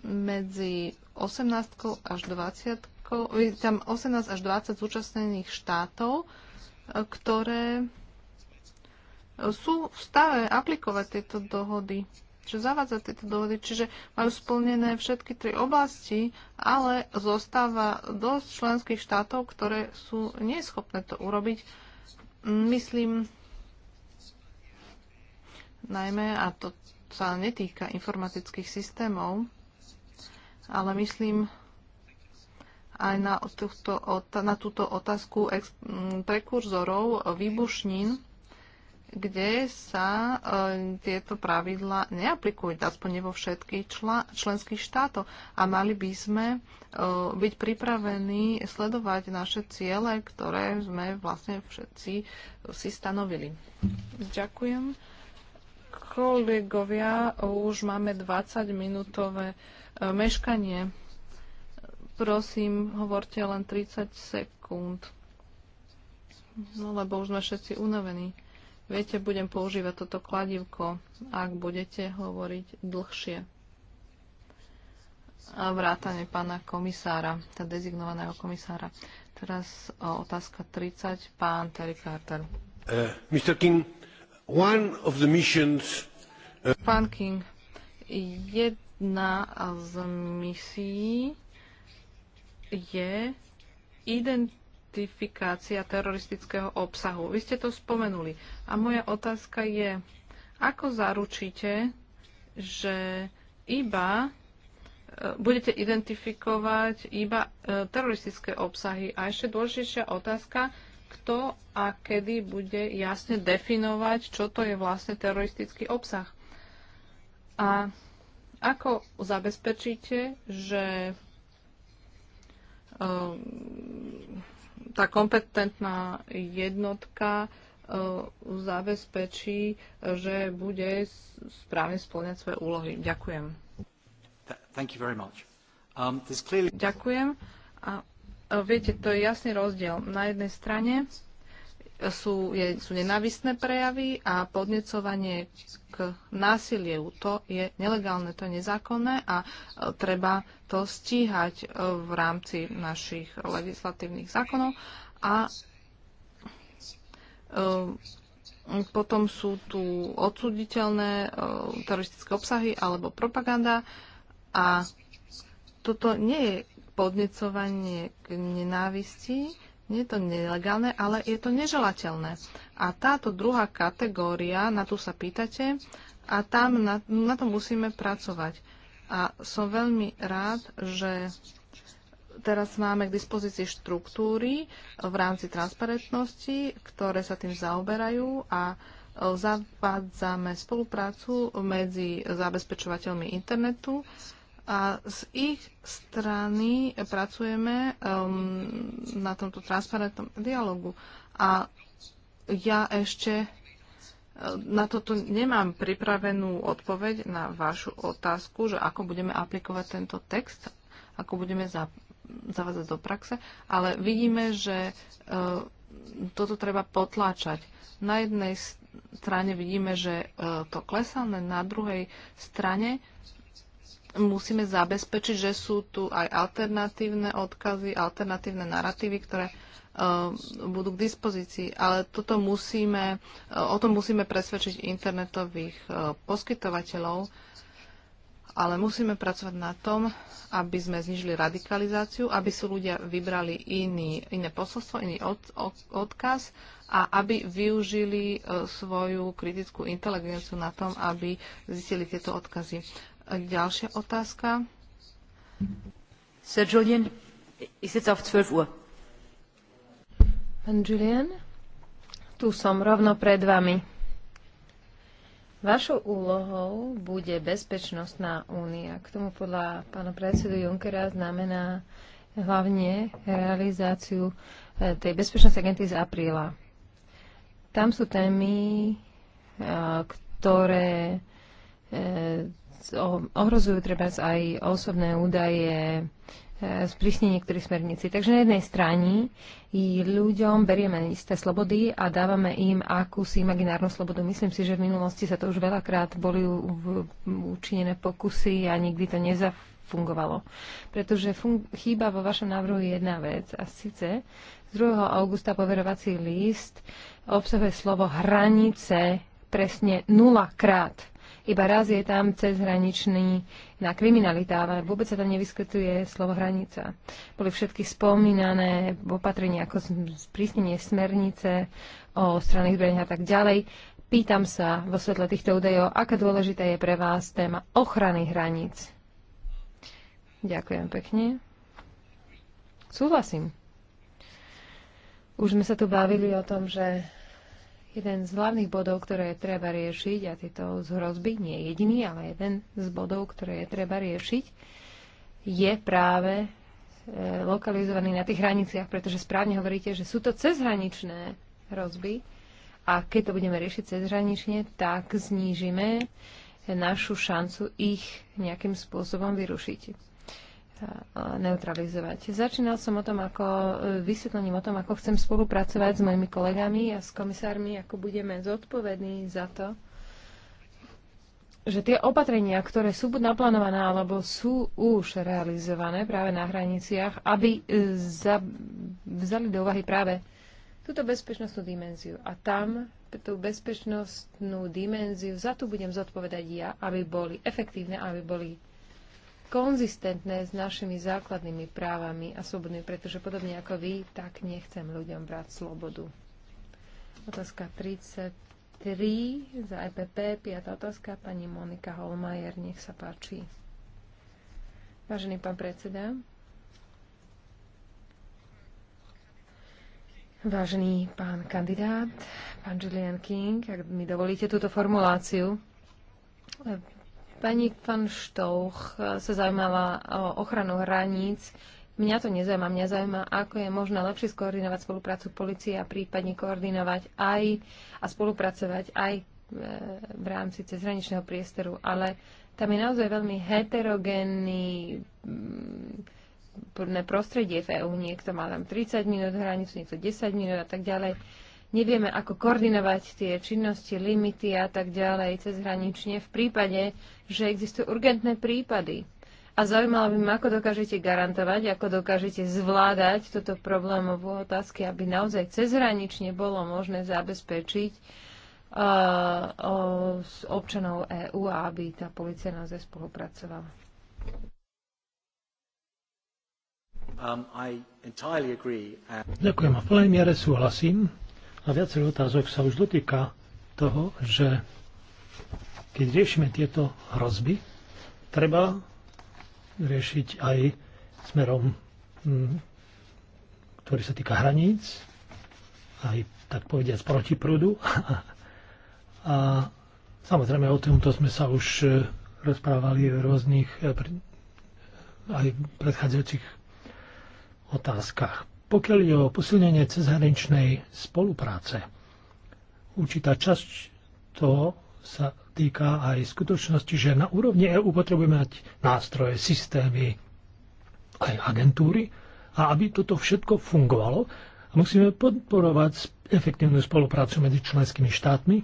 medzi 18 až 20, e, tam 18 až 20 zúčastnených štátov, e, ktoré sú v stave aplikovať tieto dohody že zavádza tieto dohody, čiže majú splnené všetky tri oblasti, ale zostáva dosť členských štátov, ktoré sú neschopné to urobiť. Myslím, najmä, a to sa netýka informatických systémov, ale myslím aj na, na túto otázku prekurzorov výbušnín, kde sa e, tieto pravidla neaplikujú, aspoň ne vo všetkých čla, členských štátoch. A mali by sme e, byť pripravení sledovať naše ciele, ktoré sme vlastne všetci si stanovili. Ďakujem. Kolegovia, už máme 20-minútové e, meškanie. Prosím, hovorte len 30 sekúnd, no, lebo už sme všetci unavení. Viete, budem používať toto kladivko, ak budete hovoriť dlhšie. A vrátane pána komisára, tá dezignovaného komisára. Teraz otázka 30, pán Terry Carter. Uh, eh, Mr. King, one of the missions... Uh... Pán King, jedna z misií je ident identifikácia teroristického obsahu. Vy ste to spomenuli. A moja otázka je, ako zaručíte, že iba e, budete identifikovať iba e, teroristické obsahy. A ešte dôležitejšia otázka, kto a kedy bude jasne definovať, čo to je vlastne teroristický obsah. A ako zabezpečíte, že um, tá kompetentná jednotka e, zabezpečí, že bude správne splňať svoje úlohy. Ďakujem. Um, clearly... Ďakujem. a e, viete, to je jasný rozdiel. Na jednej strane sú, je, sú nenávisné prejavy a podnecovanie k násiliu. To je nelegálne, to je nezákonné a e, treba to stíhať e, v rámci našich legislatívnych zákonov. A e, potom sú tu odsuditeľné teroristické obsahy alebo propaganda a toto nie je podnecovanie k nenávisti, nie je to nelegálne, ale je to neželateľné. A táto druhá kategória, na tú sa pýtate, a tam na, na to musíme pracovať. A som veľmi rád, že teraz máme k dispozícii štruktúry v rámci transparentnosti, ktoré sa tým zaoberajú a e, zavádzame spoluprácu medzi zabezpečovateľmi internetu, a z ich strany pracujeme um, na tomto transparentnom dialogu. A ja ešte uh, na toto nemám pripravenú odpoveď na vašu otázku, že ako budeme aplikovať tento text, ako budeme za, do praxe, ale vidíme, že uh, toto treba potláčať. Na jednej strane vidíme, že uh, to klesá na druhej strane musíme zabezpečiť, že sú tu aj alternatívne odkazy, alternatívne narratívy, ktoré e, budú k dispozícii, ale toto musíme, e, o tom musíme presvedčiť internetových e, poskytovateľov, ale musíme pracovať na tom, aby sme znižili radikalizáciu, aby si ľudia vybrali iný, iné posolstvo, iný od, od, odkaz a aby využili svoju kritickú inteligenciu na tom, aby zistili tieto odkazy. Ďalšia otázka. Sir Julian, ich sitze auf 12 Uhr. Pán Julian, tu som rovno pred vami. Vašou úlohou bude bezpečnostná únia. K tomu podľa pána predsedu Junckera znamená hlavne realizáciu e, tej bezpečnosti agenty z apríla. Tam sú témy, e, ktoré e, ohrozujú treba aj osobné údaje, e, sprísnenie niektorých smerníci. Takže na jednej strane ľuďom berieme isté slobody a dávame im akúsi imaginárnu slobodu. Myslím si, že v minulosti sa to už veľakrát boli učinené pokusy a nikdy to nezafungovalo. Pretože fun- chýba vo vašom návrhu jedna vec a síce z 2. augusta poverovací list obsahuje slovo hranice presne nulakrát iba raz je tam cezhraničný na kriminalita, ale vôbec sa tam nevyskytuje slovo hranica. Boli všetky spomínané opatrenia ako sprísnenie smernice o stranných zbraniach a tak ďalej. Pýtam sa vo svetle týchto údajov, aká dôležitá je pre vás téma ochrany hraníc. Ďakujem pekne. Súhlasím. Už sme sa tu bavili o tom, že Jeden z hlavných bodov, ktoré je treba riešiť, a tieto z hrozby nie je jediný, ale jeden z bodov, ktoré je treba riešiť, je práve e, lokalizovaný na tých hraniciach, pretože správne hovoríte, že sú to cezhraničné hrozby a keď to budeme riešiť cezhranične, tak znížime našu šancu ich nejakým spôsobom vyrušiť sa neutralizovať. Začínal som o tom, ako e, vysvetlením o tom, ako chcem spolupracovať s mojimi kolegami a s komisármi, ako budeme zodpovední za to, že tie opatrenia, ktoré sú buď naplánované, alebo sú už realizované práve na hraniciach, aby e, za, vzali do úvahy práve túto bezpečnostnú dimenziu. A tam tú bezpečnostnú dimenziu, za to budem zodpovedať ja, aby boli efektívne, aby boli konzistentné s našimi základnými právami a slobodnými, pretože podobne ako vy, tak nechcem ľuďom brať slobodu. Otázka 33 za EPP, 5 otázka, pani Monika Holmajer, nech sa páči. Vážený pán predseda, Vážený pán kandidát, pán Julian King, ak mi dovolíte túto formuláciu, Pani pán Štouch e, sa zaujímala o ochranu hraníc. Mňa to nezaujíma. Mňa zaujíma, ako je možné lepšie skoordinovať spoluprácu policie a prípadne koordinovať aj a spolupracovať aj e, v rámci cezhraničného priestoru. Ale tam je naozaj veľmi heterogénny mm, prostredie v EÚ. Niekto má tam 30 minút hranicu, niekto 10 minút a tak ďalej nevieme, ako koordinovať tie činnosti, limity a tak ďalej cezhranične v prípade, že existujú urgentné prípady. A zaujímalo by ma, ako dokážete garantovať, ako dokážete zvládať toto problémovú otázky, aby naozaj cezhranične bolo možné zabezpečiť eh, s občanov EÚ a aby tá policia naozaj spolupracovala. Um, I entirely agree. Ďakujem. V plnej miere súhlasím a viacerých otázok sa už dotýka toho, že keď riešime tieto hrozby, treba riešiť aj smerom, mm, ktorý sa týka hraníc, aj tak povediať proti prúdu. A samozrejme o tomto sme sa už e, rozprávali v rôznych e, aj predchádzajúcich otázkach. Pokiaľ je o posilnenie cezhraničnej spolupráce, určitá časť toho sa týka aj skutočnosti, že na úrovni EU potrebujeme mať nástroje, systémy, aj agentúry. A aby toto všetko fungovalo, musíme podporovať efektívnu spoluprácu medzi členskými štátmi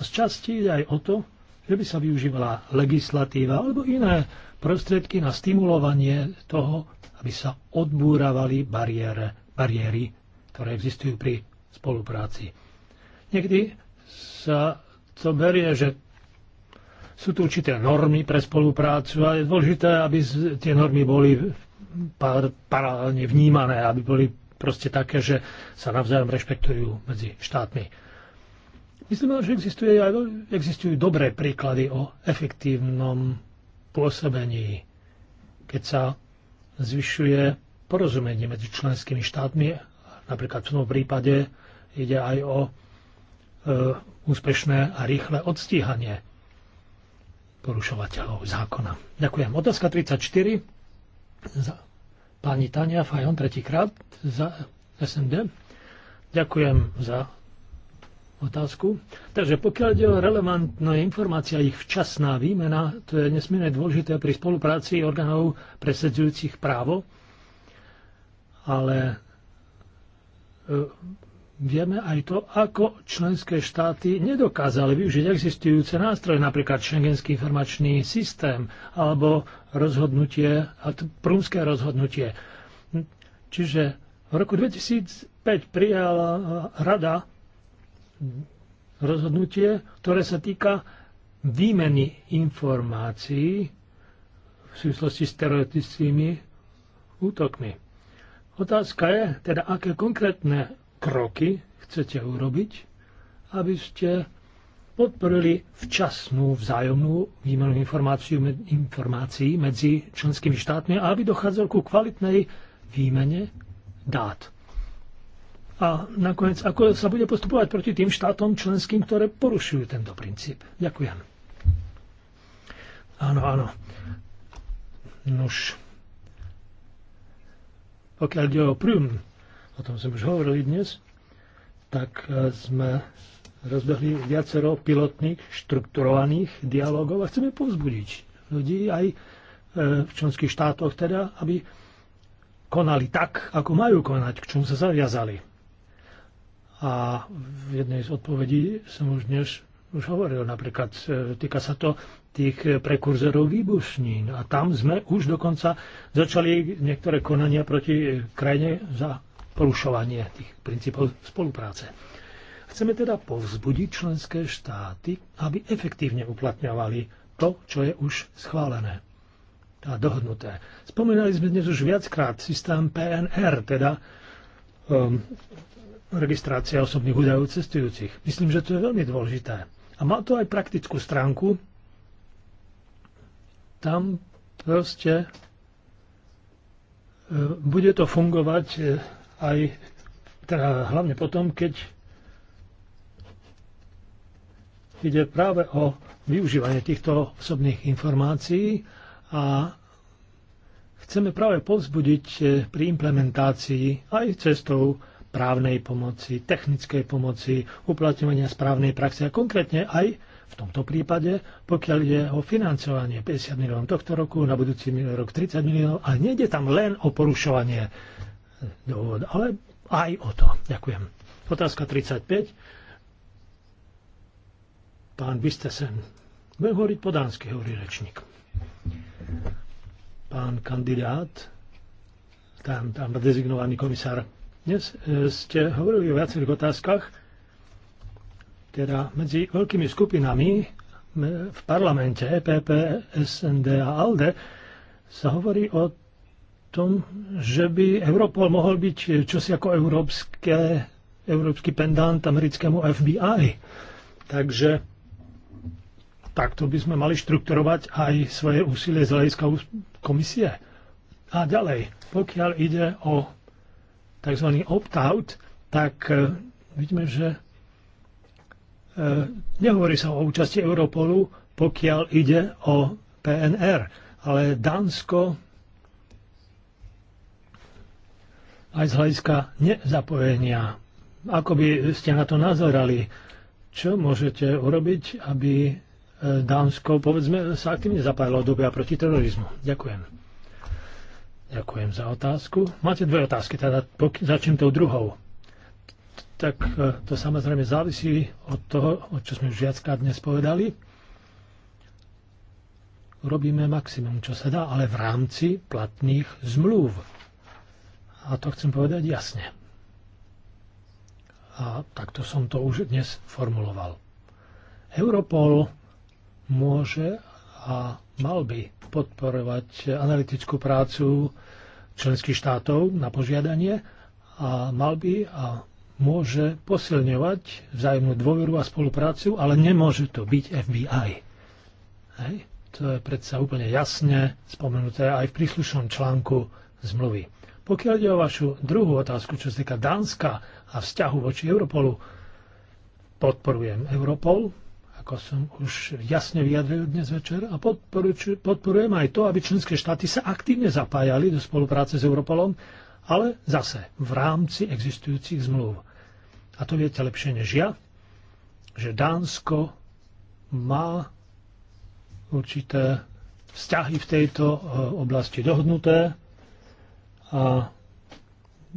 a z časti aj o to, že by sa využívala legislatíva alebo iné prostriedky na stimulovanie toho, aby sa odbúravali bariére bariéry, ktoré existujú pri spolupráci. Niekdy sa to berie, že sú tu určité normy pre spoluprácu a je dôležité, aby tie normy boli paralelne vnímané, aby boli proste také, že sa navzájom rešpektujú medzi štátmi. Myslím, že existuje, existujú dobré príklady o efektívnom pôsobení, keď sa zvyšuje porozumenie medzi členskými štátmi. Napríklad v tom prípade ide aj o e, úspešné a rýchle odstíhanie porušovateľov zákona. Ďakujem. Otázka 34. Za pani Tania Fajon tretíkrát za SND. Ďakujem za otázku. Takže pokiaľ ide o relevantná informácia, ich včasná výmena, to je nesmierne dôležité pri spolupráci orgánov presedzujúcich právo ale e, vieme aj to, ako členské štáty nedokázali využiť existujúce nástroje, napríklad Schengenský informačný systém alebo rozhodnutie, prúmské rozhodnutie. Čiže v roku 2005 prijala rada rozhodnutie, ktoré sa týka výmeny informácií v súvislosti s teroristickými útokmi. Otázka je, teda aké konkrétne kroky chcete urobiť, aby ste podporili včasnú vzájomnú výmenu informácií, informácií medzi členskými štátmi a aby dochádzalo ku kvalitnej výmene dát. A nakoniec, ako sa bude postupovať proti tým štátom členským, ktoré porušujú tento princíp. Ďakujem. Áno, áno. Nuž. Pokiaľ ide o prúm, o tom sme už hovorili dnes, tak e, sme rozbehli viacero pilotných, štrukturovaných dialogov a chceme povzbudiť ľudí aj e, v členských štátoch, teda, aby konali tak, ako majú konať, k čomu sa zaviazali. A v jednej z odpovedí som už dnes už hovoril, napríklad e, týka sa to tých prekurzorov výbušnín. A tam sme už dokonca začali niektoré konania proti e, krajine za porušovanie tých princípov spolupráce. Chceme teda povzbudiť členské štáty, aby efektívne uplatňovali to, čo je už schválené a dohodnuté. Spomínali sme dnes už viackrát systém PNR, teda um, registrácia osobných údajov cestujúcich. Myslím, že to je veľmi dôležité a má to aj praktickú stránku. Tam proste e, bude to fungovať e, aj teda hlavne potom, keď ide práve o využívanie týchto osobných informácií a chceme práve povzbudiť e, pri implementácii aj cestou právnej pomoci, technickej pomoci, uplatňovania správnej praxe a konkrétne aj v tomto prípade, pokiaľ ide o financovanie 50 miliónov tohto roku, na budúci rok 30 miliónov a nejde tam len o porušovanie e, dohod, ale aj o to. Ďakujem. Otázka 35. Pán Bistesen. Budem hovoriť po dánsky, hovorí rečník. Pán kandidát, tam, tam dezignovaný komisár dnes e, ste hovorili o viacerých otázkach, teda medzi veľkými skupinami v parlamente EPP, SND a ALDE sa hovorí o tom, že by Europol mohol byť e, čosi ako európske, európsky pendant americkému FBI. Takže takto by sme mali štrukturovať aj svoje úsilie z hľadiska komisie. A ďalej, pokiaľ ide o tzv. opt-out, tak e, vidíme, že e, nehovorí sa o účasti Europolu, pokiaľ ide o PNR, ale Dánsko aj z hľadiska nezapojenia. Ako by ste na to nazerali? Čo môžete urobiť, aby e, Dánsko, povedzme, sa aktívne zapájalo do boja proti terorizmu? Ďakujem. Ďakujem za otázku. Máte dve otázky, teda začnem tou druhou. Tak e, to samozrejme závisí od toho, o čo sme už viackrát dnes povedali. Robíme maximum, čo sa dá, ale v rámci platných zmluv. A to chcem povedať jasne. A takto som to už dnes formuloval. Europol môže a mal by podporovať analytickú prácu členských štátov na požiadanie a mal by a môže posilňovať vzájomnú dôveru a spoluprácu, ale nemôže to byť FBI. Hej? To je predsa úplne jasne spomenuté aj v príslušnom článku zmluvy. Pokiaľ ide o vašu druhú otázku, čo sa týka Dánska a vzťahu voči Europolu, podporujem Europol, ako som už jasne vyjadril dnes večer, a podporujem aj to, aby členské štáty sa aktívne zapájali do spolupráce s Europolom, ale zase v rámci existujúcich zmluv. A to viete lepšie než ja, že Dánsko má určité vzťahy v tejto eh, oblasti dohodnuté a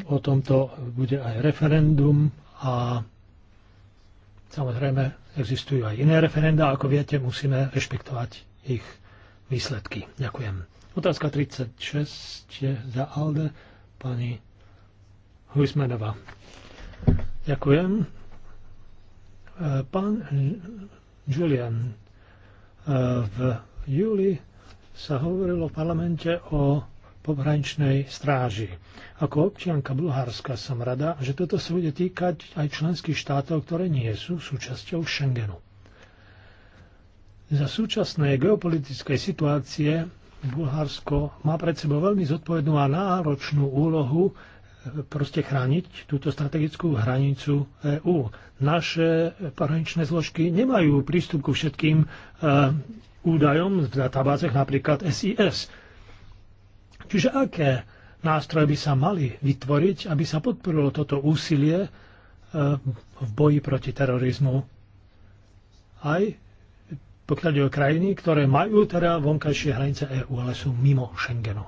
o tomto bude aj referendum a samozrejme Existujú aj iné referenda, ako viete, musíme rešpektovať ich výsledky. Ďakujem. Otázka 36 je za Alde, pani Huismedova. Ďakujem. E, pán Julian, e, v júli sa hovorilo v parlamente o pohraničnej stráži. Ako občianka Bulharska som rada, že toto sa bude týkať aj členských štátov, ktoré nie sú súčasťou Schengenu. Za súčasnej geopolitickej situácie Bulharsko má pred sebou veľmi zodpovednú a náročnú úlohu e, proste chrániť túto strategickú hranicu EÚ. Naše pohraničné zložky nemajú prístup ku všetkým e, údajom v databázech, napríklad SIS. Čiže aké nástroje by sa mali vytvoriť, aby sa podporilo toto úsilie e, v boji proti terorizmu. Aj pokiaľ ide o krajiny, ktoré majú teda vonkajšie hranice EÚ, ale sú mimo Schengenu.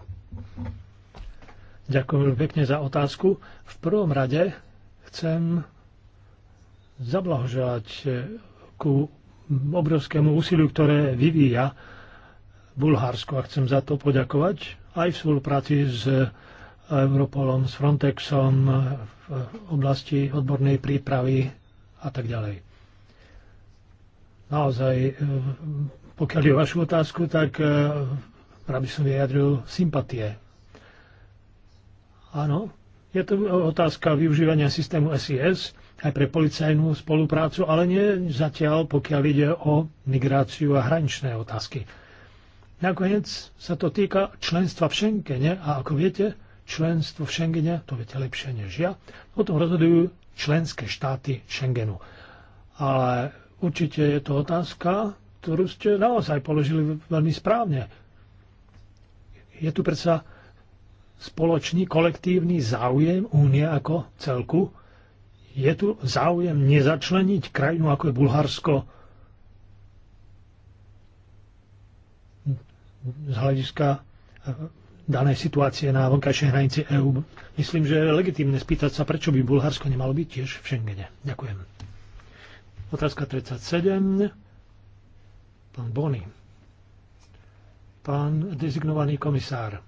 Ďakujem pekne za otázku. V prvom rade chcem zablahoželať e, ku obrovskému úsiliu, ktoré vyvíja Bulharsko a chcem za to poďakovať aj v spolupráci s e, Europolom, s Frontexom e, v oblasti odbornej prípravy a tak ďalej. Naozaj, e, pokiaľ je vašu otázku, tak rád by som vyjadril sympatie. Áno, je to otázka využívania systému SIS aj pre policajnú spoluprácu, ale nie zatiaľ, pokiaľ ide o migráciu a hraničné otázky. Nakoniec sa to týka členstva v Schengene a ako viete, členstvo v Schengene, to viete lepšie než ja, o tom rozhodujú členské štáty Schengenu. Ale určite je to otázka, ktorú ste naozaj položili veľmi správne. Je tu predsa spoločný kolektívny záujem únie ako celku. Je tu záujem nezačleniť krajinu ako je Bulharsko z hľadiska e, danej situácie na vonkajšej hranici EÚ. Myslím, že je legitimné spýtať sa, prečo by Bulharsko nemalo byť tiež v Schengene. Ďakujem. Otázka 37. Pán Bony. Pán dezignovaný komisár.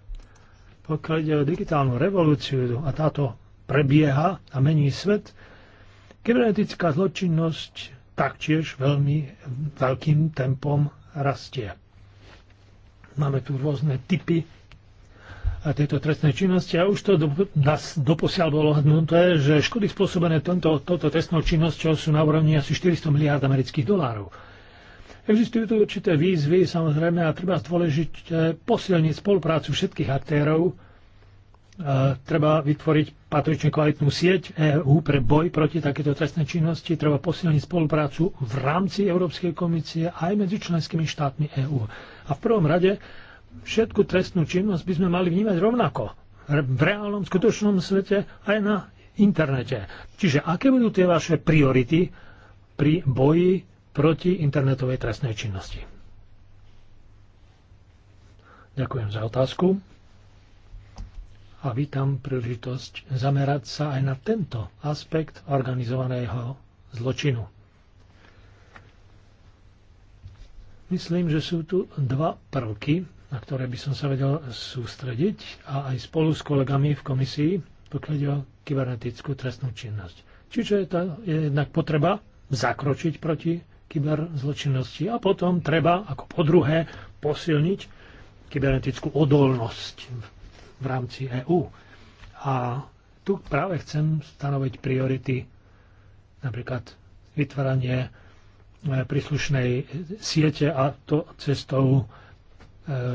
Pokiaľ ide o digitálnu revolúciu a táto prebieha a mení svet, kybernetická zločinnosť taktiež veľmi veľkým tempom rastie. Máme tu rôzne typy tejto trestnej činnosti a už to do, nás doposiaľ bolo hodnuté, že škody spôsobené tomto, touto trestnou činnosťou sú na úrovni asi 400 miliárd amerických dolárov. Existujú tu určité výzvy, samozrejme, a treba dôležite posilniť spoluprácu všetkých aktérov. A treba vytvoriť patrične kvalitnú sieť EÚ pre boj proti takéto trestnej činnosti. Treba posilniť spoluprácu v rámci Európskej komisie aj medzi členskými štátmi EÚ. A v prvom rade všetku trestnú činnosť by sme mali vnímať rovnako v reálnom, skutočnom svete aj na internete. Čiže aké budú tie vaše priority pri boji proti internetovej trestnej činnosti? Ďakujem za otázku a vítam príležitosť zamerať sa aj na tento aspekt organizovaného zločinu. Myslím, že sú tu dva prvky, na ktoré by som sa vedel sústrediť a aj spolu s kolegami v komisii, pokiaľ ide o kybernetickú trestnú činnosť. Čiže to je jednak potreba zakročiť proti kyberzločinnosti a potom treba, ako po druhé, posilniť kybernetickú odolnosť v rámci EÚ. A tu práve chcem stanoviť priority, napríklad vytváranie e, príslušnej siete a to cestou e,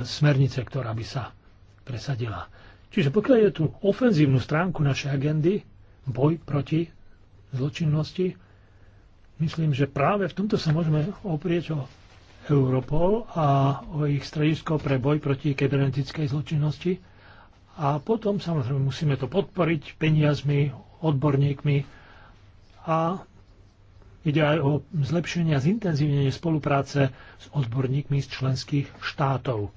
smernice, ktorá by sa presadila. Čiže pokiaľ je tu ofenzívnu stránku našej agendy, boj proti zločinnosti, myslím, že práve v tomto sa môžeme oprieť o Europol a o ich stredisko pre boj proti kybernetickej zločinnosti, a potom samozrejme musíme to podporiť peniazmi, odborníkmi a ide aj o zlepšenie a zintenzívnenie spolupráce s odborníkmi z členských štátov.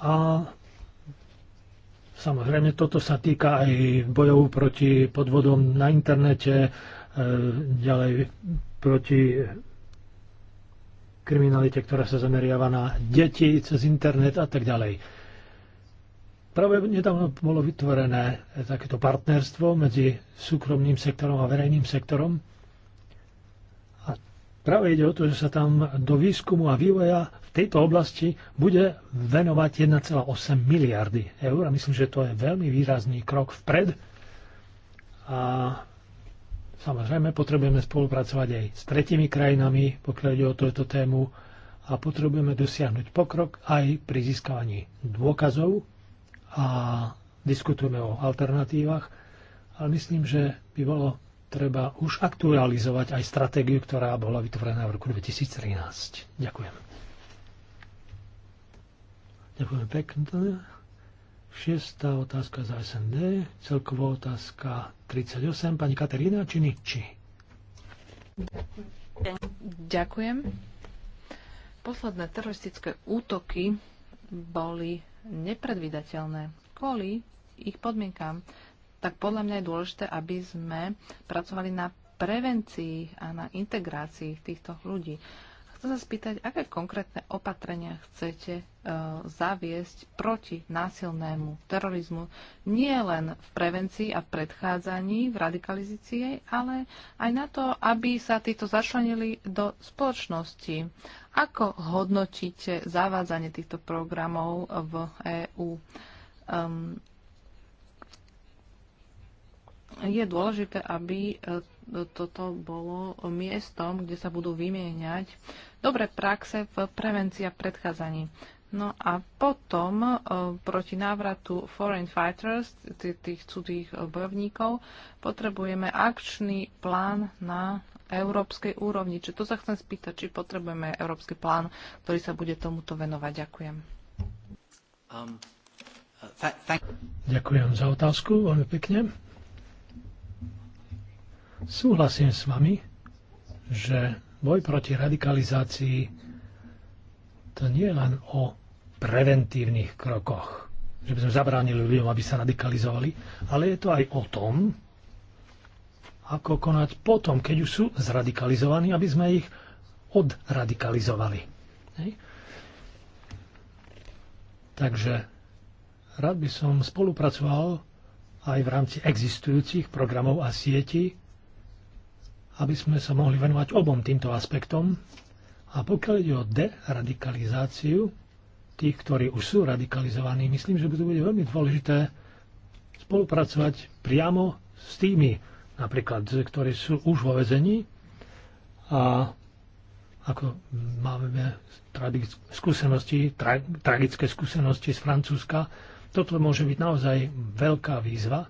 A samozrejme toto sa týka aj bojov proti podvodom na internete, e, ďalej proti kriminalite, ktorá sa zameriava na deti cez internet a tak ďalej. Práve nedávno bolo vytvorené takéto partnerstvo medzi súkromným sektorom a verejným sektorom. A práve ide o to, že sa tam do výskumu a vývoja v tejto oblasti bude venovať 1,8 miliardy eur. A myslím, že to je veľmi výrazný krok vpred. A Samozrejme, potrebujeme spolupracovať aj s tretimi krajinami, pokiaľ ide o túto tému a potrebujeme dosiahnuť pokrok aj pri získavaní dôkazov a diskutujeme o alternatívach, ale myslím, že by bolo treba už aktualizovať aj stratégiu, ktorá bola vytvorená v roku 2013. Ďakujem. Ďakujem pekne. Šiestá otázka za SND, celková otázka 38, pani Katerína Činiči. Ďakujem. Posledné teroristické útoky boli nepredvídateľné kvôli ich podmienkám, tak podľa mňa je dôležité, aby sme pracovali na prevencii a na integrácii týchto ľudí. Chcem sa spýtať, aké konkrétne opatrenia chcete e, zaviesť proti násilnému terorizmu, nie len v prevencii a v predchádzaní, v radikalizácii, ale aj na to, aby sa títo začlenili do spoločnosti. Ako hodnotíte zavádzanie týchto programov v EÚ? Um, je dôležité, aby e, toto bolo miestom, kde sa budú vymieňať dobre praxe v prevencia predchádzaní. No a potom e, proti návratu foreign fighters, tých cudých e, bojovníkov, potrebujeme akčný plán na európskej úrovni. Čiže to sa chcem spýtať, či potrebujeme európsky plán, ktorý sa bude tomuto venovať. Ďakujem. Um, uh, Ďakujem za otázku, veľmi pekne. Súhlasím s vami, že boj proti radikalizácii to nie je len o preventívnych krokoch, že by sme zabránili ľuďom, aby sa radikalizovali, ale je to aj o tom, ako konať potom, keď už sú zradikalizovaní, aby sme ich odradikalizovali. Hej. Takže rád by som spolupracoval aj v rámci existujúcich programov a sietí aby sme sa mohli venovať obom týmto aspektom. A pokiaľ ide o deradikalizáciu tých, ktorí už sú radikalizovaní, myslím, že to bude veľmi dôležité spolupracovať priamo s tými, napríklad, ktorí sú už vo vezení a ako máme skúsenosti, tra, tragické skúsenosti z Francúzska, toto môže byť naozaj veľká výzva,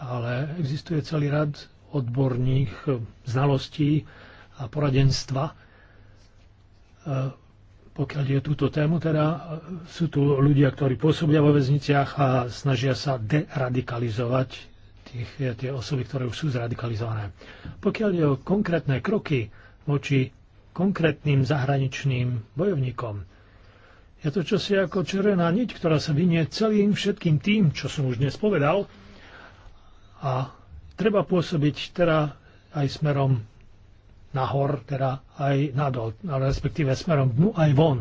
ale existuje celý rad odborných e, znalostí a poradenstva. E, pokiaľ je túto tému, teda e, sú tu ľudia, ktorí pôsobia vo väzniciach a snažia sa deradikalizovať tých, tie osoby, ktoré už sú zradikalizované. Pokiaľ je o konkrétne kroky voči konkrétnym zahraničným bojovníkom, je to čosi ako červená niť, ktorá sa vynie celým všetkým tým, čo som už dnes povedal, a treba pôsobiť teda aj smerom nahor, teda aj nadol, ale respektíve smerom dnu aj von.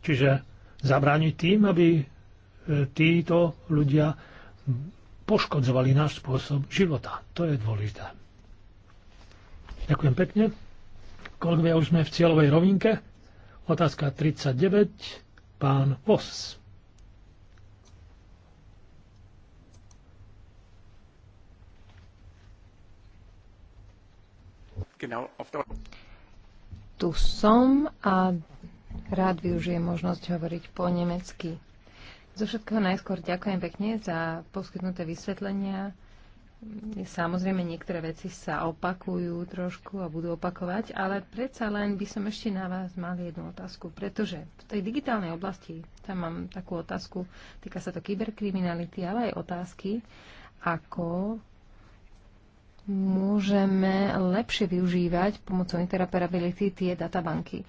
Čiže zabrániť tým, aby e, títo ľudia poškodzovali náš spôsob života. To je dôležité. Ďakujem pekne. Kolegovia, už sme v cieľovej rovinke. Otázka 39. Pán Vos. Tu som a rád využijem možnosť hovoriť po nemecky. Zo všetkého najskôr ďakujem pekne za poskytnuté vysvetlenia. Samozrejme, niektoré veci sa opakujú trošku a budú opakovať, ale predsa len by som ešte na vás mal jednu otázku, pretože v tej digitálnej oblasti, tam mám takú otázku, týka sa to kyberkriminality, ale aj otázky, ako môžeme lepšie využívať pomocou interoperability tie databanky.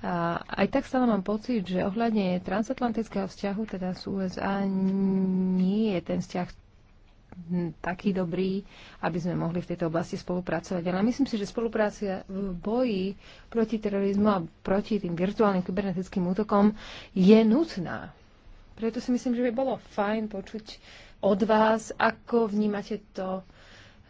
A aj tak stále mám pocit, že ohľadne transatlantického vzťahu, teda z USA, nie je ten vzťah taký dobrý, aby sme mohli v tejto oblasti spolupracovať. Ale myslím si, že spolupráca v boji proti terorizmu a proti tým virtuálnym kybernetickým útokom je nutná. Preto si myslím, že by bolo fajn počuť od vás, ako vnímate to,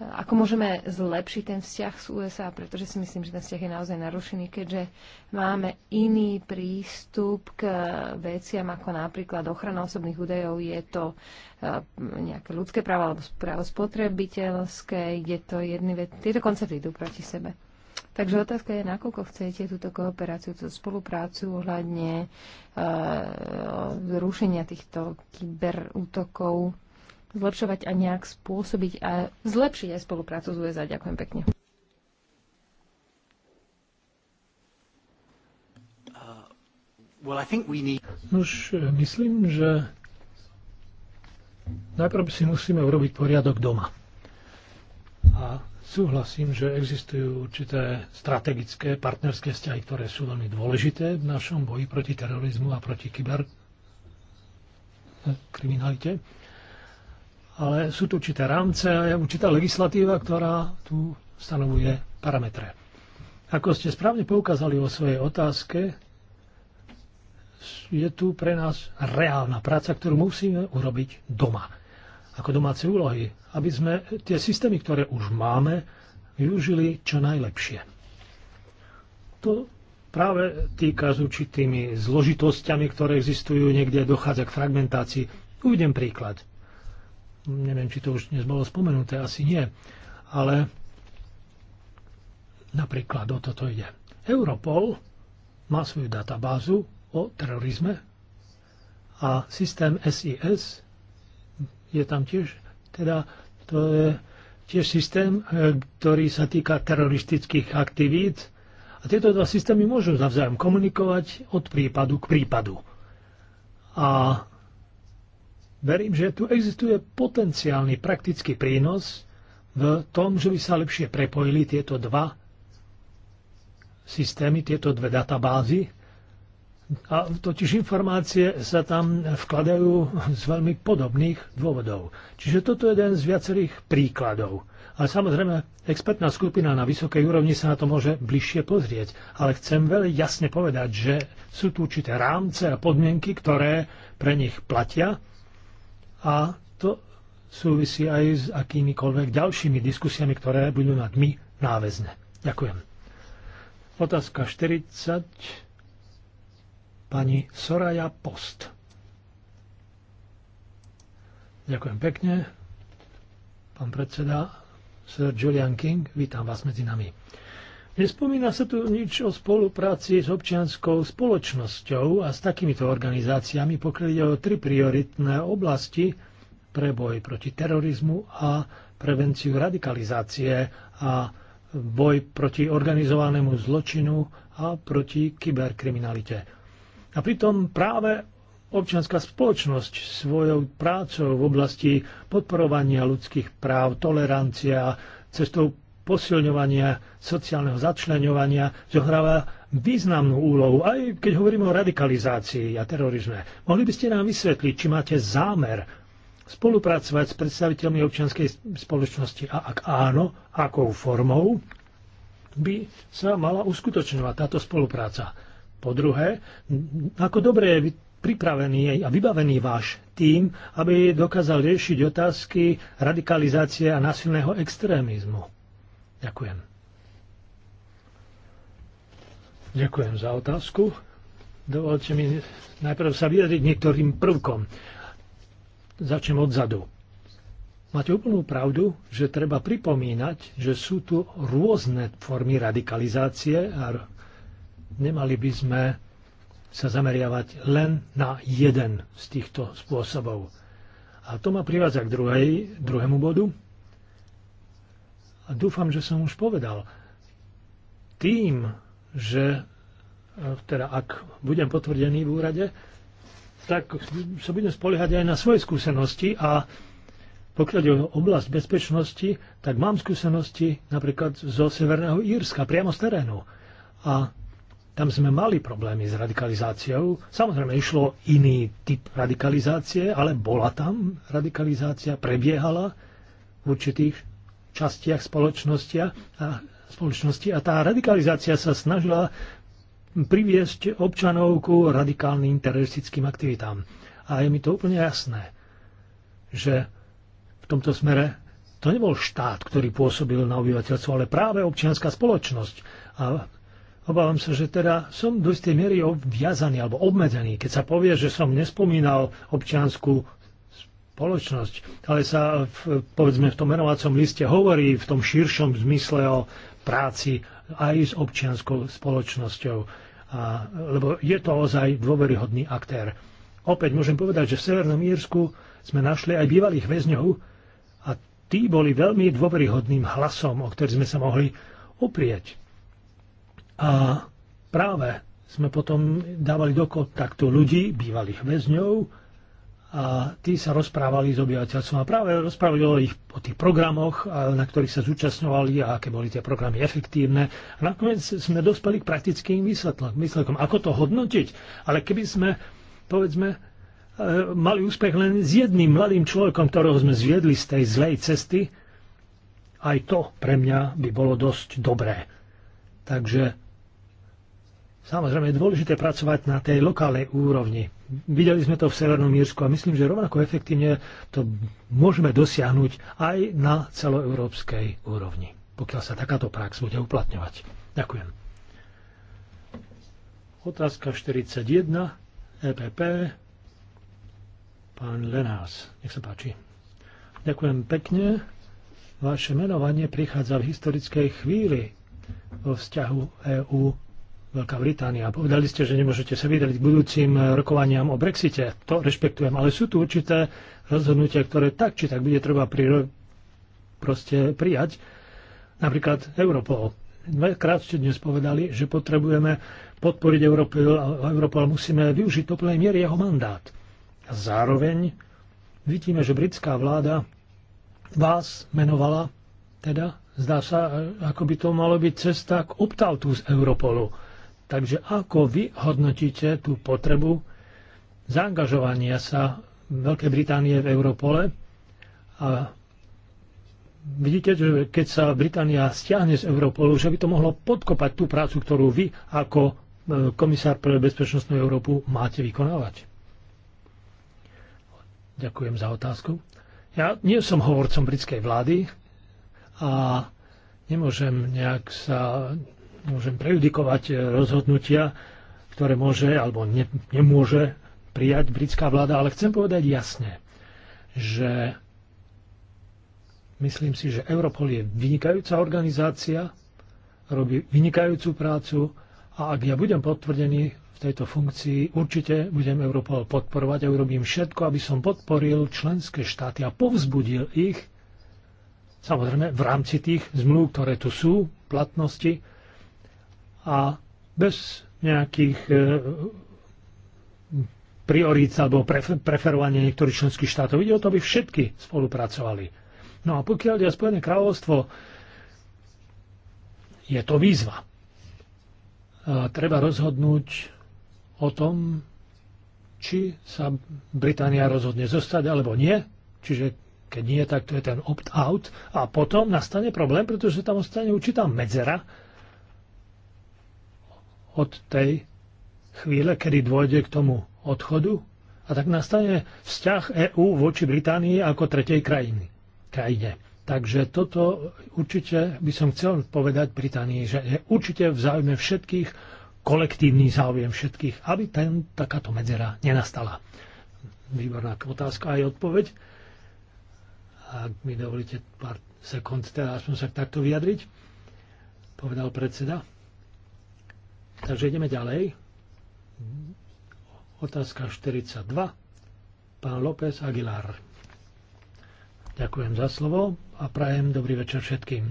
ako môžeme zlepšiť ten vzťah s USA, pretože si myslím, že ten vzťah je naozaj narušený, keďže máme iný prístup k veciam ako napríklad ochrana osobných údajov, je to eh, nejaké ľudské právo alebo právo spotrebiteľské, je to jedný vec, tieto koncepty idú proti sebe. Takže otázka je, nakoľko chcete túto kooperáciu, túto spoluprácu ohľadne uh, zrušenia týchto kyberútokov zlepšovať a nejak spôsobiť a zlepšiť aj spoluprácu s USA. Ďakujem pekne. Uh, well, I think we need... myslím, že najprv si musíme urobiť poriadok doma. A súhlasím, že existujú určité strategické partnerské vzťahy, ktoré sú veľmi dôležité v našom boji proti terorizmu a proti kyberkriminalite ale sú tu určité rámce a je určitá legislatíva, ktorá tu stanovuje parametre. Ako ste správne poukázali vo svojej otázke, je tu pre nás reálna práca, ktorú musíme urobiť doma, ako domáce úlohy, aby sme tie systémy, ktoré už máme, využili čo najlepšie. To práve týka s určitými zložitosťami, ktoré existujú, niekde dochádza k fragmentácii. Uvidím príklad neviem, či to už dnes bolo spomenuté, asi nie, ale napríklad o toto ide. Europol má svoju databázu o terorizme a systém SIS je tam tiež, teda to je tiež systém, e, ktorý sa týka teroristických aktivít a tieto dva systémy môžu navzájom komunikovať od prípadu k prípadu. A Verím, že tu existuje potenciálny praktický prínos v tom, že by sa lepšie prepojili tieto dva systémy, tieto dve databázy. A totiž informácie sa tam vkladajú z veľmi podobných dôvodov. Čiže toto je jeden z viacerých príkladov. Ale samozrejme, expertná skupina na vysokej úrovni sa na to môže bližšie pozrieť. Ale chcem veľmi jasne povedať, že sú tu určité rámce a podmienky, ktoré pre nich platia a to súvisí aj s akýmikoľvek ďalšími diskusiami, ktoré budú mať my náväzne. Ďakujem. Otázka 40. Pani Soraya Post. Ďakujem pekne. Pán predseda, Sir Julian King, vítam vás medzi nami. Nespomína sa tu nič o spolupráci s občianskou spoločnosťou a s takýmito organizáciami, pokiaľ ide o tri prioritné oblasti pre boj proti terorizmu a prevenciu radikalizácie a boj proti organizovanému zločinu a proti kyberkriminalite. A pritom práve občianská spoločnosť svojou prácou v oblasti podporovania ľudských práv, tolerancia, cestou posilňovania sociálneho začlenovania zohráva významnú úlohu, aj keď hovoríme o radikalizácii a terorizme. Mohli by ste nám vysvetliť, či máte zámer spolupracovať s predstaviteľmi občianskej spoločnosti a ak áno, akou formou by sa mala uskutočňovať táto spolupráca. Po druhé, ako dobre je pripravený a vybavený váš tým, aby dokázal riešiť otázky radikalizácie a násilného extrémizmu. Ďakujem. Ďakujem za otázku. Dovolte mi najprv sa vyjadriť niektorým prvkom. Začnem odzadu. Máte úplnú pravdu, že treba pripomínať, že sú tu rôzne formy radikalizácie a nemali by sme sa zameriavať len na jeden z týchto spôsobov. A to ma privádza k druhej, druhému bodu, a dúfam, že som už povedal. Tým, že e, teda ak budem potvrdený v úrade, tak sa budem spoliehať aj na svoje skúsenosti a pokiaľ je oblasť bezpečnosti, tak mám skúsenosti napríklad zo Severného Írska, priamo z terénu. A tam sme mali problémy s radikalizáciou. Samozrejme, išlo iný typ radikalizácie, ale bola tam radikalizácia, prebiehala v určitých častiach spoločnosti a, spoločnosti a tá radikalizácia sa snažila priviesť občanov ku radikálnym teroristickým aktivitám. A je mi to úplne jasné, že v tomto smere to nebol štát, ktorý pôsobil na obyvateľstvo, ale práve občianská spoločnosť. A Obávam sa, že teda som do istej miery viazaný alebo obmedzený, keď sa povie, že som nespomínal občianskú spoločnosť, ale sa v, povedzme v tom menovacom liste hovorí v tom širšom zmysle o práci aj s občianskou spoločnosťou, a, lebo je to ozaj dôveryhodný aktér. Opäť môžem povedať, že v Severnom Írsku sme našli aj bývalých väzňov a tí boli veľmi dôveryhodným hlasom, o ktorý sme sa mohli oprieť. A práve sme potom dávali do kontaktu ľudí, bývalých väzňov, a tí sa rozprávali s obyvateľstvom a práve rozprávali o, ich, o tých programoch, na ktorých sa zúčastňovali a aké boli tie programy efektívne. A nakoniec sme dospeli k praktickým výsledkom. Ako to hodnotiť? Ale keby sme, povedzme, e, mali úspech len s jedným mladým človekom, ktorého sme zviedli z tej zlej cesty, aj to pre mňa by bolo dosť dobré. Takže samozrejme je dôležité pracovať na tej lokálnej úrovni, Videli sme to v Severnom Mírsku a myslím, že rovnako efektívne to môžeme dosiahnuť aj na celoeurópskej úrovni, pokiaľ sa takáto prax bude uplatňovať. Ďakujem. Otázka 41, EPP, pán Lenás, nech sa páči. Ďakujem pekne. Vaše menovanie prichádza v historickej chvíli vo vzťahu EÚ Veľká Británia. Povedali ste, že nemôžete sa vydeliť k budúcim eh, rokovaniam o Brexite. To rešpektujem, ale sú tu určité rozhodnutia, ktoré tak či tak bude treba pri, proste prijať. Napríklad Europol. Dvakrát ste dnes povedali, že potrebujeme podporiť Europol a Europol musíme využiť do plnej miery jeho mandát. A zároveň vidíme, že britská vláda vás menovala, teda zdá sa, eh, ako by to malo byť cesta k optautu z Europolu Takže ako vy hodnotíte tú potrebu zaangažovania sa Veľkej Británie v Europole a vidíte, že keď sa Británia stiahne z Europolu, že by to mohlo podkopať tú prácu, ktorú vy ako e, komisár pre bezpečnostnú Európu máte vykonávať? Ďakujem za otázku. Ja nie som hovorcom britskej vlády a nemôžem nejak sa môžem prejudikovať e, rozhodnutia, ktoré môže alebo ne, nemôže prijať britská vláda, ale chcem povedať jasne, že myslím si, že Europol je vynikajúca organizácia, robí vynikajúcu prácu a ak ja budem potvrdený v tejto funkcii, určite budem Europol podporovať a urobím všetko, aby som podporil členské štáty a povzbudil ich, samozrejme v rámci tých zmluv, ktoré tu sú, platnosti, a bez nejakých e, priorít alebo preferovania niektorých členských štátov. Ide o to, aby všetky spolupracovali. No a pokiaľ ide o Spojené kráľovstvo, je to výzva. A e, treba rozhodnúť o tom, či sa Británia rozhodne zostať alebo nie. Čiže keď nie, tak to je ten opt-out. A potom nastane problém, pretože tam ostane určitá medzera, od tej chvíle, kedy dôjde k tomu odchodu a tak nastane vzťah EÚ voči Británii ako tretej krajiny, krajine. Takže toto určite by som chcel povedať Británii, že je určite v záujme všetkých, kolektívny záujem všetkých, aby ten, takáto medzera nenastala. Výborná otázka aj odpoveď. Ak mi dovolíte pár sekúnd, teraz som sa takto vyjadriť, povedal predseda. Takže ideme ďalej. Otázka 42. Pán López Aguilar. Ďakujem za slovo a prajem dobrý večer všetkým.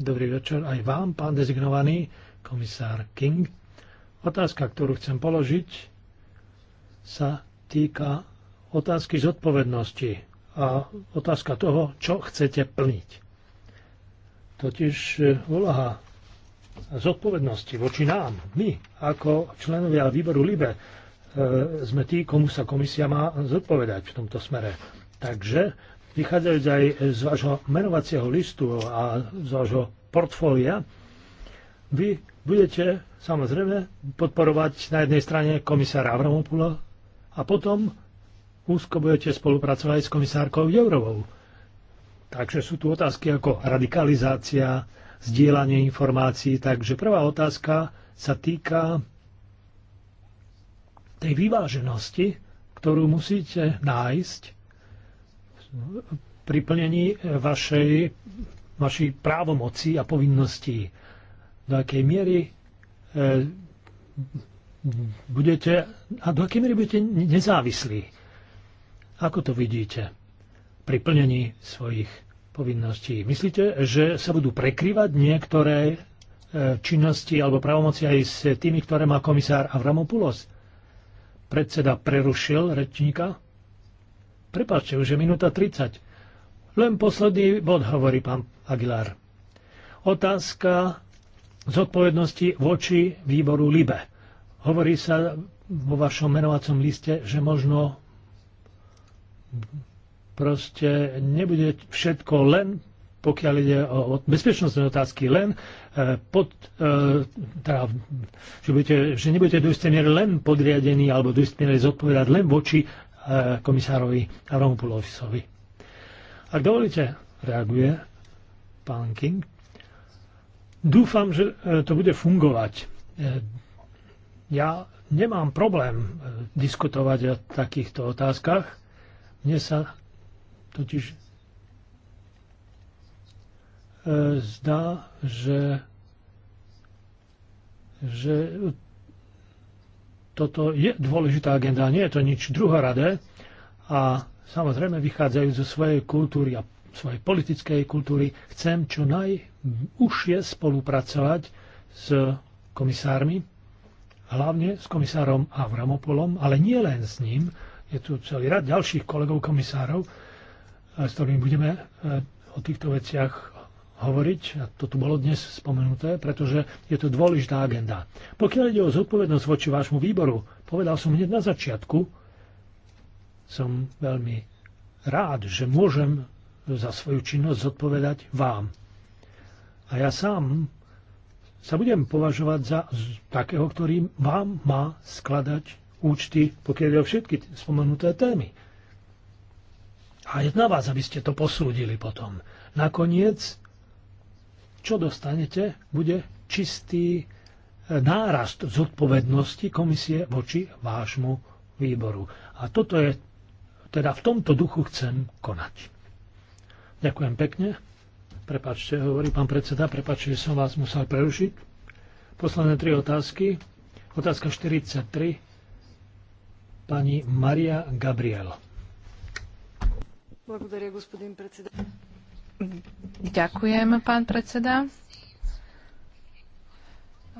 Dobrý večer aj vám, pán dezignovaný komisár King. Otázka, ktorú chcem položiť, sa týka otázky zodpovednosti a otázka toho, čo chcete plniť. Totiž eh, úloha zodpovednosti voči nám, my, ako členovia výboru LIBE, e, sme tí, komu sa komisia má zodpovedať v tomto smere. Takže, vychádzajúc aj z vášho menovacieho listu a z vášho portfólia, vy budete samozrejme podporovať na jednej strane komisára Avramopula a potom úzko budete spolupracovať s komisárkou Jourovou. Takže sú tu otázky ako radikalizácia, zdieľanie informácií. Takže prvá otázka sa týka tej vyváženosti, ktorú musíte nájsť pri plnení vašej, vašej právomoci a povinností. Do akej miery e, budete, a do akej miery budete nezávislí. Ako to vidíte pri plnení svojich povinností. Myslíte, že sa budú prekryvať niektoré e, činnosti alebo pravomoci aj s tými, ktoré má komisár Avramopoulos? Predseda prerušil rečníka. Prepačte, už je minúta 30. Len posledný bod, hovorí pán Aguilar. Otázka zodpovednosti voči výboru LIBE. Hovorí sa vo vašom menovacom liste, že možno proste nebude všetko len pokiaľ ide o, bezpečnostné otázky len e, pod, e, teda, že, budete, že nebudete do istej miery len podriadení alebo do istej miery zodpovedať len voči e, komisárovi Rompulovisovi. Ak dovolíte, reaguje pán King. Dúfam, že to bude fungovať. Ja nemám problém diskutovať o takýchto otázkach. Mne sa Totiž e, zdá, že, že toto je dôležitá agenda, nie je to nič druhoradé a samozrejme vychádzajú zo svojej kultúry a svojej politickej kultúry. Chcem čo najúžšie spolupracovať s komisármi, hlavne s komisárom Avramopolom, ale nie len s ním, je tu celý rad ďalších kolegov komisárov, s ktorými budeme e, o týchto veciach hovoriť, a to tu bolo dnes spomenuté, pretože je to dôležitá agenda. Pokiaľ ide o zodpovednosť voči vášmu výboru, povedal som hneď na začiatku, som veľmi rád, že môžem za svoju činnosť zodpovedať vám. A ja sám sa budem považovať za takého, ktorý vám má skladať účty, pokiaľ je o všetky spomenuté témy. A je na vás, aby ste to posúdili potom. Nakoniec, čo dostanete, bude čistý e, nárast zodpovednosti komisie voči vášmu výboru. A toto je, teda v tomto duchu chcem konať. Ďakujem pekne. Prepačte, hovorí pán predseda, prepačte, že som vás musel prerušiť. Posledné tri otázky. Otázka 43. Pani Maria Gabriela. Ďakujem, pán predseda.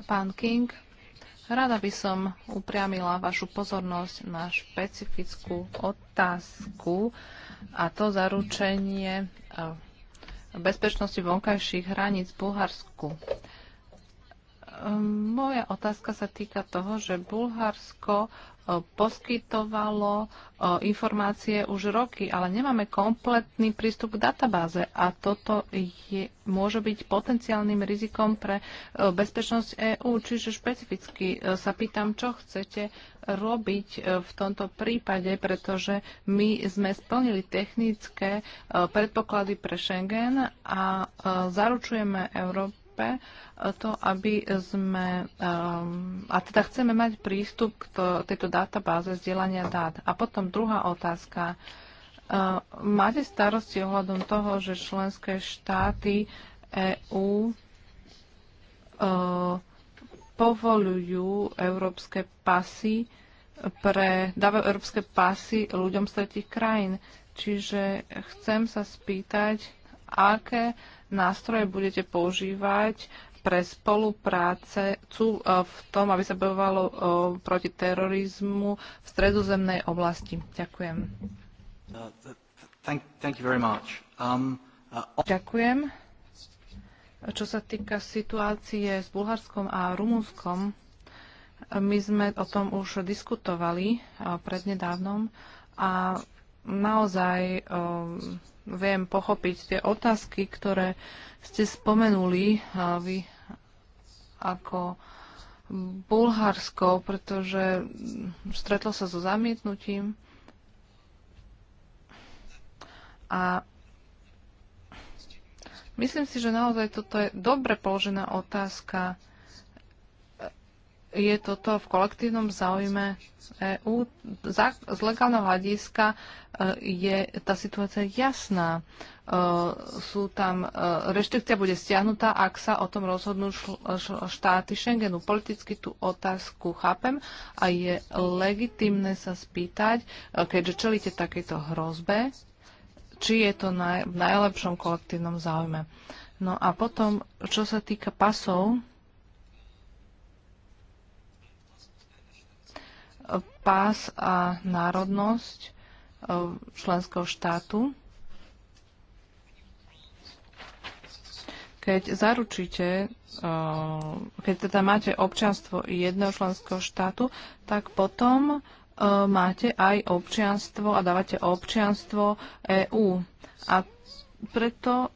Pán King, rada by som upriamila vašu pozornosť na špecifickú otázku a to zaručenie eh, bezpečnosti vonkajších hraníc v Bulharsku. Moja otázka sa týka toho, že Bulharsko e, poskytovalo e, informácie už roky, ale nemáme kompletný prístup k databáze a toto je, môže byť potenciálnym rizikom pre e, bezpečnosť EÚ. Čiže špecificky sa pýtam, čo chcete robiť v tomto prípade, pretože my sme splnili technické predpoklady pre Schengen a zaručujeme Európu E, to, aby sme, e, a teda chceme mať prístup k tejto databáze zdieľania dát. A potom druhá otázka. E, máte starosti ohľadom toho, že členské štáty EÚ povolujú európske pasy pre, dávajú európske pasy ľuďom z tretich krajín. Čiže chcem sa spýtať, aké nástroje budete používať pre spolupráce eh, v tom, aby sa bojovalo eh, proti terorizmu v stredozemnej oblasti. Ďakujem. Uh, um, uh, Ďakujem. Čo sa týka situácie s Bulharskom a Rumunskom, my sme o tom už diskutovali eh, prednedávnom a naozaj uh, viem pochopiť tie otázky, ktoré ste spomenuli uh, vy ako Bulharsko, pretože stretlo sa so zamietnutím a myslím si, že naozaj toto je dobre položená otázka je toto v kolektívnom záujme EÚ. Z legálneho hľadiska e, je tá situácia jasná. E, sú tam, e, reštrikcia bude stiahnutá, ak sa o tom rozhodnú štáty Schengenu. Politicky tú otázku chápem a je legitimné sa spýtať, keďže čelíte takejto hrozbe, či je to v najlepšom kolektívnom záujme. No a potom, čo sa týka pasov, pás a národnosť e, členského štátu. Keď zaručíte, e, keď teda máte občianstvo jedného členského štátu, tak potom e, máte aj občianstvo a dávate občianstvo EÚ. A preto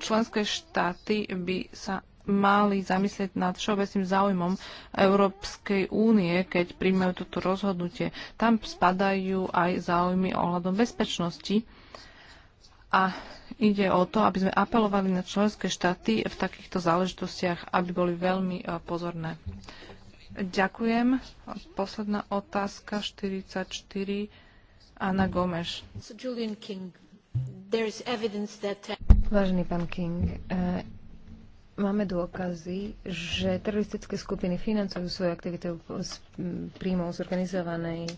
členské štáty by sa mali zamyslieť nad všeobecným záujmom Európskej únie, keď príjmajú toto rozhodnutie. Tam spadajú aj záujmy ohľadom bezpečnosti a ide o to, aby sme apelovali na členské štáty v takýchto záležitostiach, aby boli veľmi e, pozorné. Ďakujem. Posledná otázka 44. Anna Gomes. Uh, Vážený pán King, e, Máme dôkazy, že teroristické skupiny financujú svoje aktivity z príjmov z organizovanej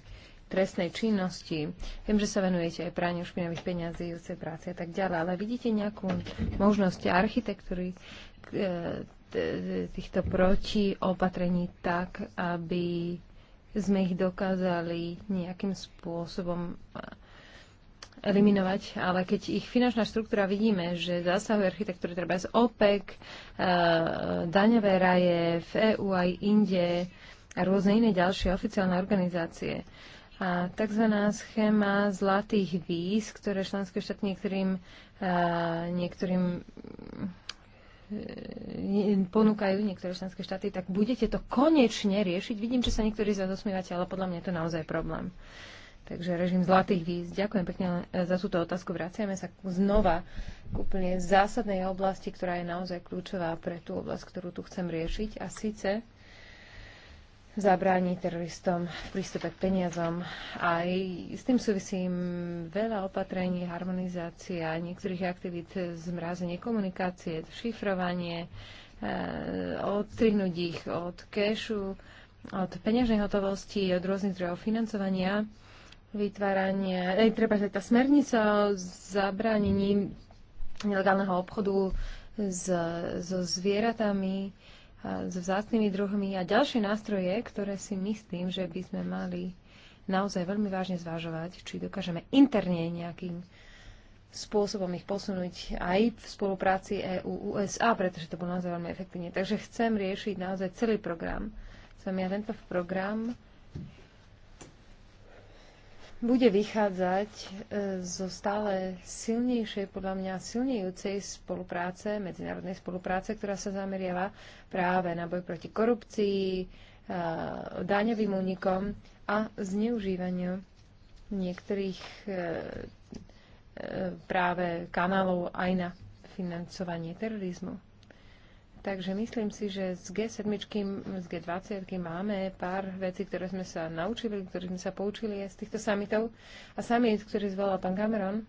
trestnej činnosti. Viem, že sa venujete aj praniu špinavých peňazí, juce práce a tak ďalej, ale vidíte nejakú možnosť architektúry e, týchto protiopatrení tak, aby sme ich dokázali nejakým spôsobom eliminovať, ale keď ich finančná štruktúra vidíme, že zasahuje architektúry treba z OPEC, eh, daňové raje v EU aj inde a rôzne iné ďalšie oficiálne organizácie. A tzv. schéma zlatých víz, ktoré členské štáty niektorým, eh, niektorým eh, ponúkajú niektoré členské štáty, tak budete to konečne riešiť. Vidím, že sa niektorí z vás osmívate, ale podľa mňa je to naozaj problém. Uh, Takže režim zlatých víz. Ďakujem pekne eh, za túto otázku. Vraciame sa znova k úplne zásadnej oblasti, ktorá je naozaj kľúčová pre tú oblasť, ktorú tu chcem riešiť. A síce zabráni teroristom v prístupe k peniazom. Aj s tým súvisím veľa opatrení, harmonizácia niektorých aktivít, zmrazenie komunikácie, šifrovanie, eh, odstrihnúť ich od kešu, od peňažnej hotovosti, od rôznych zdrojov financovania Vytvárania aj treba tá smernica o zabránení nelegálneho obchodu s, so zvieratami, s so vzácnými druhmi a ďalšie nástroje, ktoré si myslím, že by sme mali naozaj veľmi vážne zvážovať, či dokážeme interne nejakým spôsobom ich posunúť aj v spolupráci EU-USA, pretože to bolo naozaj veľmi efektívne. Takže chcem riešiť naozaj celý program. Chcem ja tento program bude vychádzať e, zo stále silnejšej, podľa mňa silnejúcej spolupráce, medzinárodnej spolupráce, ktorá sa zameriava práve na boj proti korupcii, e, daňovým únikom a zneužívaniu niektorých e, práve kanálov aj na financovanie terorizmu. Takže myslím si, že z G7, z G20 máme pár vecí, ktoré sme sa naučili, ktoré sme sa poučili z týchto samitov. A summit, ktorý zvolal pán Cameron,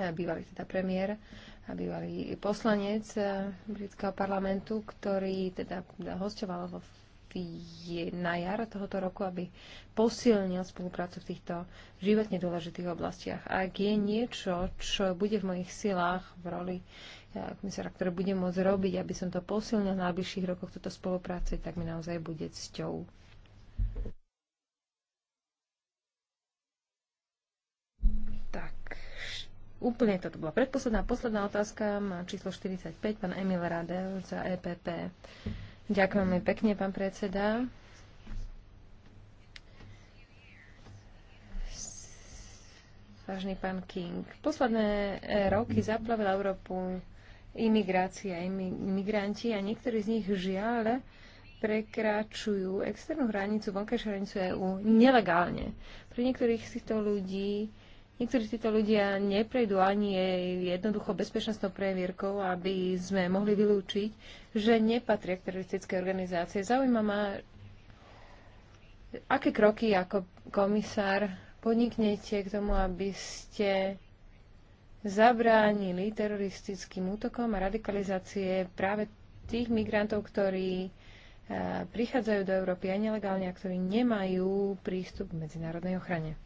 eh, bývalý teda premiér a bývalý poslanec eh, britského parlamentu, ktorý teda hostoval vo na jar tohoto roku, aby posilnil spoluprácu v týchto životne dôležitých oblastiach. Ak je niečo, čo bude v mojich silách v roli Eh, komisára, ktoré budem môcť robiť, aby som to posilnil v najbližších rokoch túto spolupráce, tak mi naozaj bude cťou. Tak, úplne toto bola predposledná. Posledná otázka má číslo 45, pán Emil Radel za EPP. Ďakujem veľmi pekne, pán predseda. Vážny pán King, posledné roky zaplavila Európu imigrácia, imigranti a niektorí z nich žiaľ prekračujú externú hranicu, vonkajšiu hranicu EU nelegálne. Pre niektorých z týchto ľudí Niektorí títo ľudia neprejdú ani jednoducho bezpečnostnou previerkou, aby sme mohli vylúčiť, že nepatria k teroristické organizácie. Zaujíma ma, aké kroky ako komisár podniknete k tomu, aby ste zabránili teroristickým útokom a radikalizácie práve tých migrantov, ktorí eh, prichádzajú do Európy aj nelegálne a ktorí nemajú prístup k medzinárodnej ochrane.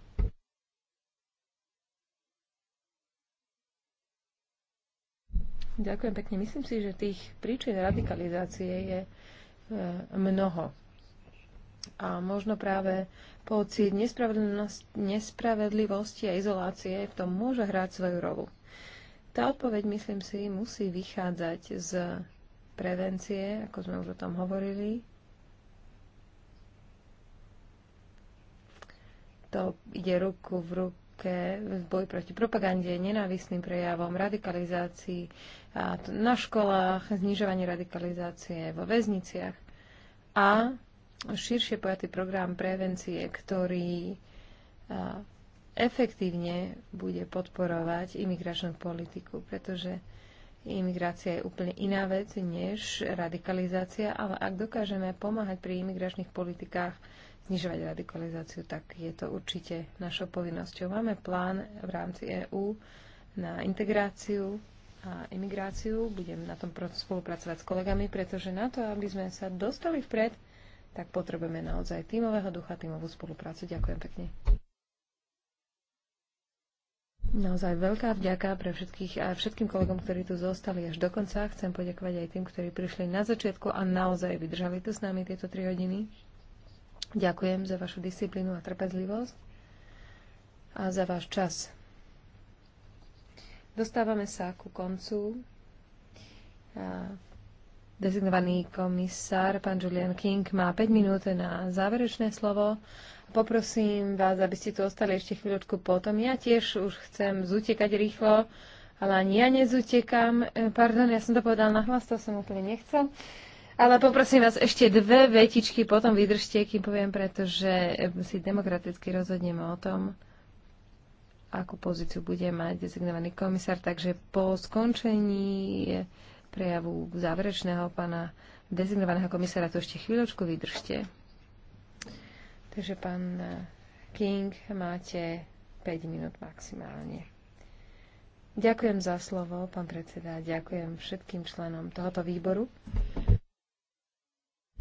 Ďakujem pekne. Myslím si, že tých príčin radikalizácie je eh, mnoho. A možno práve Pocit nespravedlivosti a izolácie v tom môže hrať svoju rolu. Tá odpoveď, myslím si, musí vychádzať z prevencie, ako sme už o tom hovorili. To ide ruku v ruke v boji proti propagande, nenávisným prejavom, radikalizácii a na školách, znižovanie radikalizácie vo väzniciach a širšie pojatý program prevencie, ktorý efektívne bude podporovať imigračnú politiku, pretože imigrácia je úplne iná vec než radikalizácia, ale ak dokážeme pomáhať pri imigračných politikách znižovať radikalizáciu, tak je to určite našou povinnosťou. Máme plán v rámci EÚ na integráciu a imigráciu. Budem na tom spolupracovať s kolegami, pretože na to, aby sme sa dostali vpred, tak potrebujeme naozaj tímového ducha, tímovú spoluprácu. Ďakujem pekne. Naozaj veľká vďaka pre všetkých a všetkým kolegom, ktorí tu zostali až do konca. Chcem poďakovať aj tým, ktorí prišli na začiatku a naozaj vydržali tu s nami tieto tri hodiny. Ďakujem za vašu disciplínu a trpezlivosť a za váš čas. Dostávame sa ku koncu. A Dezignovaný komisár, pán Julian King, má 5 minút na záverečné slovo. Poprosím vás, aby ste tu ostali ešte chvíľočku potom. Ja tiež už chcem zutekať rýchlo, ale ani ja nezutekám. Pardon, ja som to povedal nahlas, to som úplne nechcel. Ale poprosím vás ešte dve vetičky, potom vydržte, kým poviem, pretože si demokraticky rozhodneme o tom, akú pozíciu bude mať dezignovaný komisár. Takže po skončení prejavu záverečného pána dezignovaného komisára. To ešte chvíľočku vydržte. Takže pán King, máte 5 minút maximálne. Ďakujem za slovo, pán predseda. Ďakujem všetkým členom tohoto výboru.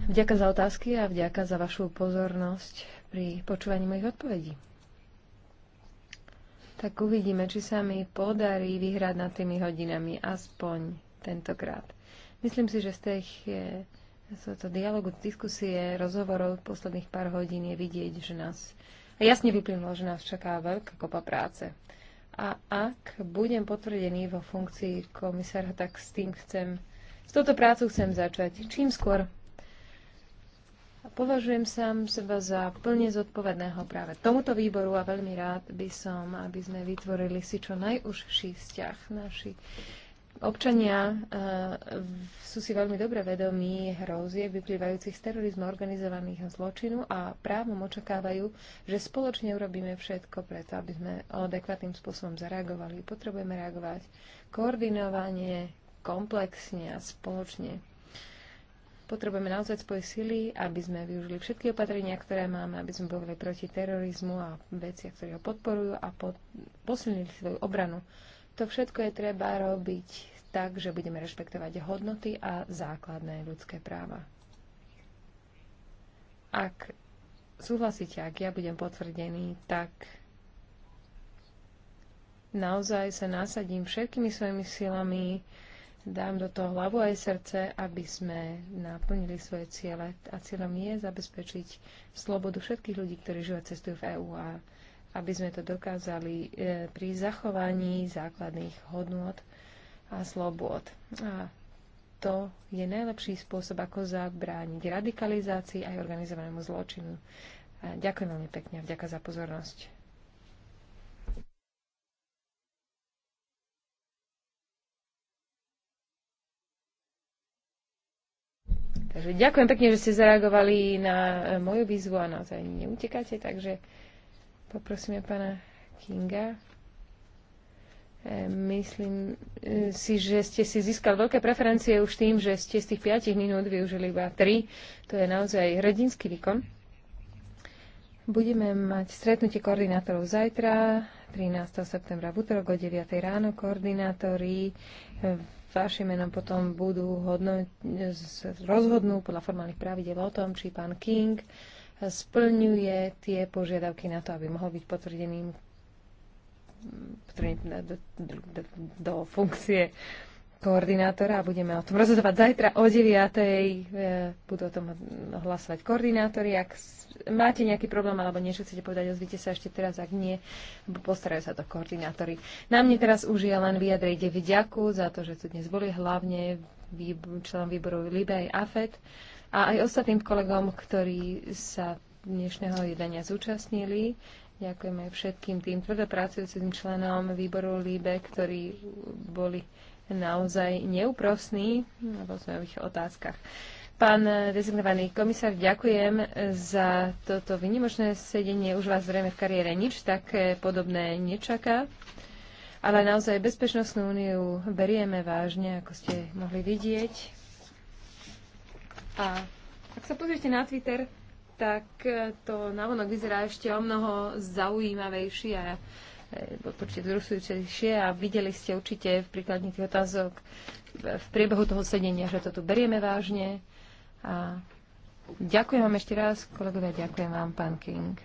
Vďaka za otázky a vďaka za vašu pozornosť pri počúvaní mojich odpovedí. Tak uvidíme, či sa mi podarí vyhrať nad tými hodinami aspoň tentokrát. Myslím si, že z tých z toho dialogu, diskusie, rozhovorov posledných pár hodín je vidieť, že nás jasne vyplynulo, že nás čaká veľká kopa práce. A ak budem potvrdený vo funkcii komisára, tak s tým chcem, s touto prácu chcem začať čím skôr. A považujem sám seba za plne zodpovedného práve tomuto výboru a veľmi rád by som, aby sme vytvorili si čo najúžší vzťah naši Občania uh, sú si veľmi dobre vedomí hrozie vyplývajúcich z terorizmu, organizovaných zločinu a právom očakávajú, že spoločne urobíme všetko preto, aby sme adekvátnym spôsobom zareagovali. Potrebujeme reagovať koordinovanie, komplexne a spoločne. Potrebujeme naozaj spoje sily, aby sme využili všetky opatrenia, ktoré máme, aby sme bojovali proti terorizmu a veciach, ktoré ho podporujú a pod, posilnili svoju obranu. To všetko je treba robiť tak, že budeme rešpektovať hodnoty a základné ľudské práva. Ak súhlasíte, ak ja budem potvrdený, tak naozaj sa nasadím všetkými svojimi silami, dám do toho hlavu aj srdce, aby sme naplnili svoje ciele. A cieľom je zabezpečiť slobodu všetkých ľudí, ktorí žijú a cestujú v EÚ a aby sme to dokázali e, pri zachovaní základných hodnôt a slobôd. A to je najlepší spôsob, ako zabrániť radikalizácii aj organizovanému zločinu. A ďakujem veľmi pekne a vďaka za pozornosť. Takže ďakujem pekne, že ste zareagovali na e, moju výzvu a naozaj neutekáte, takže Poprosíme pána Kinga. E, myslím e, si, že ste si získali veľké preferencie už tým, že ste z tých 5 minút využili iba 3. To je naozaj hrdinský výkon. Budeme mať stretnutie koordinátorov zajtra, 13. septembra v útorok o 9. ráno. Koordinátori e, vašim menom potom budú hodno- rozhodnú podľa formálnych pravidel o tom, či pán King splňuje tie požiadavky na to, aby mohol byť potvrdený do, do, do funkcie koordinátora a budeme o tom rozhodovať zajtra o 9. E, budú o tom hlasovať koordinátori. Ak máte nejaký problém alebo niečo chcete povedať, ozvite sa ešte teraz, ak nie, postarajú sa to koordinátori. Na mne teraz už je len vyjadriť vďaku za to, že tu dnes boli hlavne člen výboru Libe aj AFET a aj ostatným kolegom, ktorí sa dnešného jedania zúčastnili. Ďakujeme všetkým tým tvrdopracujúcim členom výboru LIBE, ktorí boli naozaj neúprosní vo svojich otázkach. Pán rezignovaný komisár, ďakujem za toto vynimočné sedenie. Už vás zrejme v kariére nič také podobné nečaká. Ale naozaj Bezpečnostnú úniu berieme vážne, ako ste mohli vidieť. A ak sa pozriete na Twitter, tak e, to navonok vyzerá ešte o mnoho zaujímavejšie a e, určite vzrušujúcejšie a videli ste určite v príkladní tých otázok v priebehu toho sedenia, že to tu berieme vážne. A ďakujem vám ešte raz, kolegovia, ďakujem vám, pán King.